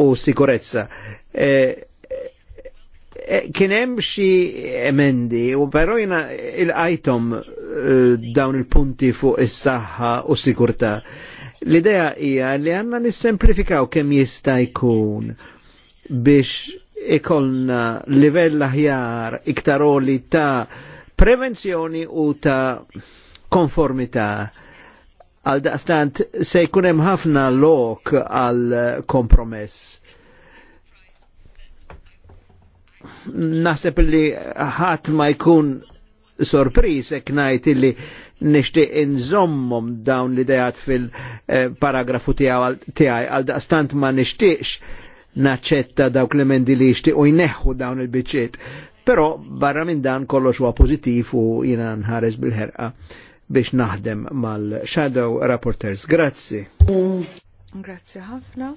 u sikurezza. Eh, kien hemm xi emendi, u però jiena il-qajtom dawn il-punti fuq is-saħħa u s sikurtà. L-idea hija li għanna nissemplifikaw kemm jista' jkun biex ikollna livell aħjar iktar oli ta' prevenzjoni u ta' konformità. Għal daqstant se jkun hemm ħafna lok għal kompromess. Naħseb li ħadd ma jkun sorpris ek najt illi nishtiq inżommom dawn li dejat fil-paragrafu tijaj għal daqstant ma nishtiqx naċċetta dawk l-emendi li jixtiequ jneħħu dawn il-biċċiet. Però barra minn dan kollox huwa pożittiv u jiena nħares bil-ħerqa biex naħdem mal-Shadow Rapporters. Grazzi. Grazzi ħafna.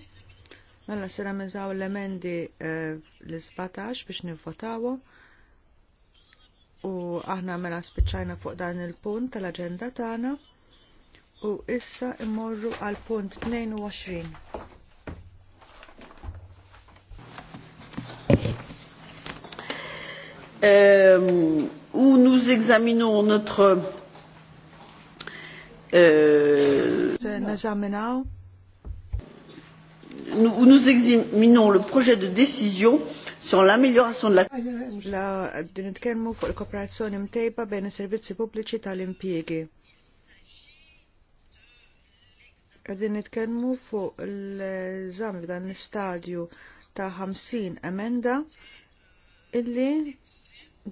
Mela sera mizaw l-emendi eh, l-17 biex nivvotawu u aħna mela spiċċajna fuq dan il-punt tal-aġenda tagħna u issa immorru għal punt 22. Euh, où nous examinons notre euh, nous, nous examinons le projet de décision euh, sur l-amiljorazzjoni la La din nitkellmu fuq il-kooperazzjoni mtejba bejn is-servizzi pubbliċi tal-impjiegi. Din nitkellmu fuq l żam f'dan l-istadju ta' 50 emenda illi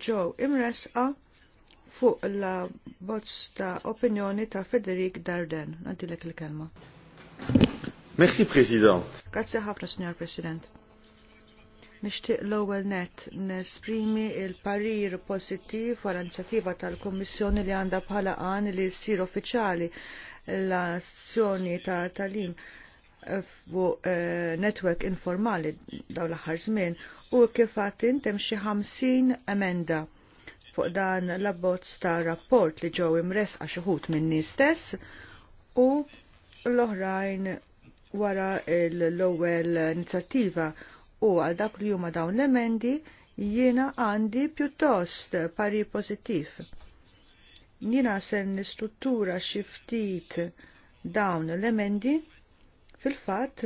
ġew imresqa fuq la bozz ta' opinjoni ta' Federik Darden. Għandilek il-kelma. Merci, President. Grazie ħafna, Signor President. Nixtieq l-ewwel net nesprimi il-parir pożittiv wara l-inizjattiva tal-Kummissjoni li għandha bħala għan li ssir uffiċjali l-azzjoni ta' talim fu eh, netwerk informali dawn l-aħħar żmien u kif għad intem xi ħamsin emenda fuq dan l-abbozz ta' rapport li ġew imresqa xi ħut minni stess u l-oħrajn wara l-ewwel inizjattiva u għal dak li huma dawn l-emendi jiena għandi pjuttost pari pozittiv. Jiena ser nistruttura xiftit dawn l-emendi fil-fatt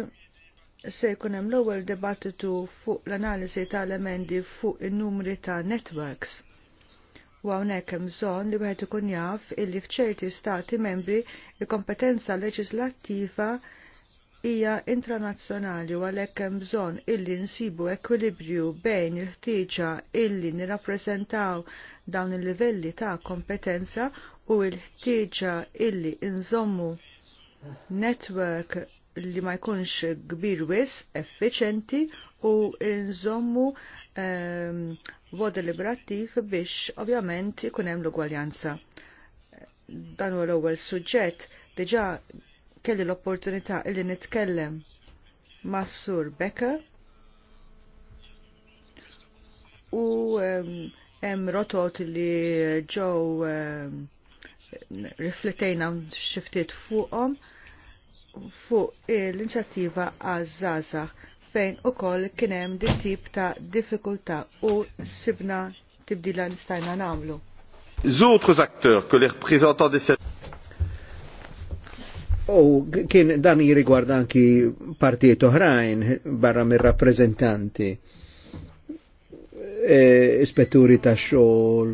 se jkun hemm l-ewwel dibattitu fuq l-analiżi tal-emendi fuq in-numri ta' networks. U hawnhekk hemm bżonn li wieħed ikun jaf illi f'ċerti stati membri il-kompetenza leġislattiva hija intranazzjonali u għalhekk hemm bżonn illi nsibu ekwilibrju bejn il-ħtieġa illi nirrappreżentaw dawn il-livelli ta' kompetenza u l-ħtieġa illi nżommu network li ma jkunx kbir wis, effiċenti u nżommu um, ehm, vod deliberattiv biex ovvjament ikun hemm l-ugwaljanza. Dan huwa l-ewwel suġġett diġà kelli l-opportunità illi nitkellem ma' Sur Becker u hemm rotot li ġew riflettejna xiftit fuqhom fuq l inizjattiva għaż fejn ukoll kien hemm di tip ta' diffikultà u sibna tibdila nistajna nagħmlu. Zotres zaktur, que les di des U kien dan jirigwarda anki partijiet oħrajn barra mir rappreżentanti e, ispetturi ta' xogħol.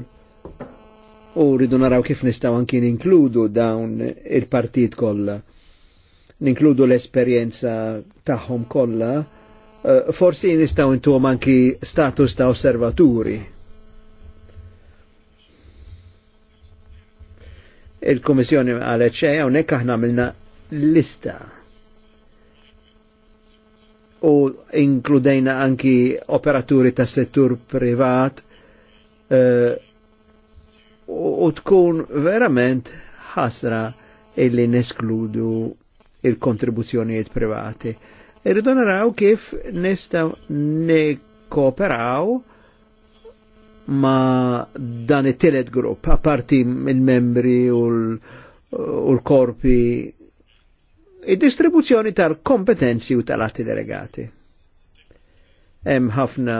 U rridu naraw kif nistgħu anki ninkludu dawn il-partijiet kollha. Ninkludu l-esperjenza tagħhom kollha, e, forsi nistgħu intuhom anki status ta' osservaturi. il kommissjoni għal xejn hawnhekk aħna għamilna lista u inkludejna anki operaturi ta' settur privat uh, u tkun verament ħasra illi neskludu il-kontribuzzjonijiet privati. Irridu naraw kif nistaw kooperaw ma dan it-telet grupp, apparti il-membri u l-korpi id-distribuzzjoni tal-kompetenzi u tal-atti delegati. Hemm ħafna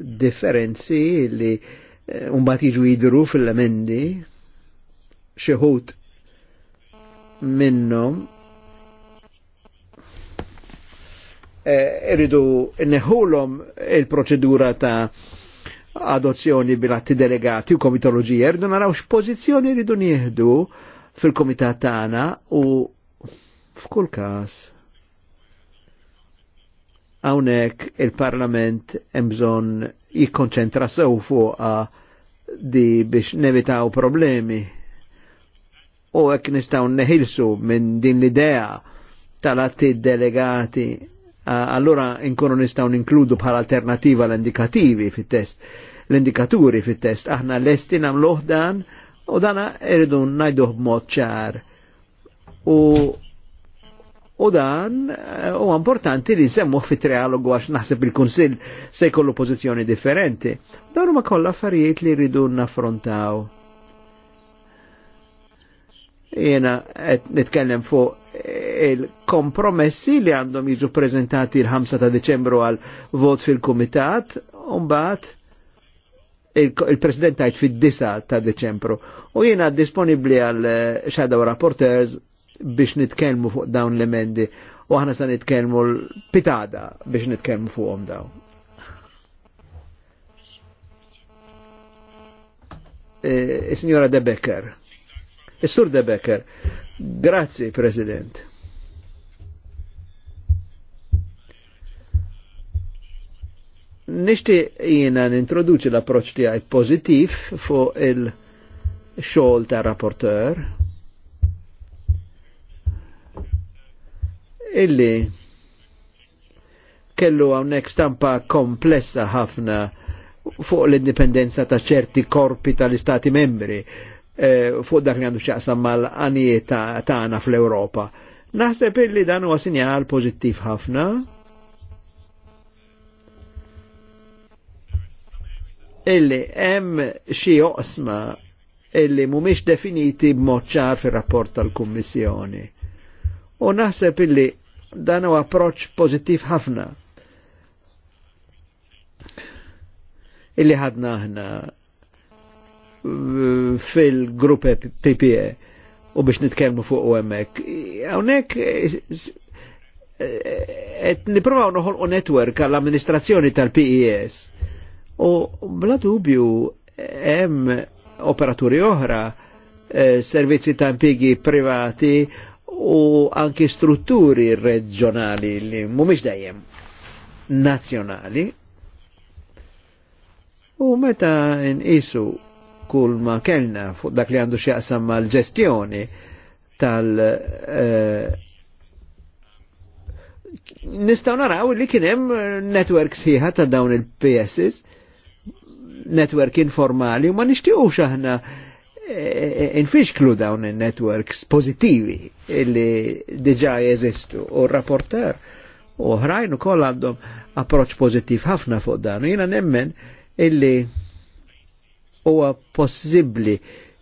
differenzi li eh, mbagħad jiġu jidru fil-emendi xiħut minnhom eh, irridu e neħulhom il-proċedura ta' adozzjoni bil-atti delegati u komitoloġija, irridu naraw x'pożizzjoni irridu nieħdu fil-komitat tagħna u F'kull każ hawnhekk il-Parlament hemm bżonn jikkonċentra sew fuqha di biex nevitaw problemi u hekk nistgħu neħilsu minn din l-idea tal-atti delegati allura inkunu nistgħu ninkludu bħal alternativa l-indikativi fit-test, l-indikaturi fit-test, aħna lesti nagħmluh dan u dana irridu najduħ b'mod ċar. U U dan eh, u importanti li nsemmu fit trialogu għax naħseb il-Kunsill se jkollu pożizzjoni differenti. Dawn huma kollha affarijiet li rridu naffrontaw. Jiena qed nitkellem fuq il-kompromessi li għandhom jiġu prezentati l-5 ta' Deċembru għal vot fil-Kumitat, u mbagħad il-President tajt fid-9 ta' Deċembru. U jiena disponibbli għal eh, Shadow Rapporteurs biex nitkelmu fuq dawn l-emendi u aħna sa nitkelmu l-pitada biex nitkelmu fuqhom daw. E, signora De Becker. Is-Sur e, De Becker. Grazzi, President. Nishti jiena nintroduċi l-approċ tiegħi pozitif fuq il-xogħol ta' rapporteur illi kellu hawnhekk stampa komplessa ħafna fuq l-indipendenza ta' ċerti korpi tal-istati membri eh, fuq dak li għandu xaqsam mal-għanijiet tagħna ta fl europa Naħseb illi dan huwa sinjal pożittiv ħafna. Illi hemm xi oqsma illi mhumiex definiti b'mod ċar fir-rapport tal-Kummissjoni U naħseb illi dan huwa approċċ pożittiv ħafna. Illi ħadna aħna eh, fil-grupp PPE u biex nitkellmu fuq u hemmhekk. Hawnhekk qed eh, eh, nippruvaw noħolqu netwerk għall-amministrazzjoni tal-PES. U bla dubju hemm operaturi oħra, servizzi ta' impjegi privati u anki strutturi reġjonali li mhumiex dejjem nazzjonali. U meta nqisu kull ma kellna fuq dak li għandu x'jaqsam mal-ġestjoni tal- nistgħu eh, nistaw naraw li kien hemm network sħiħa ta' dawn il-PSs, network informali, u ma nixtiequx aħna infixklu dawn il-networks pozitivi illi diġa jeżistu u rapporter u ħrajn u koll għandhom approċ pozittiv ħafna fuq dan. Jina nemmen illi huwa possibbli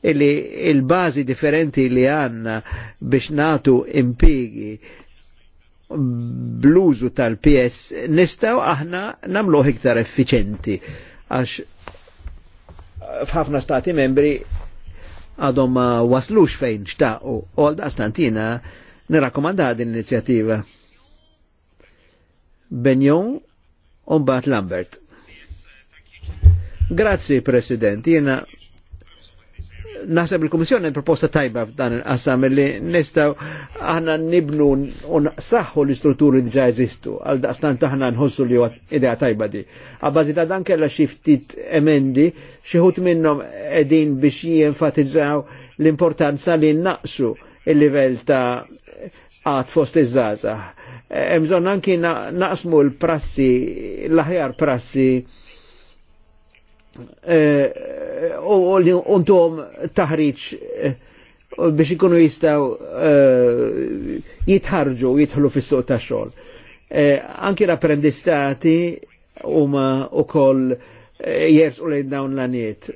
illi il-bazi differenti li għanna biex natu impigi bluzu tal-PS nistaw aħna namluħ iktar effiċenti għax f'ħafna stati membri għadhom ma waslux fejn xtaqu. U għol daqstantina nirakomanda din l-inizjativa. Benjon Umbat Lambert. Grazzi, President. Jena naħseb il-Komissjoni proposta tajba f'dan il-qassam li nistaw aħna nibnu un saħħu l-istrutturi diġa jeżistu għal daqstan taħna nħossu li idea tajba di. Għabbażi ta' dan kella xi ftit emendi xieħut minnhom edin biex jenfatizzaw l-importanza li naqsu il-livell ta' għad fost iż-żaza. Emżon anki naqsmu l-prassi, l-aħjar prassi, l prassi Eh, u li untom taħriċ eh, biex ikunu jistaw eh, jitħarġu, jitħlu fissu ta' xol. Anki rapprendistati u ma huma ukoll jersqu lejn dawn l-aniet.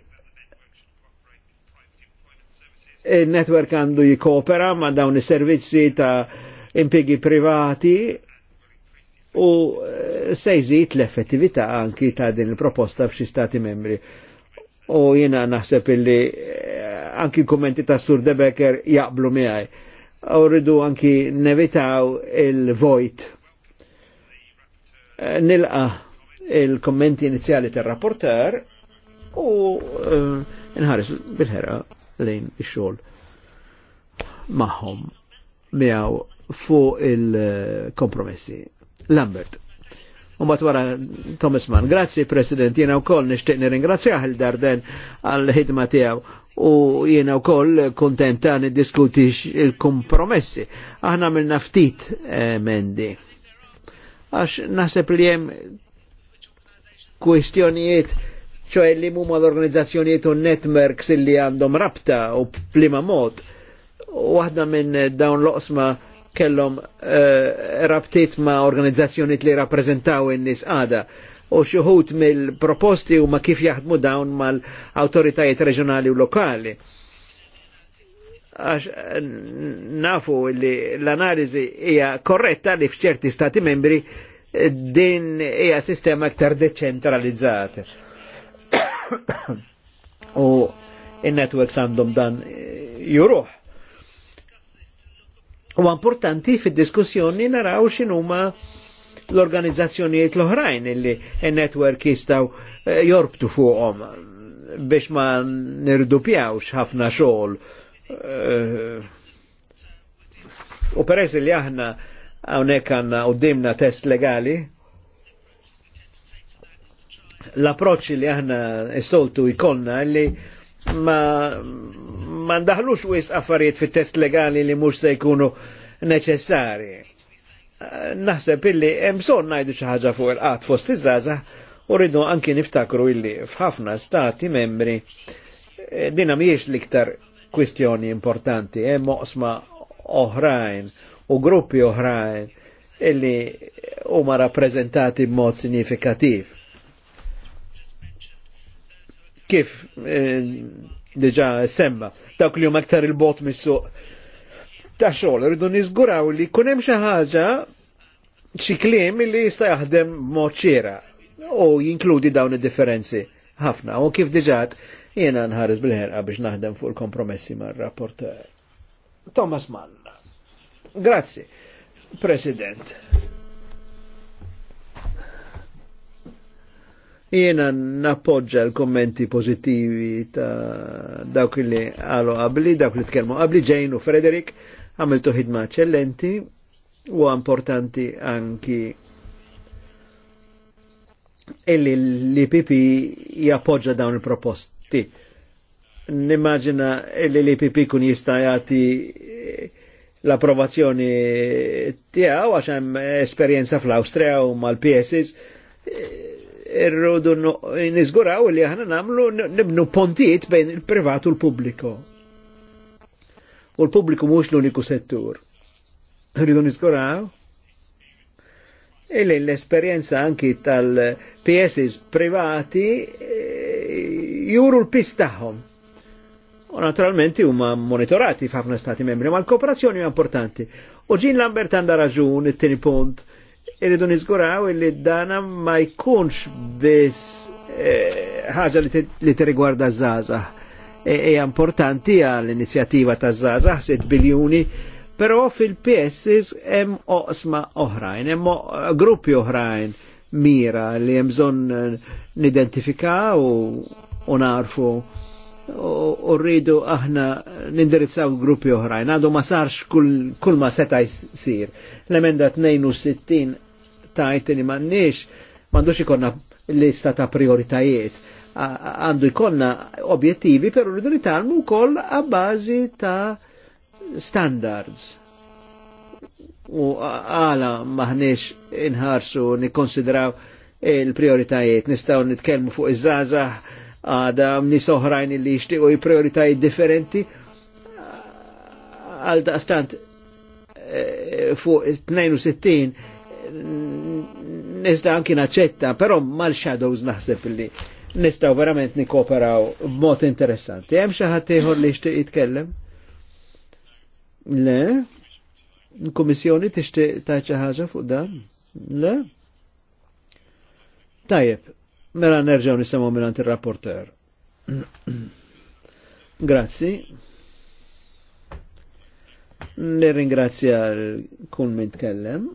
Il-network għandu jikopera ma' dawn i servizzi ta' impiegi privati u eh, se jżid l-effettività anki ta' din il-proposta f'xi stati membri. U jiena naħseb illi eh, anki l-kommenti ta' Sur Becker jaqblu miħaj. U rridu anki nevitaw il-vojt. Eh, nilqa il-kommenti inizjali tar-rapporter u nħares bil-ħera lejn il xogħol maħom miaw fuq il-kompromessi. Lambert. Umbat wara Thomas Mann. grazie President, jena u koll nishtiqni nirringrazzjaħ il-Darden għal-ħidma tijaw u jena u koll kontenta niddiskuti il-kompromessi. Aħna mill naftit mendi. Għax naħseb li jem kwestjonijiet ċoħe li mumma l-organizzazzjonijiet u networks illi għandhom rabta u plima mod. Waħda minn dawn l-osma kellhom eh, rabtiet ma' organizzazzjonijiet li rappreżentaw in-nies għada u xuħut mill-proposti u ma' kif jaħdmu dawn mal-autoritajiet reġjonali u lokali. Għax nafu li l-analiżi hija korretta li f'ċerti stati membri din hija sistema aktar deċentralizzat. u in-networks għandhom dan eh, juruħ U importanti fid-diskussjoni naraw x'inhuma l-organizzazzjonijiet l-oħrajn illi il network jistaw eh, jorbtu fuqom biex ma nirdupjawx ħafna xogħol. Eh, u peress li aħna hawnhekk għandna qudiemna test legali, l-approċċ li aħna s-soltu jkollna li ma ma ndaħlux wis affarijiet fit-test legali li mhux se jkunu neċessari. Naħseb illi hemm bżonn ngħidu xi ħaġa fuq il qat fost iż-żgħażagħ u rridu anki niftakru illi f'ħafna stati membri eh, dina mhijiex l-iktar kwistjoni importanti, hemm oqsma oħrajn u gruppi oħrajn illi huma rappreżentati b'mod sinifikattiv kif eh, deġa semma, dawk li huma aktar il-bot mis-suq ta' xogħol, rridu niżguraw li jkun hemm xi ħaġa xi kliem li jista' jaħdem mod ċira u jinkludi dawn id-differenzi ħafna u kif diġat jiena nħares bil-ħerqa biex naħdem fuq il-kompromessi mar-rapport Thomas Mann. Grazzi, President. Jiena nappoġġa l-kommenti pozittivi ta' dawk li għalu qabli, dawk li tkellmu qabli, Jane u Frederick għamiltu ħidma eccellenti u importanti anki illi l-IPP jappoġġa dawn il-proposti. Nimmaġina illi l-IPP kun jistajati l-approvazzjoni tiegħu għax hemm esperjenza fl-Awstrija u mal-PSIS irrodu nizguraw li ħana namlu nibnu pontijiet bejn il-privat u l-pubbliku. U l-pubbliku mhux l-uniku settur. Rridu nizguraw illi l-esperienza anki tal-PSs privati eh, juru l pistaħom U naturalmenti huma monitorati f'ħafna stati membri, ma l-kooperazzjoni hija importanti. U ġin Lambert għandha raġun it-tieni punt irridu nizguraw illi dana ma jkunx biss eh, ħaġa li t-rigwarda zaza. Eja e importanti għall-inizjativa ta' zaza, 6 biljuni, pero fil-PS hemm oqsma oħrajn, hemm gruppi oħrajn mira li hemm bżonn eh, nidentifikaw u narfu u rridu aħna nindirizzaw gruppi oħrajn, għadu ma sarx kull, kull ma seta jsir. L-emenda 62 tajt li mannix mandux ikonna lista ta' prioritajiet għandu jkollna objettivi per rridu nitalmu wkoll għabbażi ta' standards. U għala maħniex inħarsu nikkonsidraw il-prioritajiet, nistaw nitkelmu fuq iż-żaza għada nis oħrajn li jixtiqu prioritajiet differenti għal daqstant eh, fuq 62 nista anki naċċetta, però mal-shadows naħseb li nistaw verament nikoperaw b'mod interessanti. Hemm xi ħadd ieħor li jixtieq jitkellem? Le? Kummissjoni tixtieq tgħid xi ħaġa fuq dan? Le? Tajjeb, mela nerġgħu nisimgħu mingħand ir-rapporter. Grazzi. Nirringrazzja l-kun mint kellem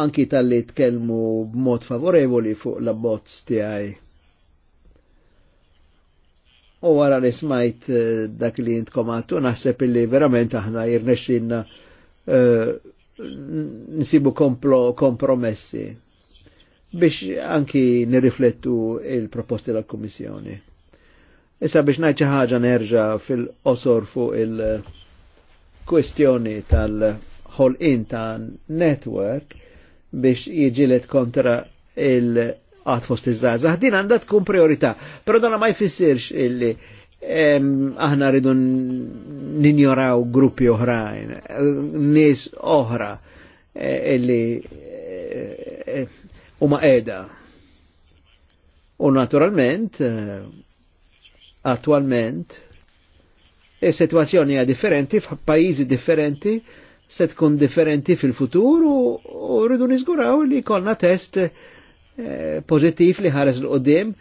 anki tal-li tkellmu b'mod favorevoli fuq la abbozz tiegħi. U wara li smajt eh, dak li jintkom għattu naħseb illi verament aħna jirnexin eh, nsibu kompromessi biex anki nirriflettu il-proposti tal kummissjoni Issa biex najċa ħaġa nerġa fil-qosor fuq il-kwestjoni tal- ħolqin ta' network biex jieġilet kontra il għad fost iż-żgħażagħ. Din għandha tkun priorità, però dan ma jfissirx illi aħna rridu ninjoraw gruppi oħrajn, nies oħra e, illi e, e, huma qiegħda. U naturalment, attualment, is situazzjoni hija differenti f'pajjiżi differenti se tkun differenti fil-futur u rridu nizguraw li konna test eh, li ħares l-qoddim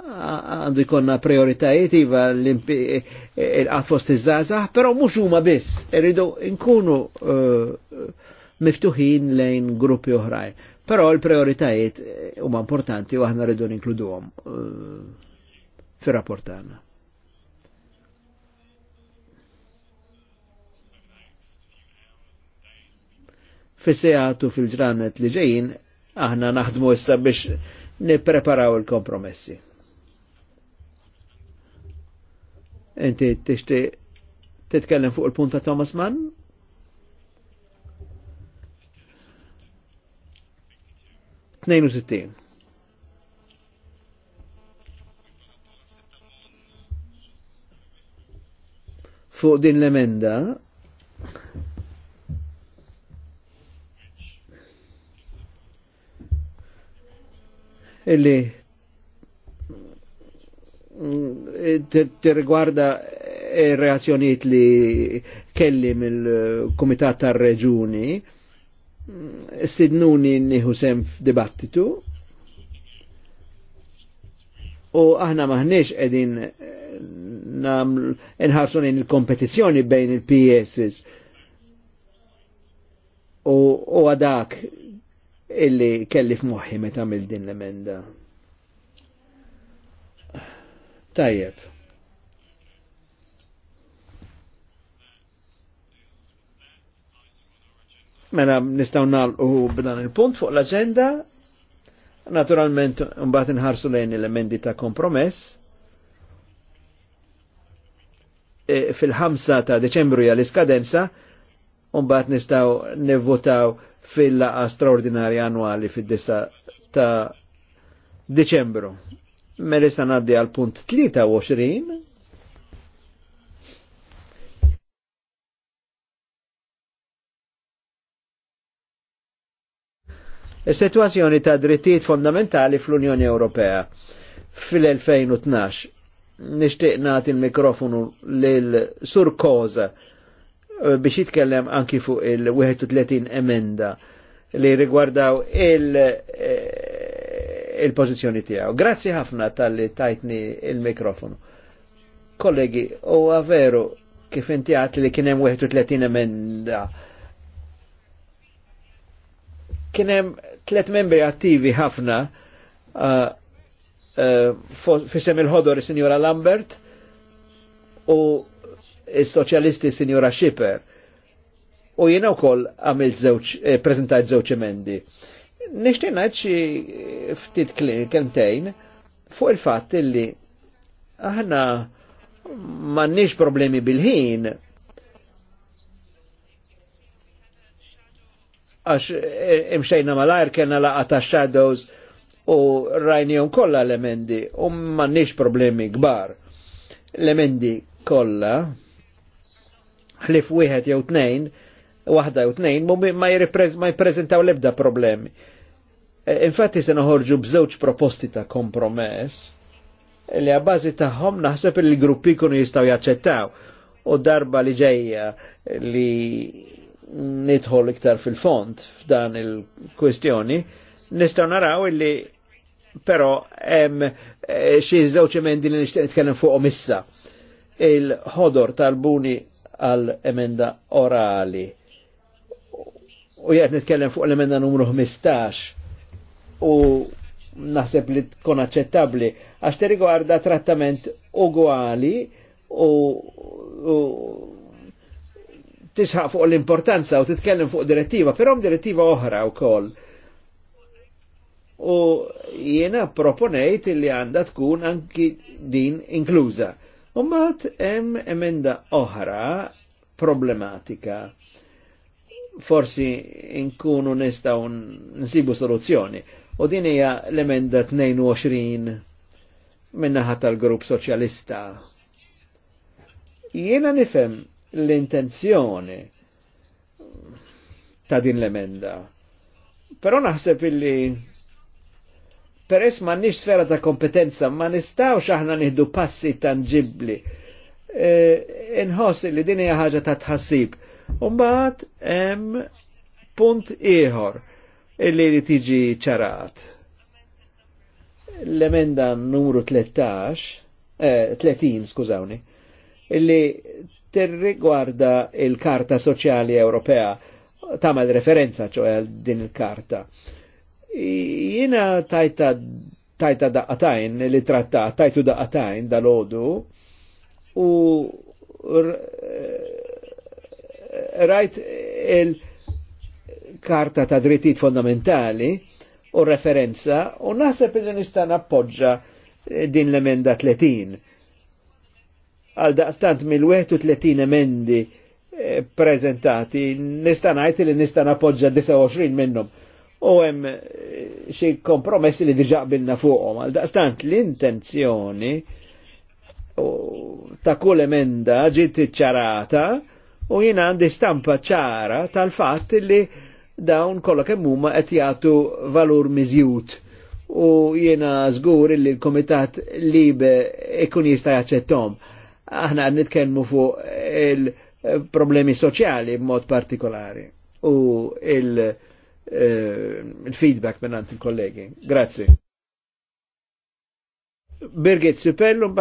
għandu jkonna prioritajiet iva l eh, eh, fost iż-żazax, pero mux huma biss, irridu nkunu eh, miftuħin lejn gruppi oħrajn. Però l-prioritajiet huma importanti u aħna rridu ninkluduhom uh, fir-rapportana. fis fil-ġranet li ġejjin aħna naħdmu issa biex nippreparaw il-kompromessi. Inti tixti titkellem fuq il-punt ta' Thomas Mann? Tnejn u fuq din l-emenda illi tirrigwarda eh, reazzjonijiet li kelli mill-Kumitat tar-Reġuni mm, stidnuni nieħu sem f'dibattitu u aħna maħniex qegħdin eh, namlu inħarsu il-kompetizzjoni bejn il-PSs u għadak illi kelli f'moħħi meta għamil din l-emenda. Tajjeb. Mela nistaw nalqu b'dan il-punt fuq l-agenda. Naturalment mbagħad inħarsu lejn elementi ta' kompromess. E, fil ħamsa ta' Deċembru hija l-iskadenza, mbagħad nistgħu nivvotaw fil-laqa straordinarja annuali fid-disa ta' Deċembru. Melissa naddi għal punt 23. Is-sitwazzjoni ta' drittijiet fondamentali fl-Unjoni Ewropea fil-2012. Nixtieq nagħti il-mikrofonu lil Sur Koza Eh, biex jitkellem anki fuq il-31 emenda li rigwardaw il-pozizjoni eh, tijaw. Grazzi ħafna tal-li tajtni il-mikrofonu. Kollegi, u veru kif inti għat li kienem 31 emenda kienem tlet membri attivi ħafna eh, fissem il-ħodor il signora Lambert u il-soċjalisti Signora Schipper. U jiena wkoll għamilt għamil zewċ, eh, preżentajt żewġ emendi. Nixtieq ngħid xi ftit kelmtejn fuq il-fatt li aħna m'għandniex problemi bil-ħin għax eh, imxejna mal-ajr kena laqa ta' shadows u rajnijom kolla l-emendi u mannix problemi gbar. L-emendi kolla ħlif wieħed jew tnejn, waħda jew tnejn, ma jippreżentaw l-ebda problemi. E, infatti se noħorġu bżewġ proposti ta' kompromess li għabbażi tagħhom naħseb li l-gruppi kunu jistgħu jaċċettaw u darba li ġejja li nidħol iktar fil-font f'dan il-kwestjoni, nistgħu naraw illi però hemm e, xi żewġ emendi li nixtieq nitkellem fuqhom issa. Il-ħodor tal-buni għal emenda orali. U jgħet nitkellem fuq l-emenda numru 15 u naħseb li tkun aċċettabbli għax rigwarda trattament uguali u, u tisħaq fuq l-importanza u titkellem fuq direttiva, però direttiva oħra wkoll. U jiena proponejt li għandha tkun anki din inkluża Umbat hemm emenda oħra problematika forsi nkunu nistaw nsibu soluzzjoni. U din hija l-emenda 22 minnaħa tal-grupp soċjalista. Jiena nifhem l-intenzjoni ta' din l-emenda. Però naħseb illi Peress ma nix sfera ta' kompetenza, ma nistawx aħna nieħdu passi tangibli. E, Inħoss li din hija ħaġa ta' tħassib. mbagħad hemm punt ieħor illi li tiġi ċarat. L-emenda numru 13, eh, 30, skużawni, illi tirrigwarda il-Karta Soċjali Ewropea, tamal referenza ċoħe din il-karta. il karta Jiena tajta tajta daqatajn li tratta, tajtu daqatajn dal-ħodu u eh, rajt il-karta ta' drittijiet fondamentali u referenza u naħseb li nista' nappoġġa eh, din l-emenda 30. Għal daqstant mill-31 emendi eh, prezentati nista' ngħid li nista' nappoġġa 29 minnhom u hemm eh, xi kompromessi li diġa qbilna fuqhom. Għal daqstant l-intenzjoni ta' kull emenda ġiet ċarata u jiena għandi stampa ċara tal-fatt li dawn kollha kemm huma qed jagħtu valur miżjut. u jiena żgur li l-Komitat Libe ikun jista' jaċċettom. Aħna qed nitkellmu fuq il- problemi soċjali b'mod partikolari u il- Eh, il-feedback minn għant il-kollegi. Grazzi. Birgit Sipell u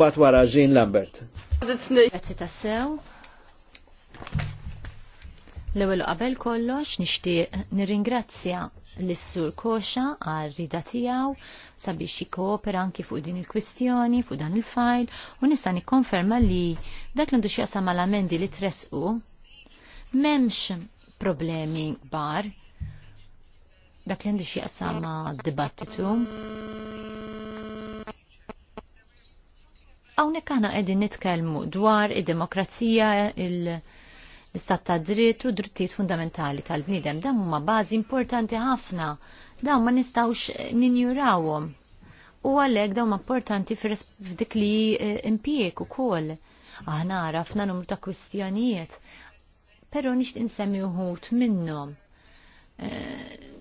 bat wara Jean Lambert. Grazzi tassew. L-ewwel qabel kollox nixtieq nirringrazzja l-Sur Koxa għal rida tiegħu sabiex jikkoopera anki fuq din il-kwistjoni, fuq dan il-fajl u nista' nikkonferma li dak l-għandu xi mal-amendi li tresqu m'hemmx problemi bar dak li għandi xi dibattitu. Hawnhekk aħna qegħdin nitkellmu dwar id-demokrazija, l-istat ta' dritt u drittijiet fundamentali tal-bniedem. Dan huma bażi importanti ħafna. Da ma nistgħux ninjurawhom. U għalhekk dawn importanti f'dik li eh, impjieg ukoll. Aħna rafna numru ta' kwistjonijiet, però nixtieq insemmi uħut minnhom. Eh,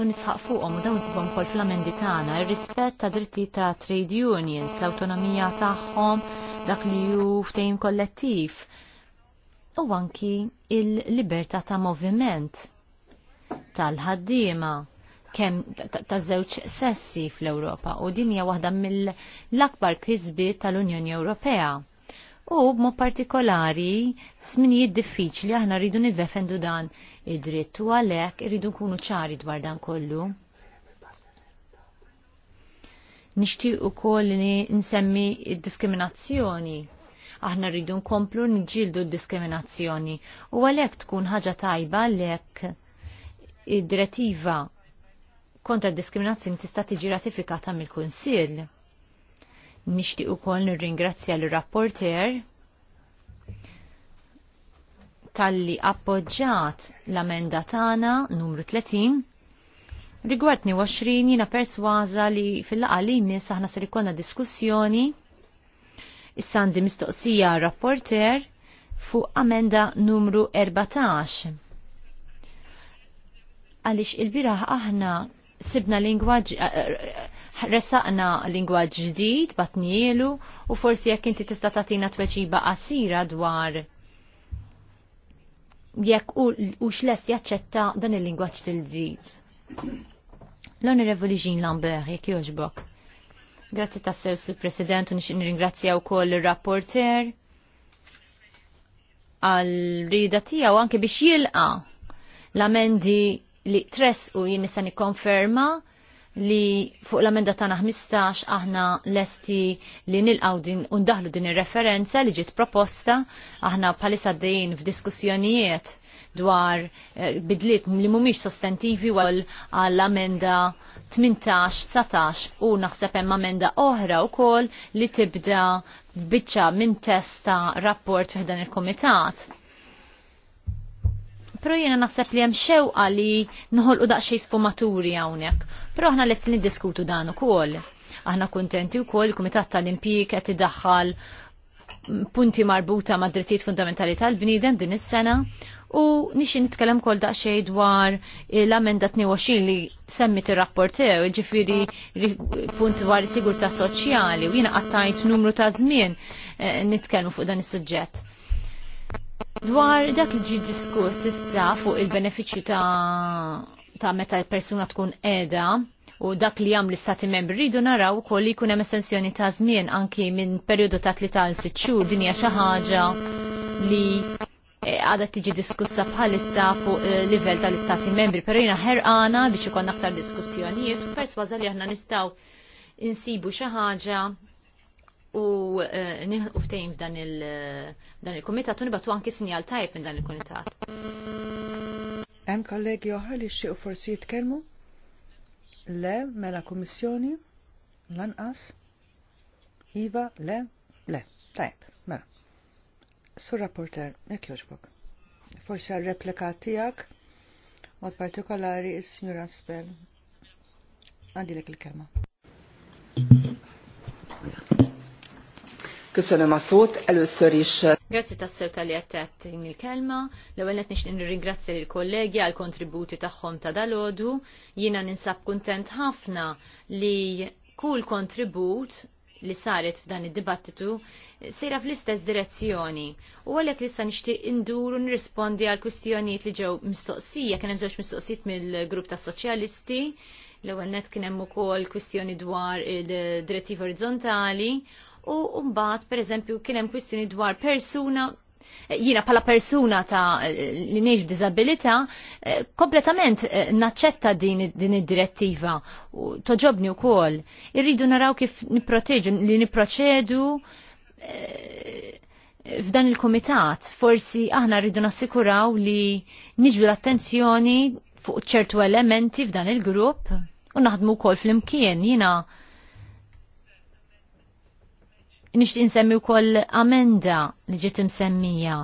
u nisħaq fuqhom u dawn sibhom kol fl-amendi tagħna ir-rispett ta' dritti ta' trade unions, l-awtonomija tagħhom, dak li ju ftejn kollettiv u anki il-libertà ta' moviment tal-ħaddiema kemm ta' żewġ sessi fl-Ewropa u din hija waħda mill-akbar kisbiet tal-Unjoni Ewropea u b'mo partikolari sminijiet diffiċli aħna rridu nidvefendu dan id-dritt u għalhekk irridu nkunu ċari dwar dan kollu. Nixtieq ukoll li nsemmi id-diskriminazzjoni. Aħna rridu nkomplu niġġieldu d-diskriminazzjoni u għalhekk tkun ħaġa tajba għalhekk id-direttiva kontra d-diskriminazzjoni tista' tiġi ratifikata mill-Kunsill Nishtiq ukoll nirringrazzja l-rapporter tal-li appoġġat l-amenda tagħna numru 30 Rigward 20 jina perswaza li fil-laqali nis aħna ser konna diskussjoni issandi mistoqsija rapporter fuq amenda numru 14. Għalix il-biraħ aħna sibna lingwaġġ eh, eh, Ressaqna lingwaġġ ġdid batnielu u forsi jekk inti tista' tagħtina tweċiba qasira dwar jekk u x'lest jaċċetta dan il-lingwaġġ til-ġdid. L-Onorevoli Jean Lambert, jekk jogħġbok. Grazzi tassew, Sur President, u nixin ringrazzja wkoll ir rapporter għal-rida tiegħu anke biex jilqa l-amendi li tres u jien nista' nikkonferma li fuq l-amenda tana 15 aħna lesti li nilqaw din undaħlu din ir-referenza li ġiet proposta aħna palissa f f'diskussjonijiet dwar eh, bidliet li mhumiex sostentivi għal għall-amenda 18-19 u naħseb hemm amenda oħra wkoll li tibda biċċa minn testa rapport f'dan il-komitat pero jena naħseb li hemm xewqa li nħolqu daqsxejn sfumaturi hawnhekk. Però aħna lest niddiskutu dan ukoll. Aħna kuntenti wkoll il-Kumitat tal-Impjik qed idaħħal punti marbuta ma' drittijiet fundamentali tal-bniedem din is-sena u nixi nitkellem kol daqxej dwar l-amenda 22 li semmit il-rapportew, ġifiri punt dwar sigurta soċjali u jina għattajt numru ta' żmien eh, nitkellmu fuq dan is-suġġett. Dwar dak li ġi diskuss issa fuq il-benefiċċju ta', ta meta persuna tkun qiegħda u dak li jam l-istati membri rridu naraw ukoll li jkun hemm estensjoni ta' żmien anki minn perjodu ta' tlita l sitt xhur din hija xi ħaġa li eh, għadha tiġi diskussa bħalissa fuq eh, livell tal-istati membri, però jiena ħerqana biex ikon aktar diskussjonijiet u persważa li aħna nistgħu insibu xi ħaġa u eh, nieħu ftejn eh, f'dan il-komitat u nibatu anki sinjal tajb minn dan il-komitat. Hemm kollegi oħra li xiequ forsi jitkellmu? Le, mela komissjoni, Lanqas? Iva, le, le, tajb, mela. Sur rapporter, jekk joġbok. Forsi għal replika tiegħek, mod partikolari il sinjura Spell. Għandilek il-kelma. Köszönöm a szót, először is. Eh, Grazie tassir tali għattat il-kelma. L-ewel net nixtin ringrazzja l-kollegi għal-kontributi taħħom ta' dalodu. Jina ninsab kontent ħafna li kull kontribut li saret f'dan id-dibattitu sejra fl-istess direzzjoni. U għalek li sa nixtieq induru nirrispondi għal kwistjonijiet li ġew mistoqsija, kienem hemm żewġ mistoqsijiet mill-grupp tas soċjalisti, l-ewwel net kien hemm ukoll kwistjoni dwar il-direttiva orizzontali u mbagħad pereżempju kien hemm kwistjoni dwar persuna eh, jina pala persuna ta' eh, li neġ disabilita, eh, kompletament naċċetta din, din id-direttiva u toġobni u kol. Irridu naraw kif niproteġu, li niproċedu f'dan il-komitat. Forsi aħna rridu nassikuraw li niġbu l-attenzjoni fuq ċertu elementi f'dan il-grupp u naħdmu kol fl-imkien jina nixtieq insemmi wkoll amenda li ġiet semmija.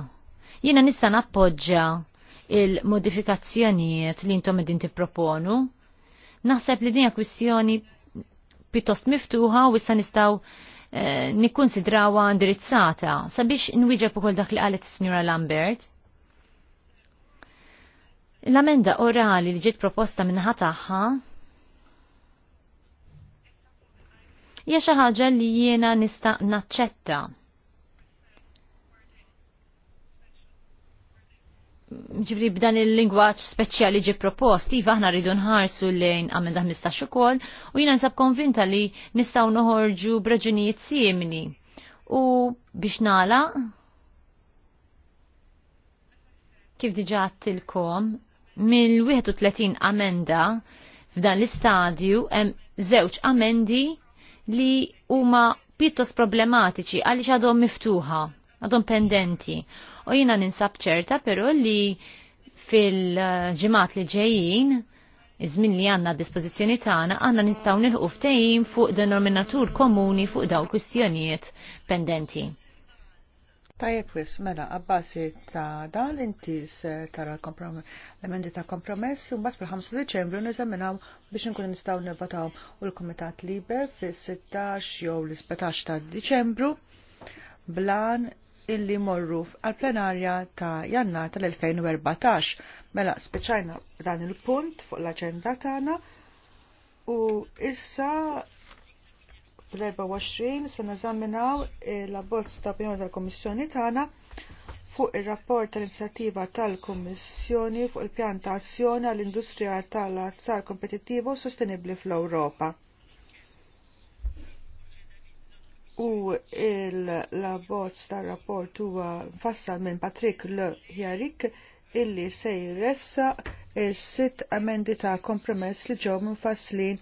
Jiena nista' nappoġġa il-modifikazzjonijiet li intom qegħdin tipproponu. Naħseb li dinja kwistjoni pjuttost miftuħa u issa nistgħu eh, nikkonsidrawha indirizzata sabiex nwieġeb ukoll dak li qalet is-Sinjura Lambert. L-amenda orali li ġiet proposta minnaħa tagħha hija xi ħaġa li jiena nista' naċċetta. ġifri b'dan il-lingwaċ speċjali ġi propost, iva ħna rridu nħarsu lejn għamen da 15 ukoll u jina nsab konvinta li nistaw noħorġu braġunijiet siemni. U biex nala, kif diġa għattilkom, mill-31 amenda f'dan l-istadju hemm żewġ amendi li huma pjuttost problematiċi għaliex għadhom miftuħa, għadhom pendenti. U jiena ninsab ċerta però li fil-ġimat li ġejjin iż-żmien li għandna dispożizzjoni tagħna għandna nistgħu nilħu ftehim fuq denominatur komuni fuq dawn kwistjonijiet pendenti. Tajjeb wis, mela, għabbasi ta' dan inti se tara l-emendi ta' kompromess, u mbagħad fil-5 Deċembru neżaminaw biex nkun nistgħu nivvotaw u l-Kumitat Liber fis-16 jew l-17 ta' Diċembru blan illi morru għal-plenarja ta' jannar tal-2014. Mela, speċajna dan il-punt fuq l-aġenda tagħna u issa fl-24 se nażaminaw l-abbozz ta' opinjoni tal-Kommissjoni tagħna fuq ir-rapport tal-inizjattiva tal-Kummissjoni fuq il-pjan ta' azzjoni għall-industrija tal-azzar kompetittivo u sostenibbli fl-Ewropa. U l-abbozz tal-rapport huwa mfassal minn Patrick Le Hjarik illi se jressa is-sitt amendi ta' kompromess li ġew mfasslin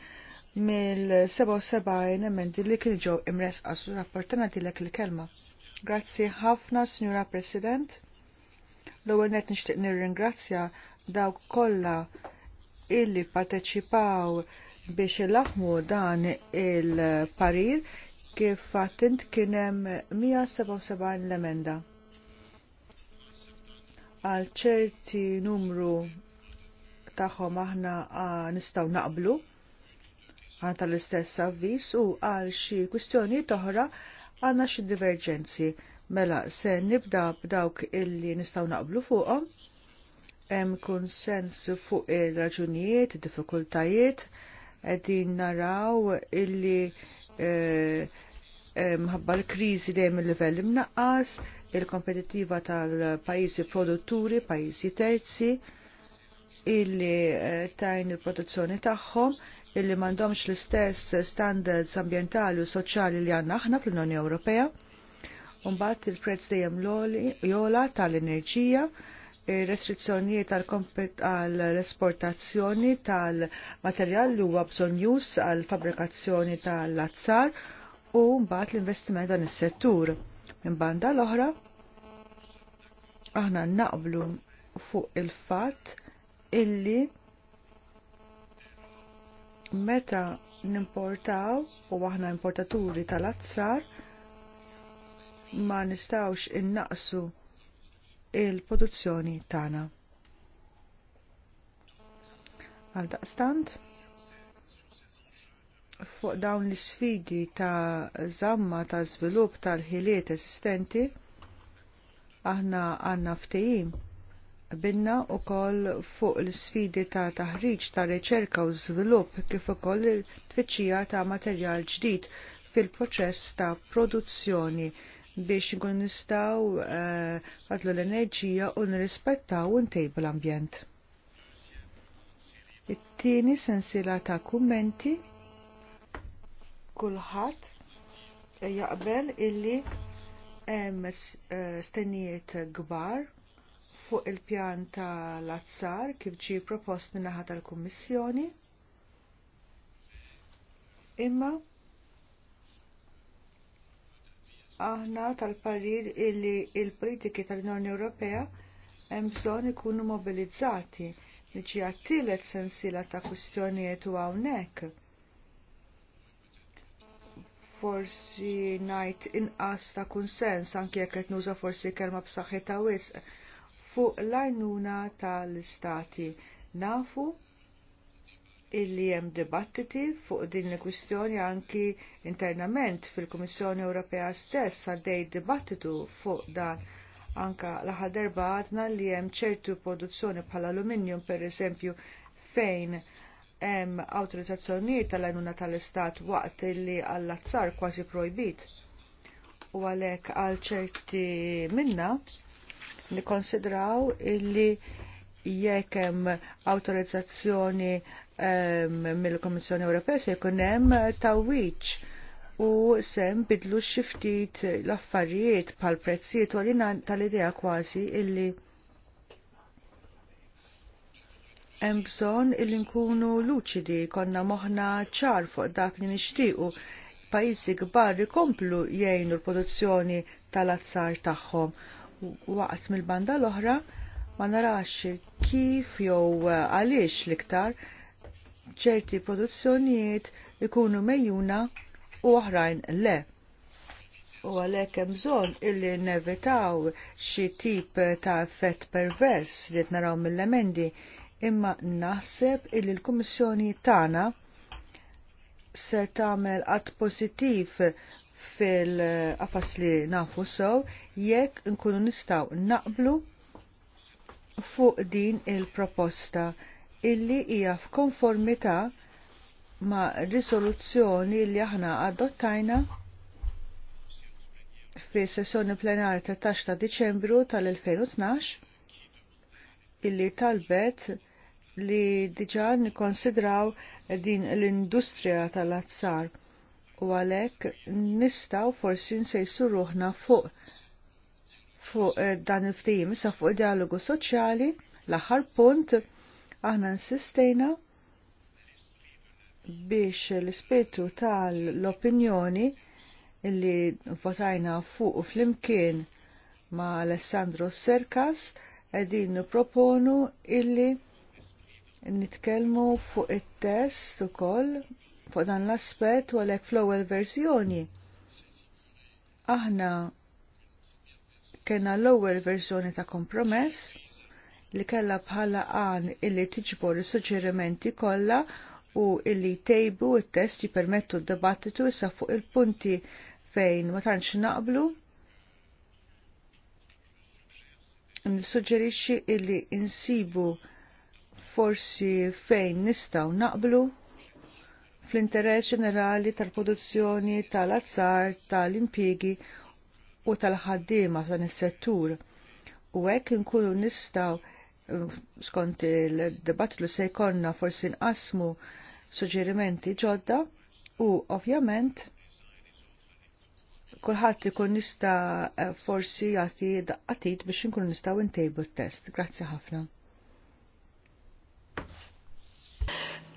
mill-77 emendi li kien ġew imres għasu rapportana dilek il-kelma. Grazzi ħafna, Signora President. L-ewwel net nixtieq nirringrazzja dawk kollha illi parteċipaw biex ilaħmu dan il-parir kif fattint kien hemm 177 l-emenda. Għal ċerti numru tagħhom aħna ah, nistgħu naqblu għan tal-istess avvis u għal xi kwistjoni toħra għanna xi divergenzi Mela, se nibda b'dawk illi nistaw naqblu fuqhom, hemm konsens fuq il-raġunijiet, diffikultajiet, qegħdin naraw illi e, e, mħabba l-krizi dejjem il-livell imnaqqas, il-kompetittiva tal-pajjiżi produtturi, pajjiżi terzi, illi e, tajn il-produzzjoni tagħhom, illi mandomx l-istess standards ambientali u soċjali li għanna aħna fl-Unjoni Ewropea. Umbat il-prezz dejjem jola tal-enerġija, restrizzjonijiet għal esportazzjoni tal-materjal li huwa bżonn għal fabrikazzjoni tal-azzar u mbagħad l-investiment dan is-settur. Minn banda l-oħra aħna naqblu fuq il-fatt illi Meta nimportaw u aħna importaturi tal-azzar ma nistawx innaqsu il-produzzjoni tagħna. Għal daqstant, fuq dawn l-sfidi ta' zamma ta' żvilupp tal-ħiliet esistenti, aħna għanna ftehim binna u koll fuq l-sfidi ta' taħriġ ta' riċerka u żvilupp kif ukoll il-tfittxija ta' materjal ġdid fil-proċess ta' produzzjoni biex nkun nistaw għadlu eh, uh, l-enerġija u nirrispettaw u ntejbu l-ambjent. It-tieni sensila ta' kummenti kulħadd jaqbel illi hemm eh, stennijiet kbar fuq il-pjan tal-azzar kif ġi propost minnaħa tal-Kummissjoni. Imma aħna tal-parir illi il-politiki tal-Unjoni Ewropea hemm bżonn ikunu mobilizzati niġi għattilet sensiela ta' kwistjonijiet u hawnhekk. Forsi ngħid inqas ta' kunsens anke jekk qed nuża forsi kelma b'saħħitha wisq fuq l-arnuna tal-istati. Nafu illi hemm dibattiti fuq din il-kwistjoni anki internament fil-Kummissjoni Ewropea stess għaddej dibattitu fuq dan anka l-aħħar darba għadna li hemm ċertu produzzjoni bħal aluminium per eżempju fejn hemm awtorizzazzjonijiet tal-għajnuna tal-Istat waqt illi għall-azzar kważi projbit u għalhekk għal ċerti minna nikkonsidraw illi jekk hemm awtorizzazzjoni ehm, mill komissjoni Ewropea se jkun hemm eh, tawwiċ u se bidlu xi ftit l-affarijiet pal prezzijiet u għalina tal-idea kważi illi hemm bżonn illi nkunu luċidi konna moħħna ċar fuq dak li nixtiequ pajjiżi kbar ikomplu jgħinu l-produzzjoni tal-azzar tagħhom waqt mill-banda l-oħra ma narax kif jew għaliex l-iktar ċerti produzzjonijiet ikunu mejjuna u oħrajn le. U għalhekk hemm bżonn illi nevitaw xi tip ta' effett pervers li qed naraw mill-emendi imma naħseb illi l-Kummissjoni tagħna se tagħmel qatt pożittiv fil-qafas li nafu sew jekk nkunu nistaw naqblu fuq din il-proposta illi hija f'konformità ma' risoluzzjoni li aħna adottajna fi sessjoni plenari 10 ta' Diċembru tal-2012 illi talbet li diġà nikkonsidraw din l-industrija tal-azzar u għalhekk nistgħu forsi nsejsu ruħna fuq fuq eh, dan il-ftim, sa fuq dialogu soċjali, l-aħħar punt aħna nsistejna biex l ispetu tal-opinjoni li votajna fuq u fl-imkien ma Alessandro Serkas edin proponu illi nitkelmu fuq it-test ukoll fuq dan l-aspet u għalek fl-ewwel verżjoni. Aħna kena l-ewwel verżjoni ta' kompromess li kella bħala għan illi tiġbor il-suġġerimenti kollha u illi tejbu il-test jipermettu d-dibattitu issa fuq il-punti fejn ma tantx naqblu. Nissuġġerixxi illi insibu forsi fejn nistgħu naqblu fl-interess ġenerali tal-produzzjoni tal-azzar, tal impjiegi u tal-ħaddiema f'dan is-settur. U hekk inkunu nistgħu eh, skont il-dibattu li se jkollna forsi nqasmu suġġerimenti ġodda u ovvjament kulħadd ikun nista' eh, forsi jagħti daqqatit biex inkunu nistgħu ntejbu t-test. Grazzi ħafna.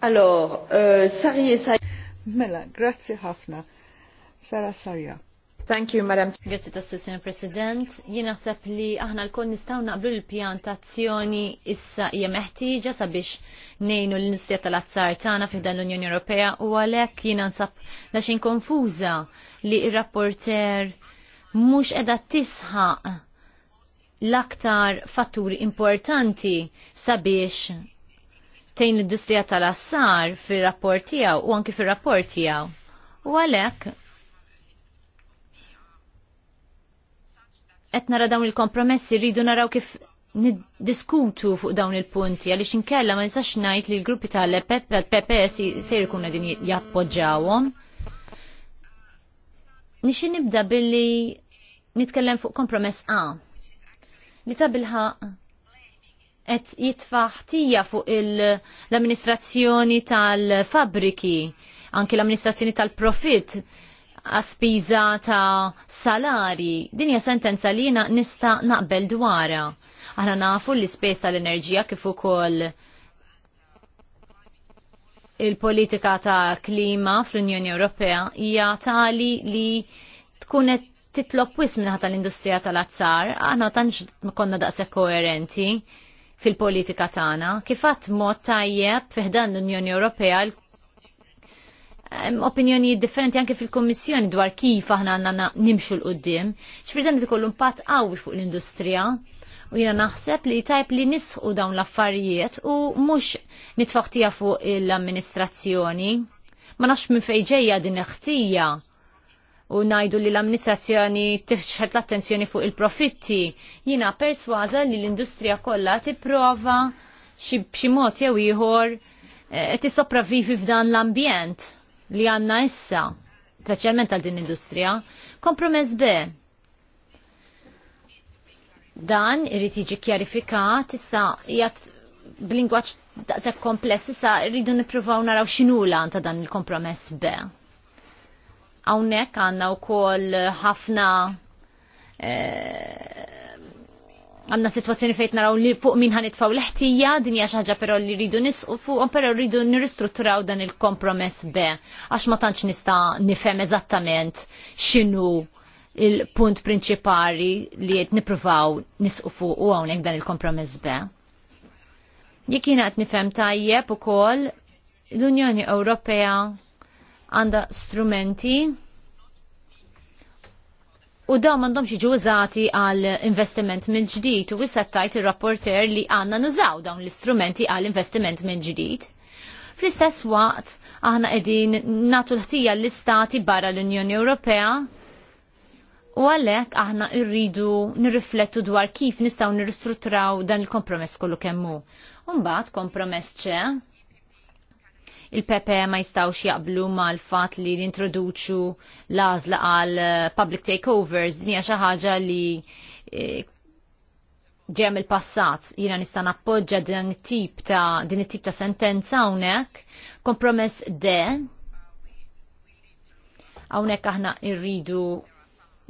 Alors, uh, Sarje Sarja. Mela, grazie ħafna. Sara Sarja. Thank you, Madam. Grazie tassu, Signor President. Jien naħseb li aħna l-kon nistaw naqblu l-pjantazzjoni issa hija meħtieġa sabiex nejnu l-nistrija tal-azzar tagħna fi dan l-Unjoni Ewropea u għalhekk jien nsab daxin konfuża li r-rapporter mhux qiegħda tisħaq l-aktar fatturi importanti sabiex tejn l-industrija tal-assar fir-rapport tiegħu u anki fir-rapport tiegħu. U għalhekk qed nara dawn il-kompromessi rridu naraw kif niddiskutu fuq dawn il-punti għaliex inkella ma nistax ngħid li l-gruppi tal-PPS se kuna din jappoġawom. Nixi nibda billi nitkellem fuq kompromess A. Li ta' bilħa qed jitfaħ tija fuq l-amministrazzjoni tal-fabriki, anki l-amministrazzjoni tal-profit għaspiża ta' salari. Din hija sentenza li jiena nista' naqbel dwara. Aħna nafu l-ispejs tal-enerġija kif ukoll il-politika ta' klima fl-Unjoni Ewropea hija tali li tkun qed titlob wisminħa tal-industrija tal-azzar, aħna tantx konna daqshekk koerenti fil-politika tagħna. Kif Kifat mod tajjeb fiħdan l-Unjoni Ewropea opinjonijiet differenti anke fil-Kommissjoni dwar kif aħna għandna nimxu l-qoddim. li ikollu impatt qawwi fuq l-industrija u jina naħseb li tajb li nisħu dawn l-affarijiet u mux nitfaħtija fuq l-amministrazzjoni. Ma nafx minn fejġeja din ħtija u najdu li l-amministrazzjoni tifxħet l-attenzjoni fuq il-profitti. Jina perswaza li l-industrija kollha tipprova xi mod jew ieħor eh, tissopravvivi f'dan l-ambjent li għandna issa, speċjalment għal din l-industrija, kompromess B. Dan irid jiġi kjarifikat issa jgħat b'lingwaġġ daqshekk kompless issa rridu nippruvaw naraw x'inhu ta' dan il-kompromess B. Hawnhekk għandna wkoll ħafna eh, għanna situazzjoni fejt naraw li fuq min ħan itfaw l-ħtija, din hija xaġa però li rridu nisqu fuq, però rridu nirristrutturaw dan il-kompromess be għax ma tantx nista' nifhem eżattament x'inhu il-punt prinċipali li qed nippruvaw nisqu fuq u hawnhekk dan il-kompromess be Jekk jiena qed nifhem tajjeb ukoll l-Unjoni Ewropea għandha strumenti u daw mandom xieġu użati għal investiment minn ġdid u wissa tajt il-rapporter li għanna nużaw dawn l-istrumenti għal investiment minn ġdid. Fl-istess waqt aħna edin natu l-ħtija l-istati barra l-Unjoni Ewropea u għalek aħna irridu nirriflettu dwar kif nistaw nirristrutturaw dan il-kompromess kollu kemmu. Umbat kompromess ċe, il-PPE ma jistawx jaqblu mal-fat li nintroduċu lażla għal eh, public takeovers, din hija xi ħaġa li eh, ġem il-passat jina nista nappoġġa din it-tip ta' din it-tip ta' sentenza hawnhekk, kompromess de hawnhekk aħna rridu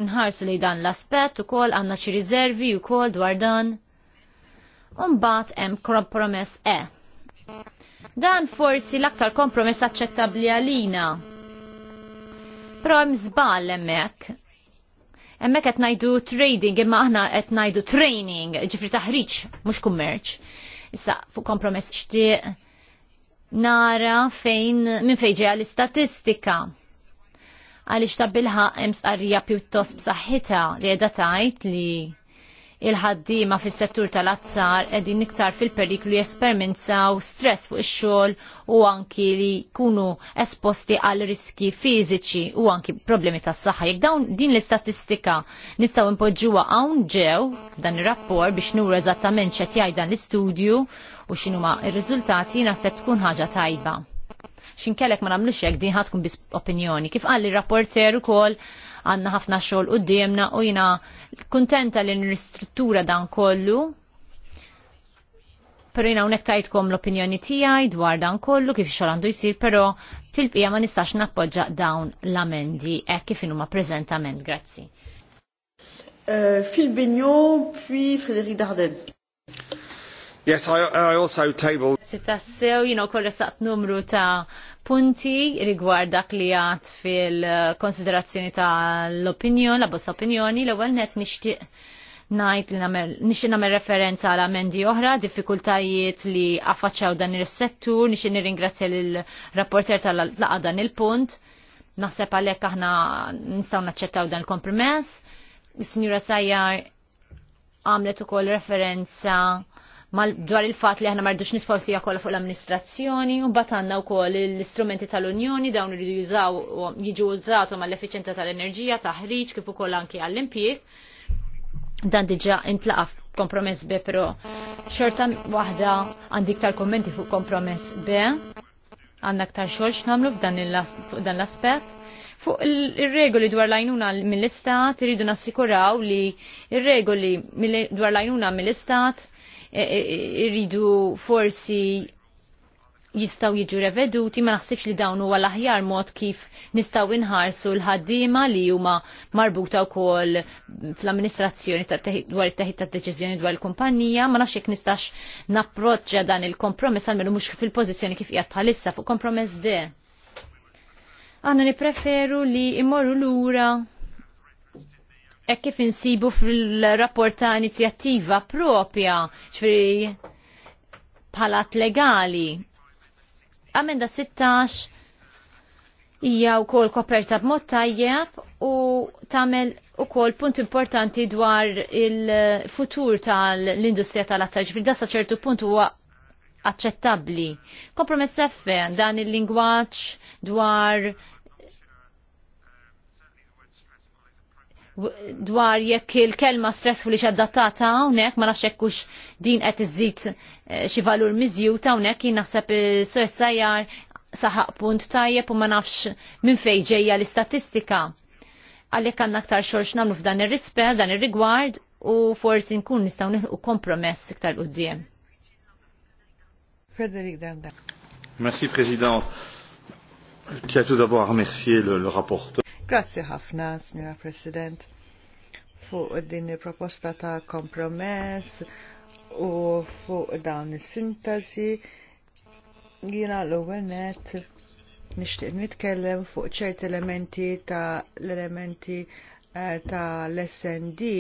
nħarsu li dan l-aspett ukoll għandna xi riservi kol dwar dan. bat hemm kompromess E. Dan forsi l-aktar kompromess aċċettabbli għalina. Però hemm żball hemmhekk. Hemmhekk qed ngħidu trading imma aħna qed ngħidu training, ġifri taħriġ mhux kummerċ. Issa fuq kompromess xtieq nara fejn minn fejn ġejha l-istatistika għaliex ta' bilħaq hemm sqarrija pjuttost b'saħħitha li qiegħda tgħid li il-ħaddima fis-settur tal-azzar qegħdin niktar fil-periklu jespermenzaw stress fuq ix-xogħol u anki li jkunu esposti għal riski fiżiċi u anki problemi tas-saħħa. Jekk dawn din l-istatistika nistgħu impoġġuha hawn ġew dan ir-rapport biex nuru eżattament x'qed dan l-istudju u x'inhuma r-riżultati naħseb tkun ħaġa tajba xinkellek ma nagħmlux hekk din ħatkun bis opinjoni. Kif qal ir rapporter ukoll għanna ħafna xogħol qudiemna u jina kuntenta li nristruttura dan kollu. Pero jina unek tajtkom l-opinjoni tijaj dwar dan kollu kif xol għandu jisir, pero fil-bqija ma nistax nappoġġa dawn l-amendi, e kif inuma prezentament, grazzi. Uh, Phil Bignon, puis Frédéric Dardenne. Yes, I, I also tabled. Sitta sew, kolla korresat numru ta' punti rigward dak li għat fil-konsiderazzjoni ta' l-opinjon, la bossa opinjoni, l-ewel net nishtiq najt li namer, nixin namer referenza għal amendi oħra, diffikultajiet li affaċċaw dan il-settur, nixin nirringrazzja l-rapporter tal-laqa dan il-punt, naħseb għalek aħna nistaw naċċettaw dan il-kompromess. Signora Sajjar għamlet ukoll referenza dwar il-fat li aħna marridux nitforsi kollha fuq l-amministrazzjoni u mbagħad għandna wkoll l-istrumenti tal-Unjoni dawn iridu jużaw jiġu użatu mal-effiċenza tal-enerġija, taħriġ kif ukoll anki għall-impjieg. Dan diġà intlaqaf kompromess B però xorta waħda għandi iktar kommenti fuq kompromess B għandna aktar xogħol x'nagħmlu f'dan l-aspett. Fuq il-regoli dwar lajnuna mill-istat, irridu nassikuraw li il-regoli dwar lajnuna mill-istat E, e, e, irridu forsi jistaw jiġu reveduti, ma naħsibx li dawn huwa l-aħjar mod kif nistaw inħarsu l-ħaddiema li huma marbuta wkoll fl-amministrazzjoni dwar it-teħid ta' deċiżjoni dwar il-kumpanija, ma nafx jekk nistax napproċċja dan il-kompromess għalmelu mhux fil-pożizzjoni kif qiegħed bħalissa fuq kompromess de. Aħna nipreferu li immorru lura e kif insibu fil-rapport ta' inizjattiva propja, ċfiri palat legali. Amenda 16 hija wkoll koperta b'mod tajjeb u tagħmel ukoll punt importanti dwar il-futur tal-industrija tal-azzar. ġifri da sa ċertu punt huwa aċċettabbli. Kompromess F dan il-lingwaġġ dwar dwar jekk il-kelma stressful ix adattata hawnhekk ma nafx hekk din qed iżid eh, xi valur miżjut hawnhekk jien naħseb sur sajjar saħaq punt tajjeb u ma nafx minn fejn ġejja l-istatistika. Għalhekk għandna aktar xorx nagħmlu f'dan ir-rispett, dan ir-rigward u forsi nkun nistgħu nieħu kompromess iktar quddiem. Frederic Danda. Merci Président. Je tiens tout d'abord à remercier le, le rapporteur. Grazzi ħafna, Signora President, fuq din il-proposta ta' kompromess u fuq dawn is-sintasi jiena l-ewwel net nixtieq nitkellem fuq ċert elementi ta' l-elementi eh, ta' l-SND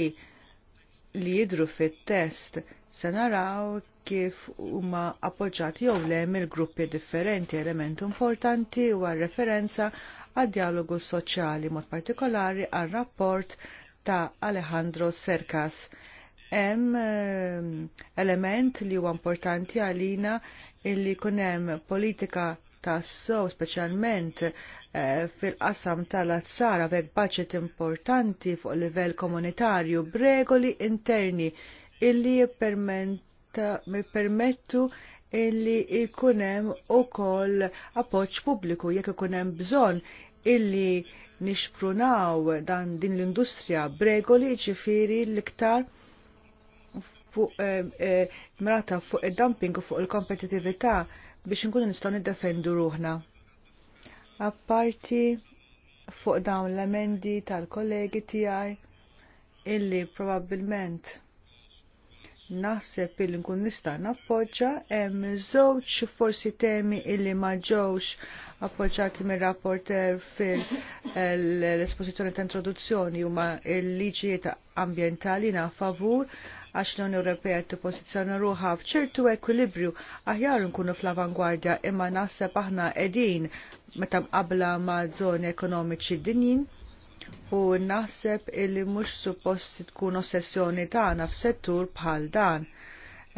li jidru fit-test se naraw kif huma appoġġati jew le mill-gruppi differenti element importanti huwa referenza għad dialogu soċjali mod partikolari għal rapport ta' Alejandro Serkas. Hemm eh, element li huwa importanti għalina illi jkun hemm politika tassow speċjalment eh, fil-qasam tal-azzara vek budget importanti fuq livell komunitarju b'regoli interni illi permettu illi ikunem u koll appoċ publiku jekk ikunem bżon illi nixprunaw dan din l-industrija b'regoli ġifiri l-iktar fuq eh, eh, mrata fuq id-dumping u fuq il-kompetitività biex nkunu nistgħu niddefendu ruħna. Apparti fuq dawn l-emendi tal-kollegi tiegħi illi probabbilment naħseb illi nkun nista' nappoġġa hemm żewġ forsi temi illi ma ġewx appoġġati mir-rapporter fil-esposizzjoni eh, ta' introduzzjoni huma l-liġijiet ambjentali na favur għax l-Unjoni Ewropea tippożizzjona ruħa f'ċertu ekwilibrju aħjar nkunu fl-avangwardja imma naħseb aħna qegħdin meta mqabla ma' żoni ekonomiċi dinjin u naħseb illi mhux suppost tkun ossessjoni tagħna f'settur bħal dan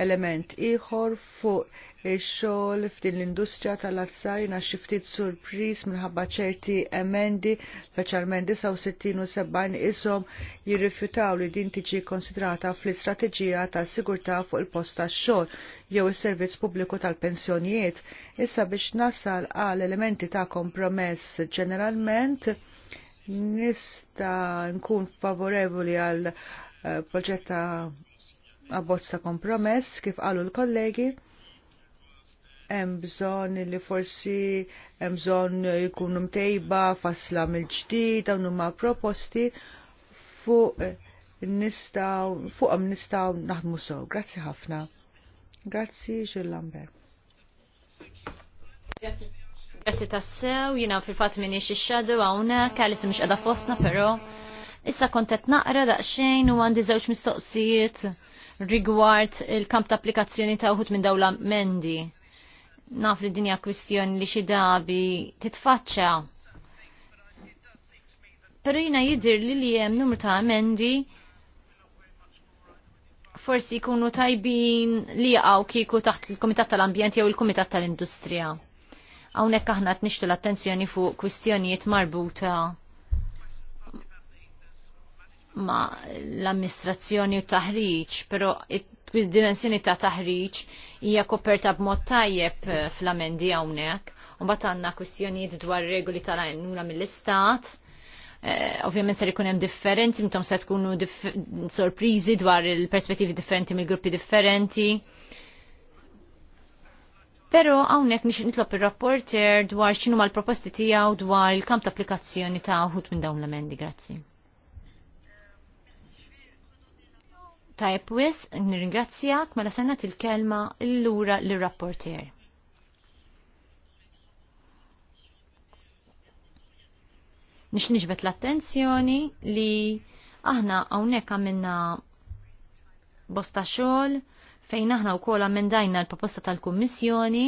element ieħor fuq il-xol f'din l-industrija tal-azzajna xiftit surpris minħabba ċerti emendi, speċjalment 69 u 70 ishom jirrifjutaw li din tiġi konsidrata fl-istrateġija tas-sigurtà fuq il-post tax-xogħol jew is-servizz pubbliku tal-pensjonijiet. Issa biex nasal għal elementi ta' kompromess ġeneralment nista' nkun favorevoli għal eh, proġetta abbozz ta' kompromess kif qalu l-kollegi hemm bżonn li forsi hemm bżonn jkunu mtejba fasla mill-ġdid dawn huma proposti fuq nistgħu fuqhom nistgħu naħdmu sew. Grazzi ħafna. Grazzi Gilles Lambert. Grazzi tassew, jina fil-fat minni xixxadu għawna, kallis mux għada fosna, pero issa kontet naqra daqxejn u għandi zewċ mistoqsijiet rigward il-kamp ta' applikazzjoni ta' uħut minn dawla mendi. Naf li dinja kwistjoni li xi dabi titfaċċa. Pero jina jidir li li jem numru ta' mendi forsi jkunu tajbin li jaqaw kiku taħt il-Komitat tal-Ambjent jew il-Komitat tal-Industrija. Hawnhekk aħna nixtu l-attenzjoni fuq kwistjonijiet marbuta ma l-amministrazzjoni u taħriġ, pero id-dimensjoni ta' taħriġ hija koperta b'mod tajjeb eh, fl-amendi hawnhekk. U bat għandna kwistjonijiet dwar regoli tal-għajnuna mill-istat, eh, ovvjament ser ikun hemm differenti, mintom se tkunu sorpriżi dwar il-perspettivi differenti mill-gruppi differenti. Pero hawnhekk nix nitlob ir-rapporter dwar x'inhu l proposti tiegħu dwar il-kamp ta' applikazzjoni ta' uħud minn dawn l amendi grazzi. Tajb wis, nirringrazzjak mela sanna til-kelma l-lura l-rapporter. Nix nixbet l-attenzjoni li aħna għawnek għamilna bosta xol fejn aħna u kola mendajna l-proposta tal-Kummissjoni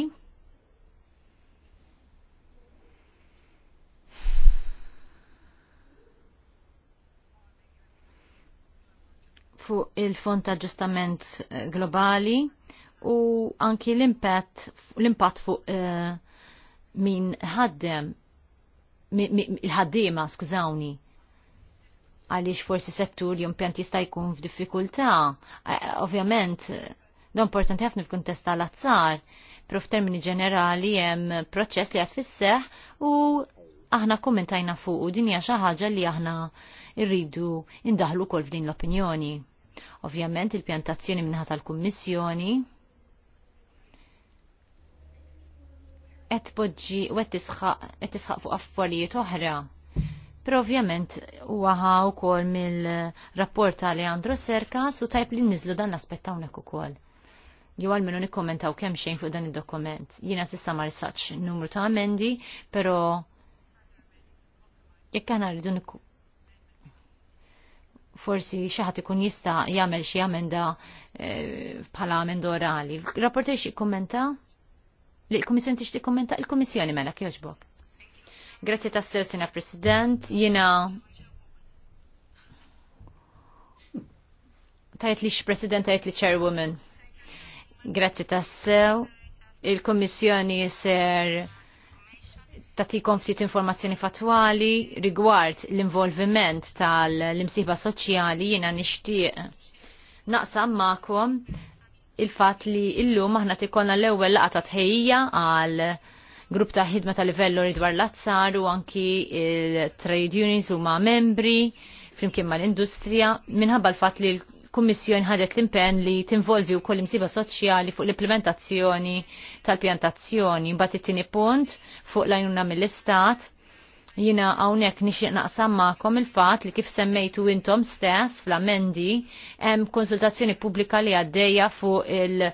fuq il-Fond ta' Ġustament eh, Globali u anki l-impatt fuq uh, min ħaddem il-ħaddiema, skużawni, għaliex forsi settur li pjant jista' jkun f'diffikultà. Eh, ovvjament, da importanti ħafna f'kuntest tal-azzar, pero f'termini ġenerali hemm proċess li qed fisseħ u aħna kommentajna fuq u dinja xi ħaġa li aħna rridu indaħlu kol f'din l-opinjoni. Ovvjament il-pjantazzjoni minnaħa tal-Kummissjoni qed u qed tisħaq fuq affarijiet oħra. Pero ovvjament huwa wkoll mill-rapport ta' Leandro Serkas u tajb li nniżlu dan l-aspett hawnhekk ukoll jew għalmenu nikkommentaw kemm xejn fuq dan id-dokument. Jiena s'issa ma risaċ numru ta' amendi, però jekk aħna rridu forsi xaħat ikun jista jagħmel xi amenda eh, bħala amenda orali. Rapporter xi kommenta? Li l-Kummissjoni tixtieq kommenta? il komissjoni mela jogħġbok. Grazzi tassew sena President, jiena tajt li x-President tajt li Chairwoman. Grazzi sew. Il-Kummissjoni ser tatikom ftit informazzjoni fatwali rigward l-involviment tal-imsiba soċjali jiena nixtieq naqsam ma'kom il-fat li illum aħna tikkolna l-ewwel laqgħa ta' tħejja għal grupp ta' ħidma tal livello dwar l-azzar u anki il-trade unions huma membri flimkien mal-industrija minħabba l-fat li kummissjoni ħadet l-impenn li tinvolvi wkoll imsiba soċjali fuq l-implementazzjoni tal-pjantazzjoni. Mbagħad it-tieni punt fuq l mill-Istat Jina għawnek nixiq naqsam ma'kom il-fat li kif semmejtu intom stess fl-amendi hemm konsultazzjoni pubblika li għaddejja fuq eh,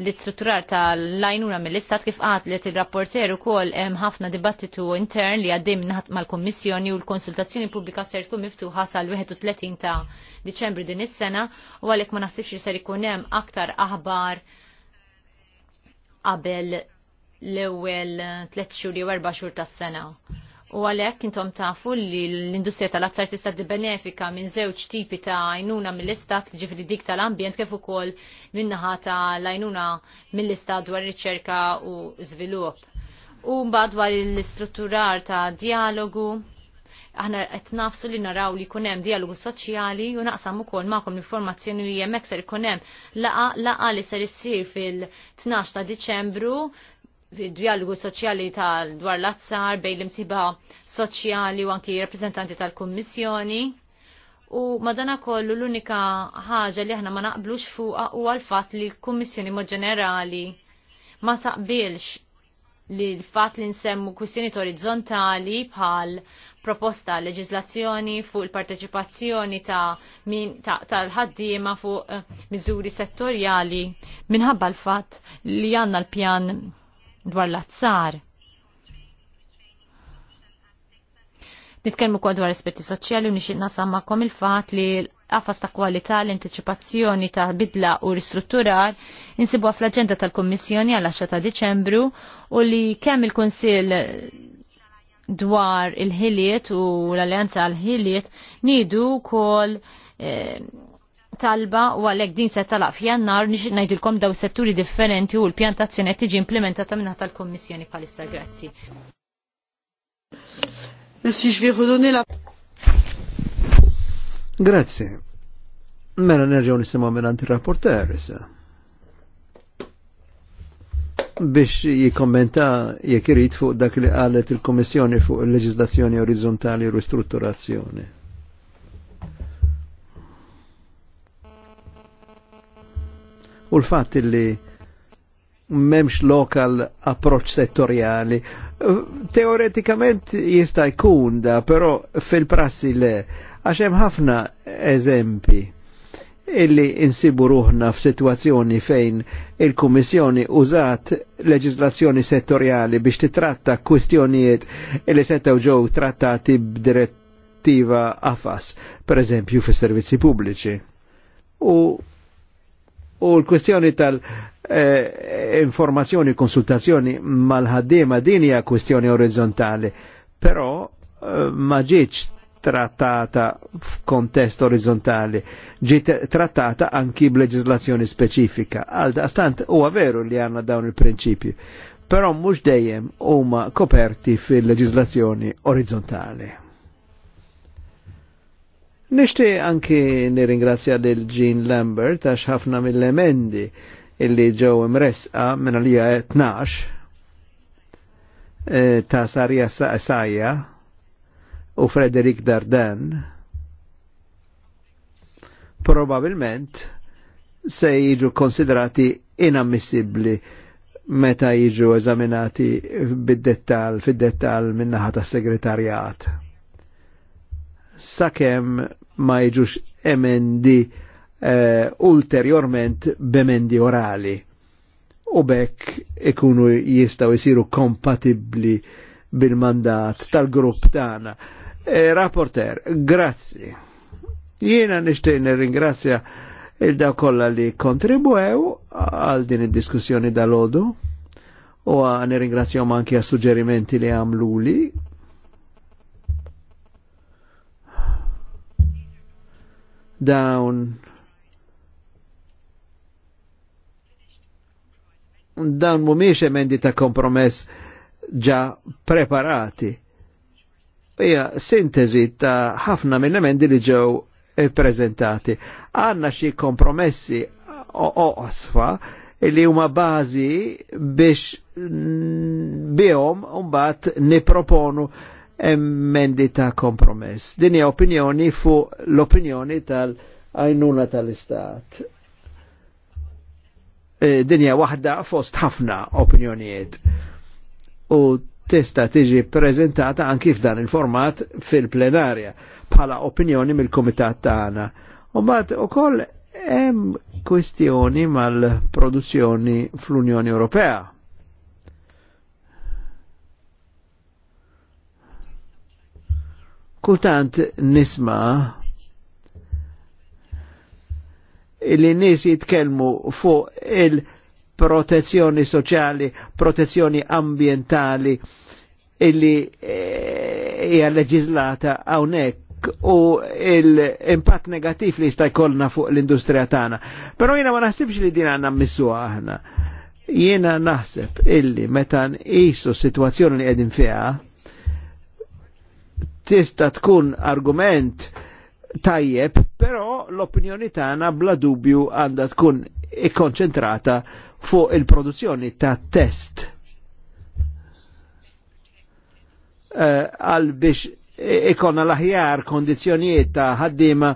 l-istrutturar tal-lajnuna mill-istat kif li t rapporteru kol hemm ħafna dibattitu intern li għaddej minnaħat mal-Kommissjoni u l-konsultazzjoni pubblika ser kum miftuħa sal-31 ta' Diċembru din is-sena u għalhekk ma naħsibx li ser ikun hemm aktar aħbar qabel l-ewwel tliet xhur jew erba' xhur tas-sena. U għalhekk intom tafu li l-industrija tal-azzar tista' benefika minn żewġ tipi ta' għajnuna mill-istat ġifri dik tal-ambjent kif ukoll minnaħa tal-għajnuna mill-istat dwar riċerka u żvilupp. U mbagħad dwar l-istrutturar ta' dialogu aħna qed nafsu li naraw li jkun hemm dialogu soċjali u naqsam ukoll magħkom l-informazzjoni li hekk ser ikun hemm laqa laqa li ser issir fil-12 ta' Diċembru dialogu soċjali tal dwar l-azzar bej l-imsiba soċjali u anki rappresentanti tal-Kummissjoni. U madana kollu l-unika ħaġa li aħna ma naqblux fuqa u għal-fat li l-Kummissjoni mod ġenerali ma taqbilx li l-fat li nsemmu kwistjoni orizzontali bħal proposta leġislazzjoni fuq il-parteċipazzjoni ta' min tal-ħaddiema ta fuq uh, miżuri settorjali minħabba l-fat li għanna l-pjan dwar l-azzar. Nitkellmu kwa dwar aspetti soċjali u nixin nasammakom il-fat li l-qafas ta' kwalità l-anticipazzjoni ta' bidla u ristrutturar insibuha fl-aġenda tal-Kommissjoni għal-10 ta' Diċembru u li kemm il-Kunsill dwar il-ħiliet u l-Alleanza għal-ħiliet nidu kol eh, talba u għalek din se talaq f'jannar nix najdilkom daw setturi differenti u l-pjantazzjoni qed tiġi implementata minna tal-Kommissjoni palissa, grazzi. Grazzi. Grazie. Mela nerġaw nisimgħu minn anti-rapporter issa. Biex jikkommenta jekk fuq dak li qalet il-Kommissjoni fuq il-leġislazzjoni orizzontali u ristrutturazzjoni. u l-fatt li memx lokal approċ settoriali. Eh, teoretikament jista' jkun da, però fil-prassi le, għax hemm ħafna eżempi illi insibu ruħna f'sitwazzjoni fejn il-Kummissjoni użat leġislazzjoni settoriali biex titratta kwistjonijiet illi setgħu ġew trattati b'direttiva AFAS, per eżempju fis-servizzi pubbliċi. U U l-kwestjoni tal-informazzjoni, konsultazzjoni mal-ħaddima din hija kwestjoni orizzontali, però eh, ma ġietx trattata f'kontest orizzontali, ġiet trattata anki b'leġislazzjoni specifika. Għal daqstant huwa veru li għandna dawn il-prinċipju, però mhux dejjem huma koperti fil-leġislazzjoni orizzontali. Nishti anki nirringrazzja lil Jean Lambert għax ħafna mill-emendi illi ġew imresqa minn li 12 eh, ta' Sarja Sajja u Frederik Dardan probabilment se jiġu konsiderati inammissibli meta jiġu eżaminati bid-dettal, fid-dettal minnaħa ta' segretarjat sakemm ma jiġux emendi uh, eh, ulterjorment b'emendi orali u bekk ikunu jistaw jisiru kompatibli bil-mandat tal-grupp tagħna. E, rapporter, grazzi. Jiena nishtejn nirringrazzja il-daw kolla li kontribwew għal din id-diskussjoni dal-ħodu u nirringrazzjahom anki għas suġġerimenti li għamluli dawn dawn mumiex emendi ta' kompromess ġa preparati. Ija sintesi ta' ħafna minn emendi li ġew eh, prezentati. Għanna xie kompromessi oqsfa li huma bazi biex bihom un mbagħad niproponu proponu emmendi ta' kompromess. Din hija opinjoni fuq l-opinjoni tal-għajnuna tal-Istat. E, din hija waħda fost ħafna opinjonijiet. U testa tiġi prezentata anki f'dan il-format fil-plenarja bħala opinjoni mill-komitat tagħna. U mbagħad ukoll hemm kwestjoni mal-produzzjoni fl-Unjoni Ewropea Kultant nisma li nis jitkelmu fuq il-protezzjoni soċjali, protezzjoni ambientali illi eh, hija e, leġislata hawnhekk u l-impatt negativ li jista' jkollna fuq l-industrija tagħna. Però jiena ma naħsibx li din għandna missuha aħna. Jiena naħseb illi meta nqisu s-sitwazzjoni li qegħdin fiha, tista tkun argument tajjeb, però l-opinjoni tagħna bla dubju għandha tkun ikkonċentrata fuq il-produzzjoni ta' test eh, għal uh, biex ikonna l-aħjar kondizjonijiet ta' ħaddima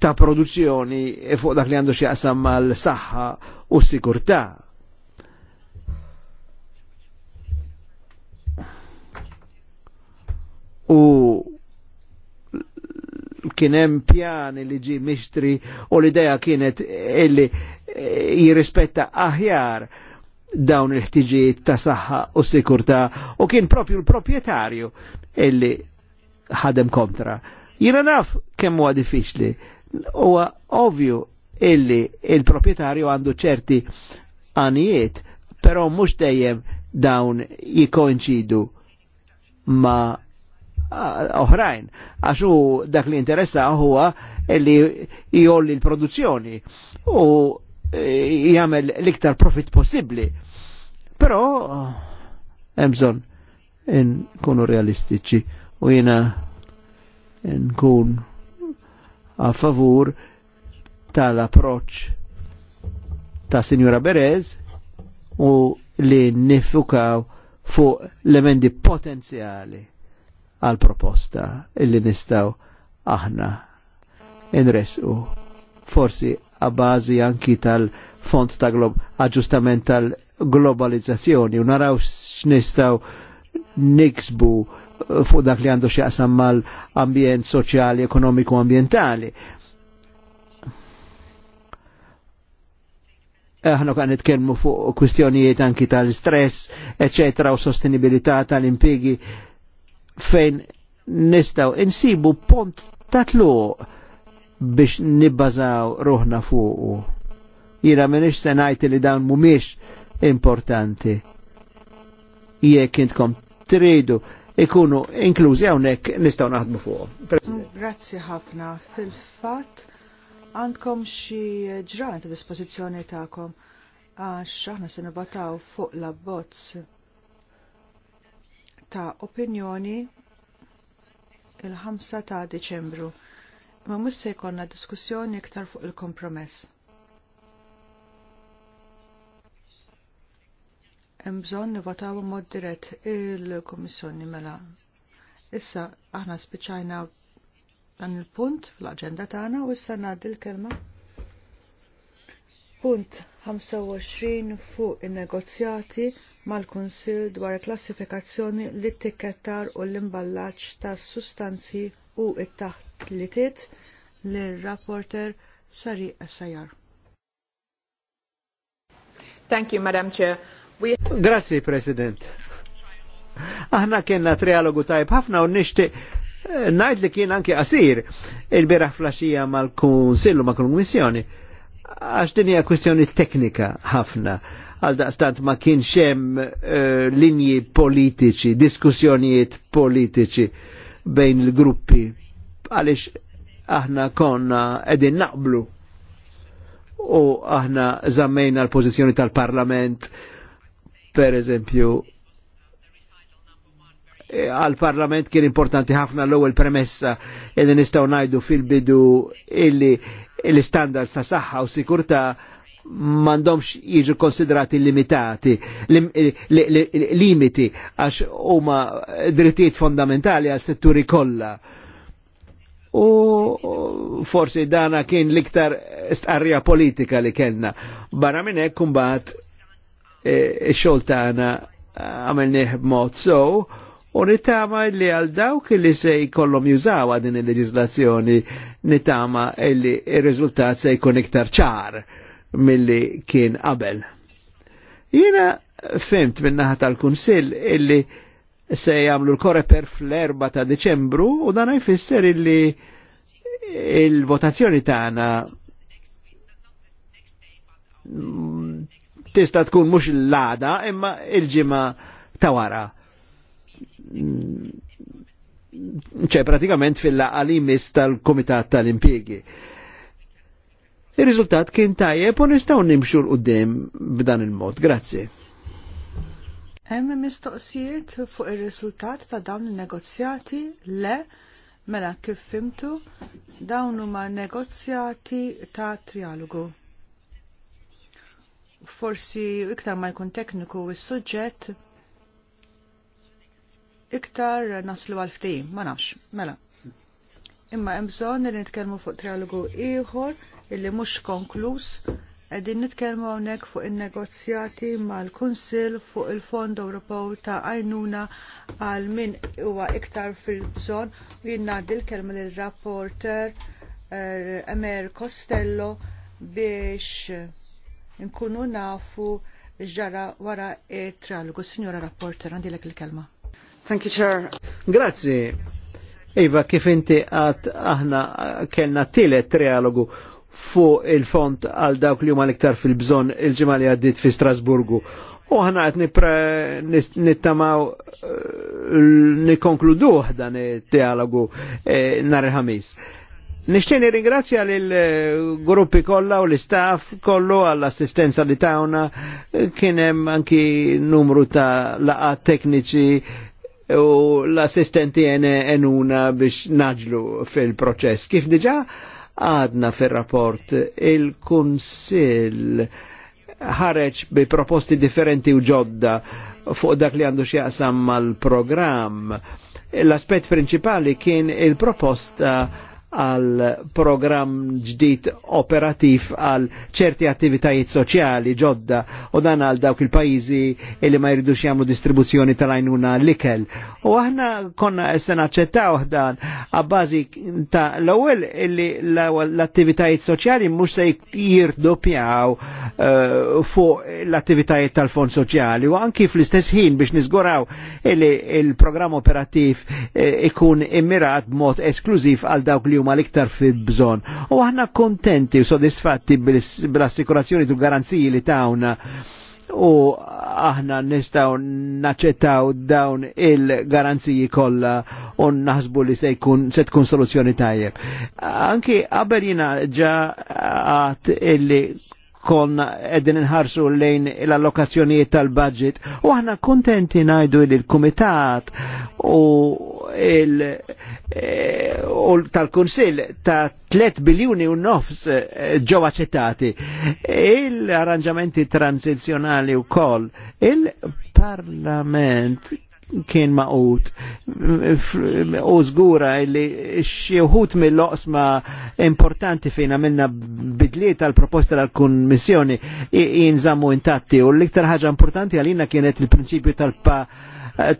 ta' produzzjoni fuq dak li għandu xjaqsam mal-saħħa u s-sikurtà. U Kien hemm pjan li ġi mixtri u l idea kienet illi eh, jirrispetta aħjar dawn il-ħtiġijiet ta' saħħa u sikurta u kien propju l-propietarju illi ħadem kontra. Jina naf kemm huwa diffiċli. Huwa ovvju illi il-propietarju għandu ċerti għanijiet, però mhux dejjem dawn jikkoinċidu ma' Ah, oħrajn, għaxu dak li interessa huwa li jolli l-produzzjoni u e, jgħamil l-iktar profit possibli. Però emżon nkunu realistiċi u jina nkun a favur tal-approċ ta' Signora Berez u li nifukaw fuq l-emendi potenzjali għal proposta illi nistaw aħna inresqu forsi għabazi anki tal-font ta' glob aġustament tal-globalizzazzjoni u naraw x'nistgħu niksbu fuq dak li għandu x'jaqsam mal-ambjent soċjali, ekonomiku, ambientali. Aħna kan nitkellmu fuq kwistjonijiet anki tal-stress, eċetera, u sostenibilità tal-impigi fejn nistaw insibu pont tatlu biex nibbażaw ruħna fuqu. Jira minix senajti li dawn mumiex importanti. Jekk intkom tridu ikunu inklużi hawnhekk nistgħu naħdmu fuq. Grazzi ħafna. Fil-fatt għandkom xi ġranet ta' dispożizzjoni tagħkom għax aħna se nibataw fuq la bozz ta' opinjoni il-5 ta' Deċembru. Ma mhux se jkollna diskussjoni iktar fuq il-kompromess. Hemm bżonn nivotaw mod dirett il-Kummissjoni mela. Issa aħna spiċajna dan il-punt fl-aġenda tagħna u issa ngħaddi l-kelma. Punt 25 fuq in-negozjati mal kunsill dwar klassifikazzjoni l-ittikettar u l-imballaġġ ta' sustanzi u it-taħt li l-rapporter Sari Assajar. Thank you, Madam Chair. We... Grazie, President. Aħna kienna trialogu tajb ħafna u nishti eh, najd li kien anki qasir il bieraħ flaxija mal-Kunsillu mal-Kommissjoni għax din hija kwistjoni teknika ħafna għal daqstant ma kienx hemm eh, linji politiċi, diskussjonijiet politiċi bejn il-gruppi għaliex aħna konna edin naqblu u aħna zammejna l-pożizzjoni tal-Parlament per eżempju eh, għal-parlament kien importanti ħafna l-ewwel premessa illi nistgħu ngħidu fil-bidu illi l-istandards ta' saħħa u sikurta mandomx jiġu konsiderati limitati, eh, limiti, għax huma drittijiet fondamentali għal setturi kollha. U forsi dana kien liktar stqarrija politika li kellna. Barra minn hekk kumbat eh, ix-xogħol tagħna eh, b'mod so u nitama li għal dawk li se jkollhom jużawa din il-leġislazzjoni nitama li il-riżultat se jkun iktar ċar milli kien qabel. Jiena fimt minnaħa tal-Kunsill illi se jagħmlu l-koreper fl-4 ta' Deċembru u dan jfisser illi il-votazzjoni tagħna tista' tkun mhux l-għada imma il-ġimgħa ta' wara. ċe pratikament fil-laqalimis tal-Komitat tal-Impjegi. tal komitat tal impjegi Il-riżultat kien tajjeb u nistgħu nimxu l qudiem b'dan il-mod. Grazzi. Hemm mistoqsijiet fuq ir-riżultat ta' dawn in-negozjati le mela kif fimtu dawn huma negozjati ta' trialogu forsi iktar ma jkun tekniku is-suġġett iktar naslu għal ftehim, ma nafx, mela. Imma hemm bżonn li nitkellmu fuq trialogu ieħor illi mhux konkluż qegħdin nitkellmu hawnhekk fuq in-negozjati mal-Kunsill fuq il-Fond Ewropew ta' għajnuna għal min huwa iktar fil-bżonn u jien ngħaddi l-kelma lill-rapporter eh, Emer Costello biex nkunu nafu ġara wara t trialogu Signora Rapporter, għandilek il-kelma. Thank you, Chair. Grazie. Iva, kif inti għat aħna kellna tielet trialogu fuq il-font għal dawk li huma l-iktar fil-bżon il-ġimgħa li għaddit fi Strasburgu. U ħana qed nittamaw eh, nikonkluduħ dan il-dialogu eh, nar il-ħamis. Nishtieni ringrazzja l-gruppi eh, kollha u l-istaff kollu għall-assistenza li tawna kien hemm anki numru ta' laqat tekniċi u l-assistenti enuna biex naġlu fil-proċess. Kif diġa' għadna fil-rapport il kunsil ħareċ bi proposti differenti u ġodda fuq dak li għandu xieqsam mal-programm. L-aspet principali kien il-proposta għal program ġdid operativ għal ċerti attivitajiet soċjali ġodda u dan għal dawk il-pajizi illi ma jridux jagħmlu distribuzzjoni tal-għajnuna l-ikel. U aħna konna se naċċettaw dan għabbażi ta' l-ewwel illi l-attivitajiet soċjali mhux se jirdopjaw uh, eh, fuq l-attivitajiet tal-fond soċjali u anki fl-istess ħin biex niżguraw illi il-programm operattiv eh, ikun immirat mod esklużiv għal dawk li huma l-iktar fil bżon U aħna kontenti u sodisfatti bil-assikurazzjoni tu garanziji li tawna u aħna nistaw naċċettaw dawn il-garanziji kollha u naħsbu li se jkun se tkun soluzzjoni tajjeb. Anki qabel jiena ġa għat illi kon edin nħarsu lejn l-allokazzjonijiet tal-budget u aħna kontenti najdu il-komitat u il eh, tal-Kunsill ta' 3 biljuni u nofs eh, ġew aċċettati. Il-arranġamenti transizjonali u koll, il-Parlament kien maqut u zgura li xieħut mill-oqsma importanti fejn għamilna bidliet tal proposta tal kummissjoni jinżammu intatti u l-iktar ħaġa importanti għalina kienet il-prinċipju tal-pa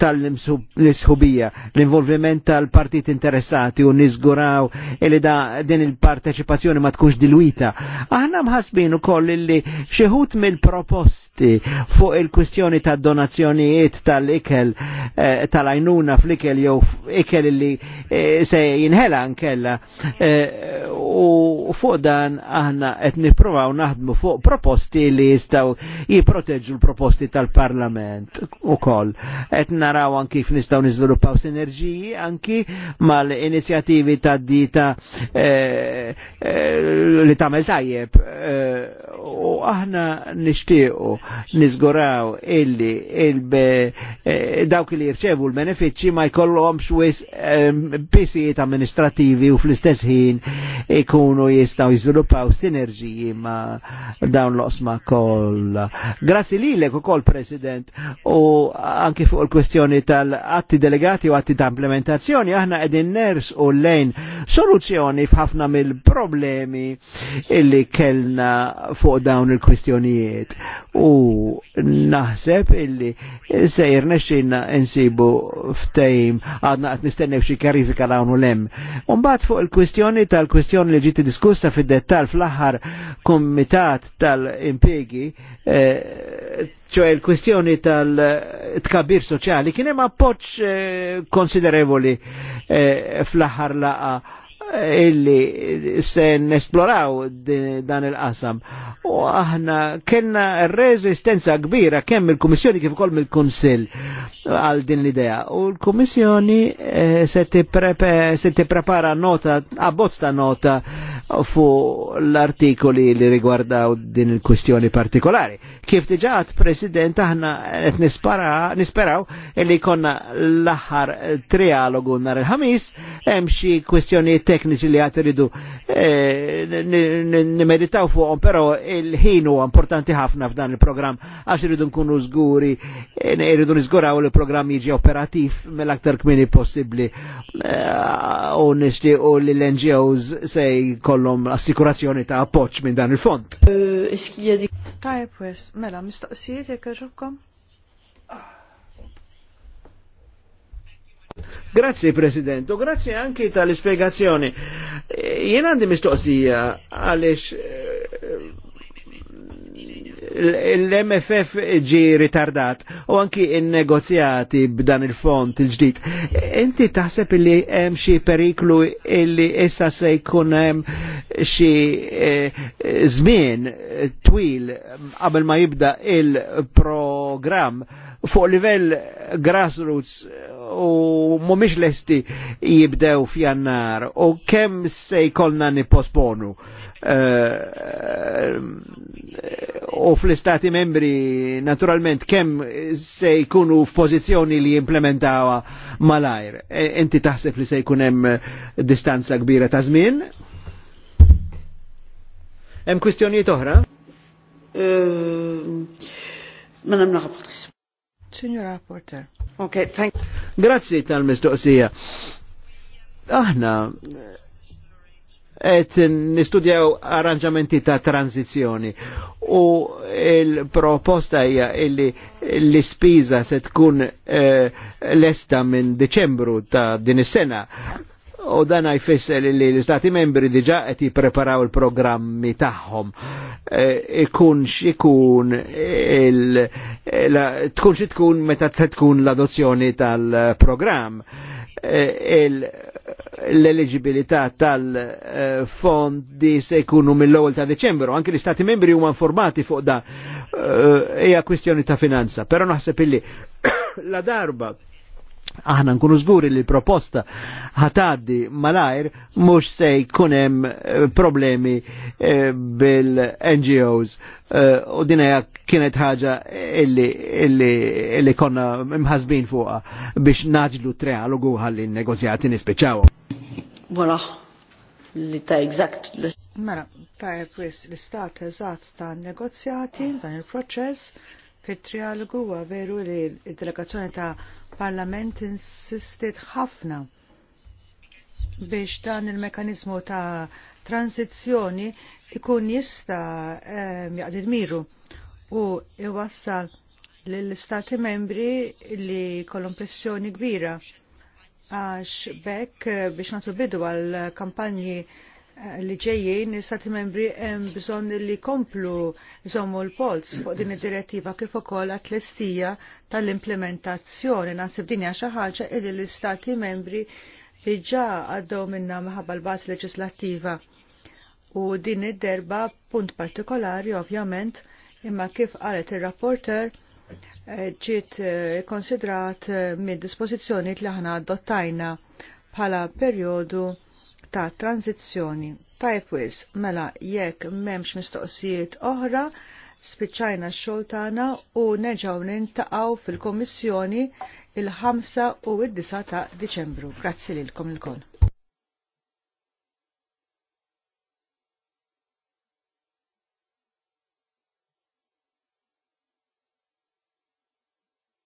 tal nisħubija l-involviment tal-partit interessati u nizguraw li da din il-parteċipazzjoni ma tkunx dilwita. Aħna mħasbin ukoll li xeħut mill-proposti fuq il-kwistjoni tad donazzjonijiet tal-ikel eh, tal-ajnuna fl-ikel jew ikel li eh, se jinħela nkella eh, u fuq dan aħna qed nippruvaw naħdmu fuq proposti li jistgħu jipproteġġu l-proposti tal-Parlament ukoll. Qed qed naraw anki kif nistgħu niżviluppaw sinerġiji anki mal-inizjattivi ta' dita eh, eh, li tagħmel tajjeb eh, u aħna nixtiequ niżguraw illi il dawk li jirċevu l-benefiċċji ma jkollhomx wis pisijiet amministrativi u fl-istess ħin ikunu jistgħu jiżviluppaw sinerġiji ma' dawn l-osma kollha. Grazzi lilek ukoll President u anki fuq kwestjoni tal-atti delegati u atti ta' implementazzjoni, aħna edin ners u lejn soluzzjoni f'ħafna mill-problemi illi kellna fuq dawn il-kwestjonijiet. U naħseb illi sejr nexxinna insibu ftejm għadna għat nistennew xi karifika dawn u lem. Umbat fuq il-kwestjoni tal-kwestjoni li ġiti diskussa fid-dettal fl-aħħar komitat tal impiegi eh, ċo il kwestjoni tal-tkabir soċjali, kienem appoċ eh, konsiderevoli eh, fl-ħar laqa illi se nesploraw dan il-qasam. U aħna kena rezistenza kbira kemm il komissjoni kif ukoll mill-Kunsill għal din l-idea. U l komissjoni eh, se tipprepara nota, abbozz ta' nota fu l-artikoli li rigwardaw din il-kwistjoni partikolari. Kif diġat, President, aħna et nisperaw illi konna l-aħħar trialogu nar il-ħamis hemm xi kwistjoni tek tekniċi li għat ridu eh, nimeditaw fuqom, pero il-ħin huwa importanti ħafna f'dan il-programm għax iridu nkunu zguri, iridu eh, nizguraw li l-programm jiġi operattiv mill-aktar kmini possibli eh, u nishti u li l-NGOs se jkollhom assikurazzjoni ta' appoċ minn dan il-fond. Tajb wes, mela mistoqsijiet jek għaxufkom? Grazie President, u grazzi anki tal-ispiegazzjoni. Jien għandi mistoqsija għaliex eh, l-MFF ġi ritardat u anki il-negozjati b'dan il-font il-ġdid. Inti taħseb li hemm xi periklu illi issa se jkun hemm xi eh, żmien twil qabel ma jibda il-programm fuq livell grassroots eh, u mumiex lesti jibdew f'jannar u kemm se jkollna nipposponu eh, u fl-istati membri naturalment kemm se jkunu f'pożizzjoni li jimplementawa malajr. E, inti taħseb li se jkun hemm distanza kbira ta' żmien? Hemm kwistjonijiet oħra? Ma nagħmlu ħabtris. Senior Porter. Ok, thank Grazie tal-mistoqsija. Aħna et nistudjaw arranġamenti ta' tranzizjoni u il-proposta hija illi l-ispiża se tkun eh, lesta minn Deċembru ta' din is-sena u dan għajfisser li l-istati membri diġa qed jippreparaw il-programmi tagħhom. Ikunx e ikun il tkun tkun meta tkun l-adozzjoni tal-programm. E, l-eligibilità tal-fondi se jkunu mill-ewwel ta' Deċembru, anke l-istati membri huma informati fuq da e, hija e kwistjoni ta' finanza, però naħseb illi la darba aħna nkunu żguri li l-proposta ħataddi malajr mhux se jkun hemm eh, problemi eh, bil-NGOs eh, u din hija kienet ħaġa illi, konna mħasbin fuqha biex naġlu trealogu ħalli n-negozjati nispiċċaw. Wara li ta' eżatt. Mela, ta' l-istat eżatt ta' negozjati dan il-proċess fit-trialogu veru li d-delegazzjoni ta' parlament insistit ħafna biex dan il-mekanizmu ta' transizzjoni ikun jista ehm, jaqdid miru u iwassal l-istati membri li kolom pressjoni kbira għax bekk eh, biex natu bidu għal kampanji li ġejjin stati membri hemm bżonn li komplu jżommu l pols fuq din id-direttiva kif ukoll għat-tlestija tal-implementazzjoni naħseb din hija xi ħaġa li l-istati membri diġà għaddew minnha minħabba l-bażz leġislattiva. U din id-derba punt partikolari ovvjament imma kif qalet ir-rapporter eh, ġiet eh, konsidrat eh, mid-dispożizzjoni li aħna adottajna bħala perjodu ta' tranzizzjoni. Tajpwis, mela jekk memx mistoqsijiet oħra, spiċċajna x-xogħol tagħna u nerġgħu nintaqgħu fil-Kommissjoni il-5 u d-9 ta' Diċembru. Grazzi lilkom il-kol.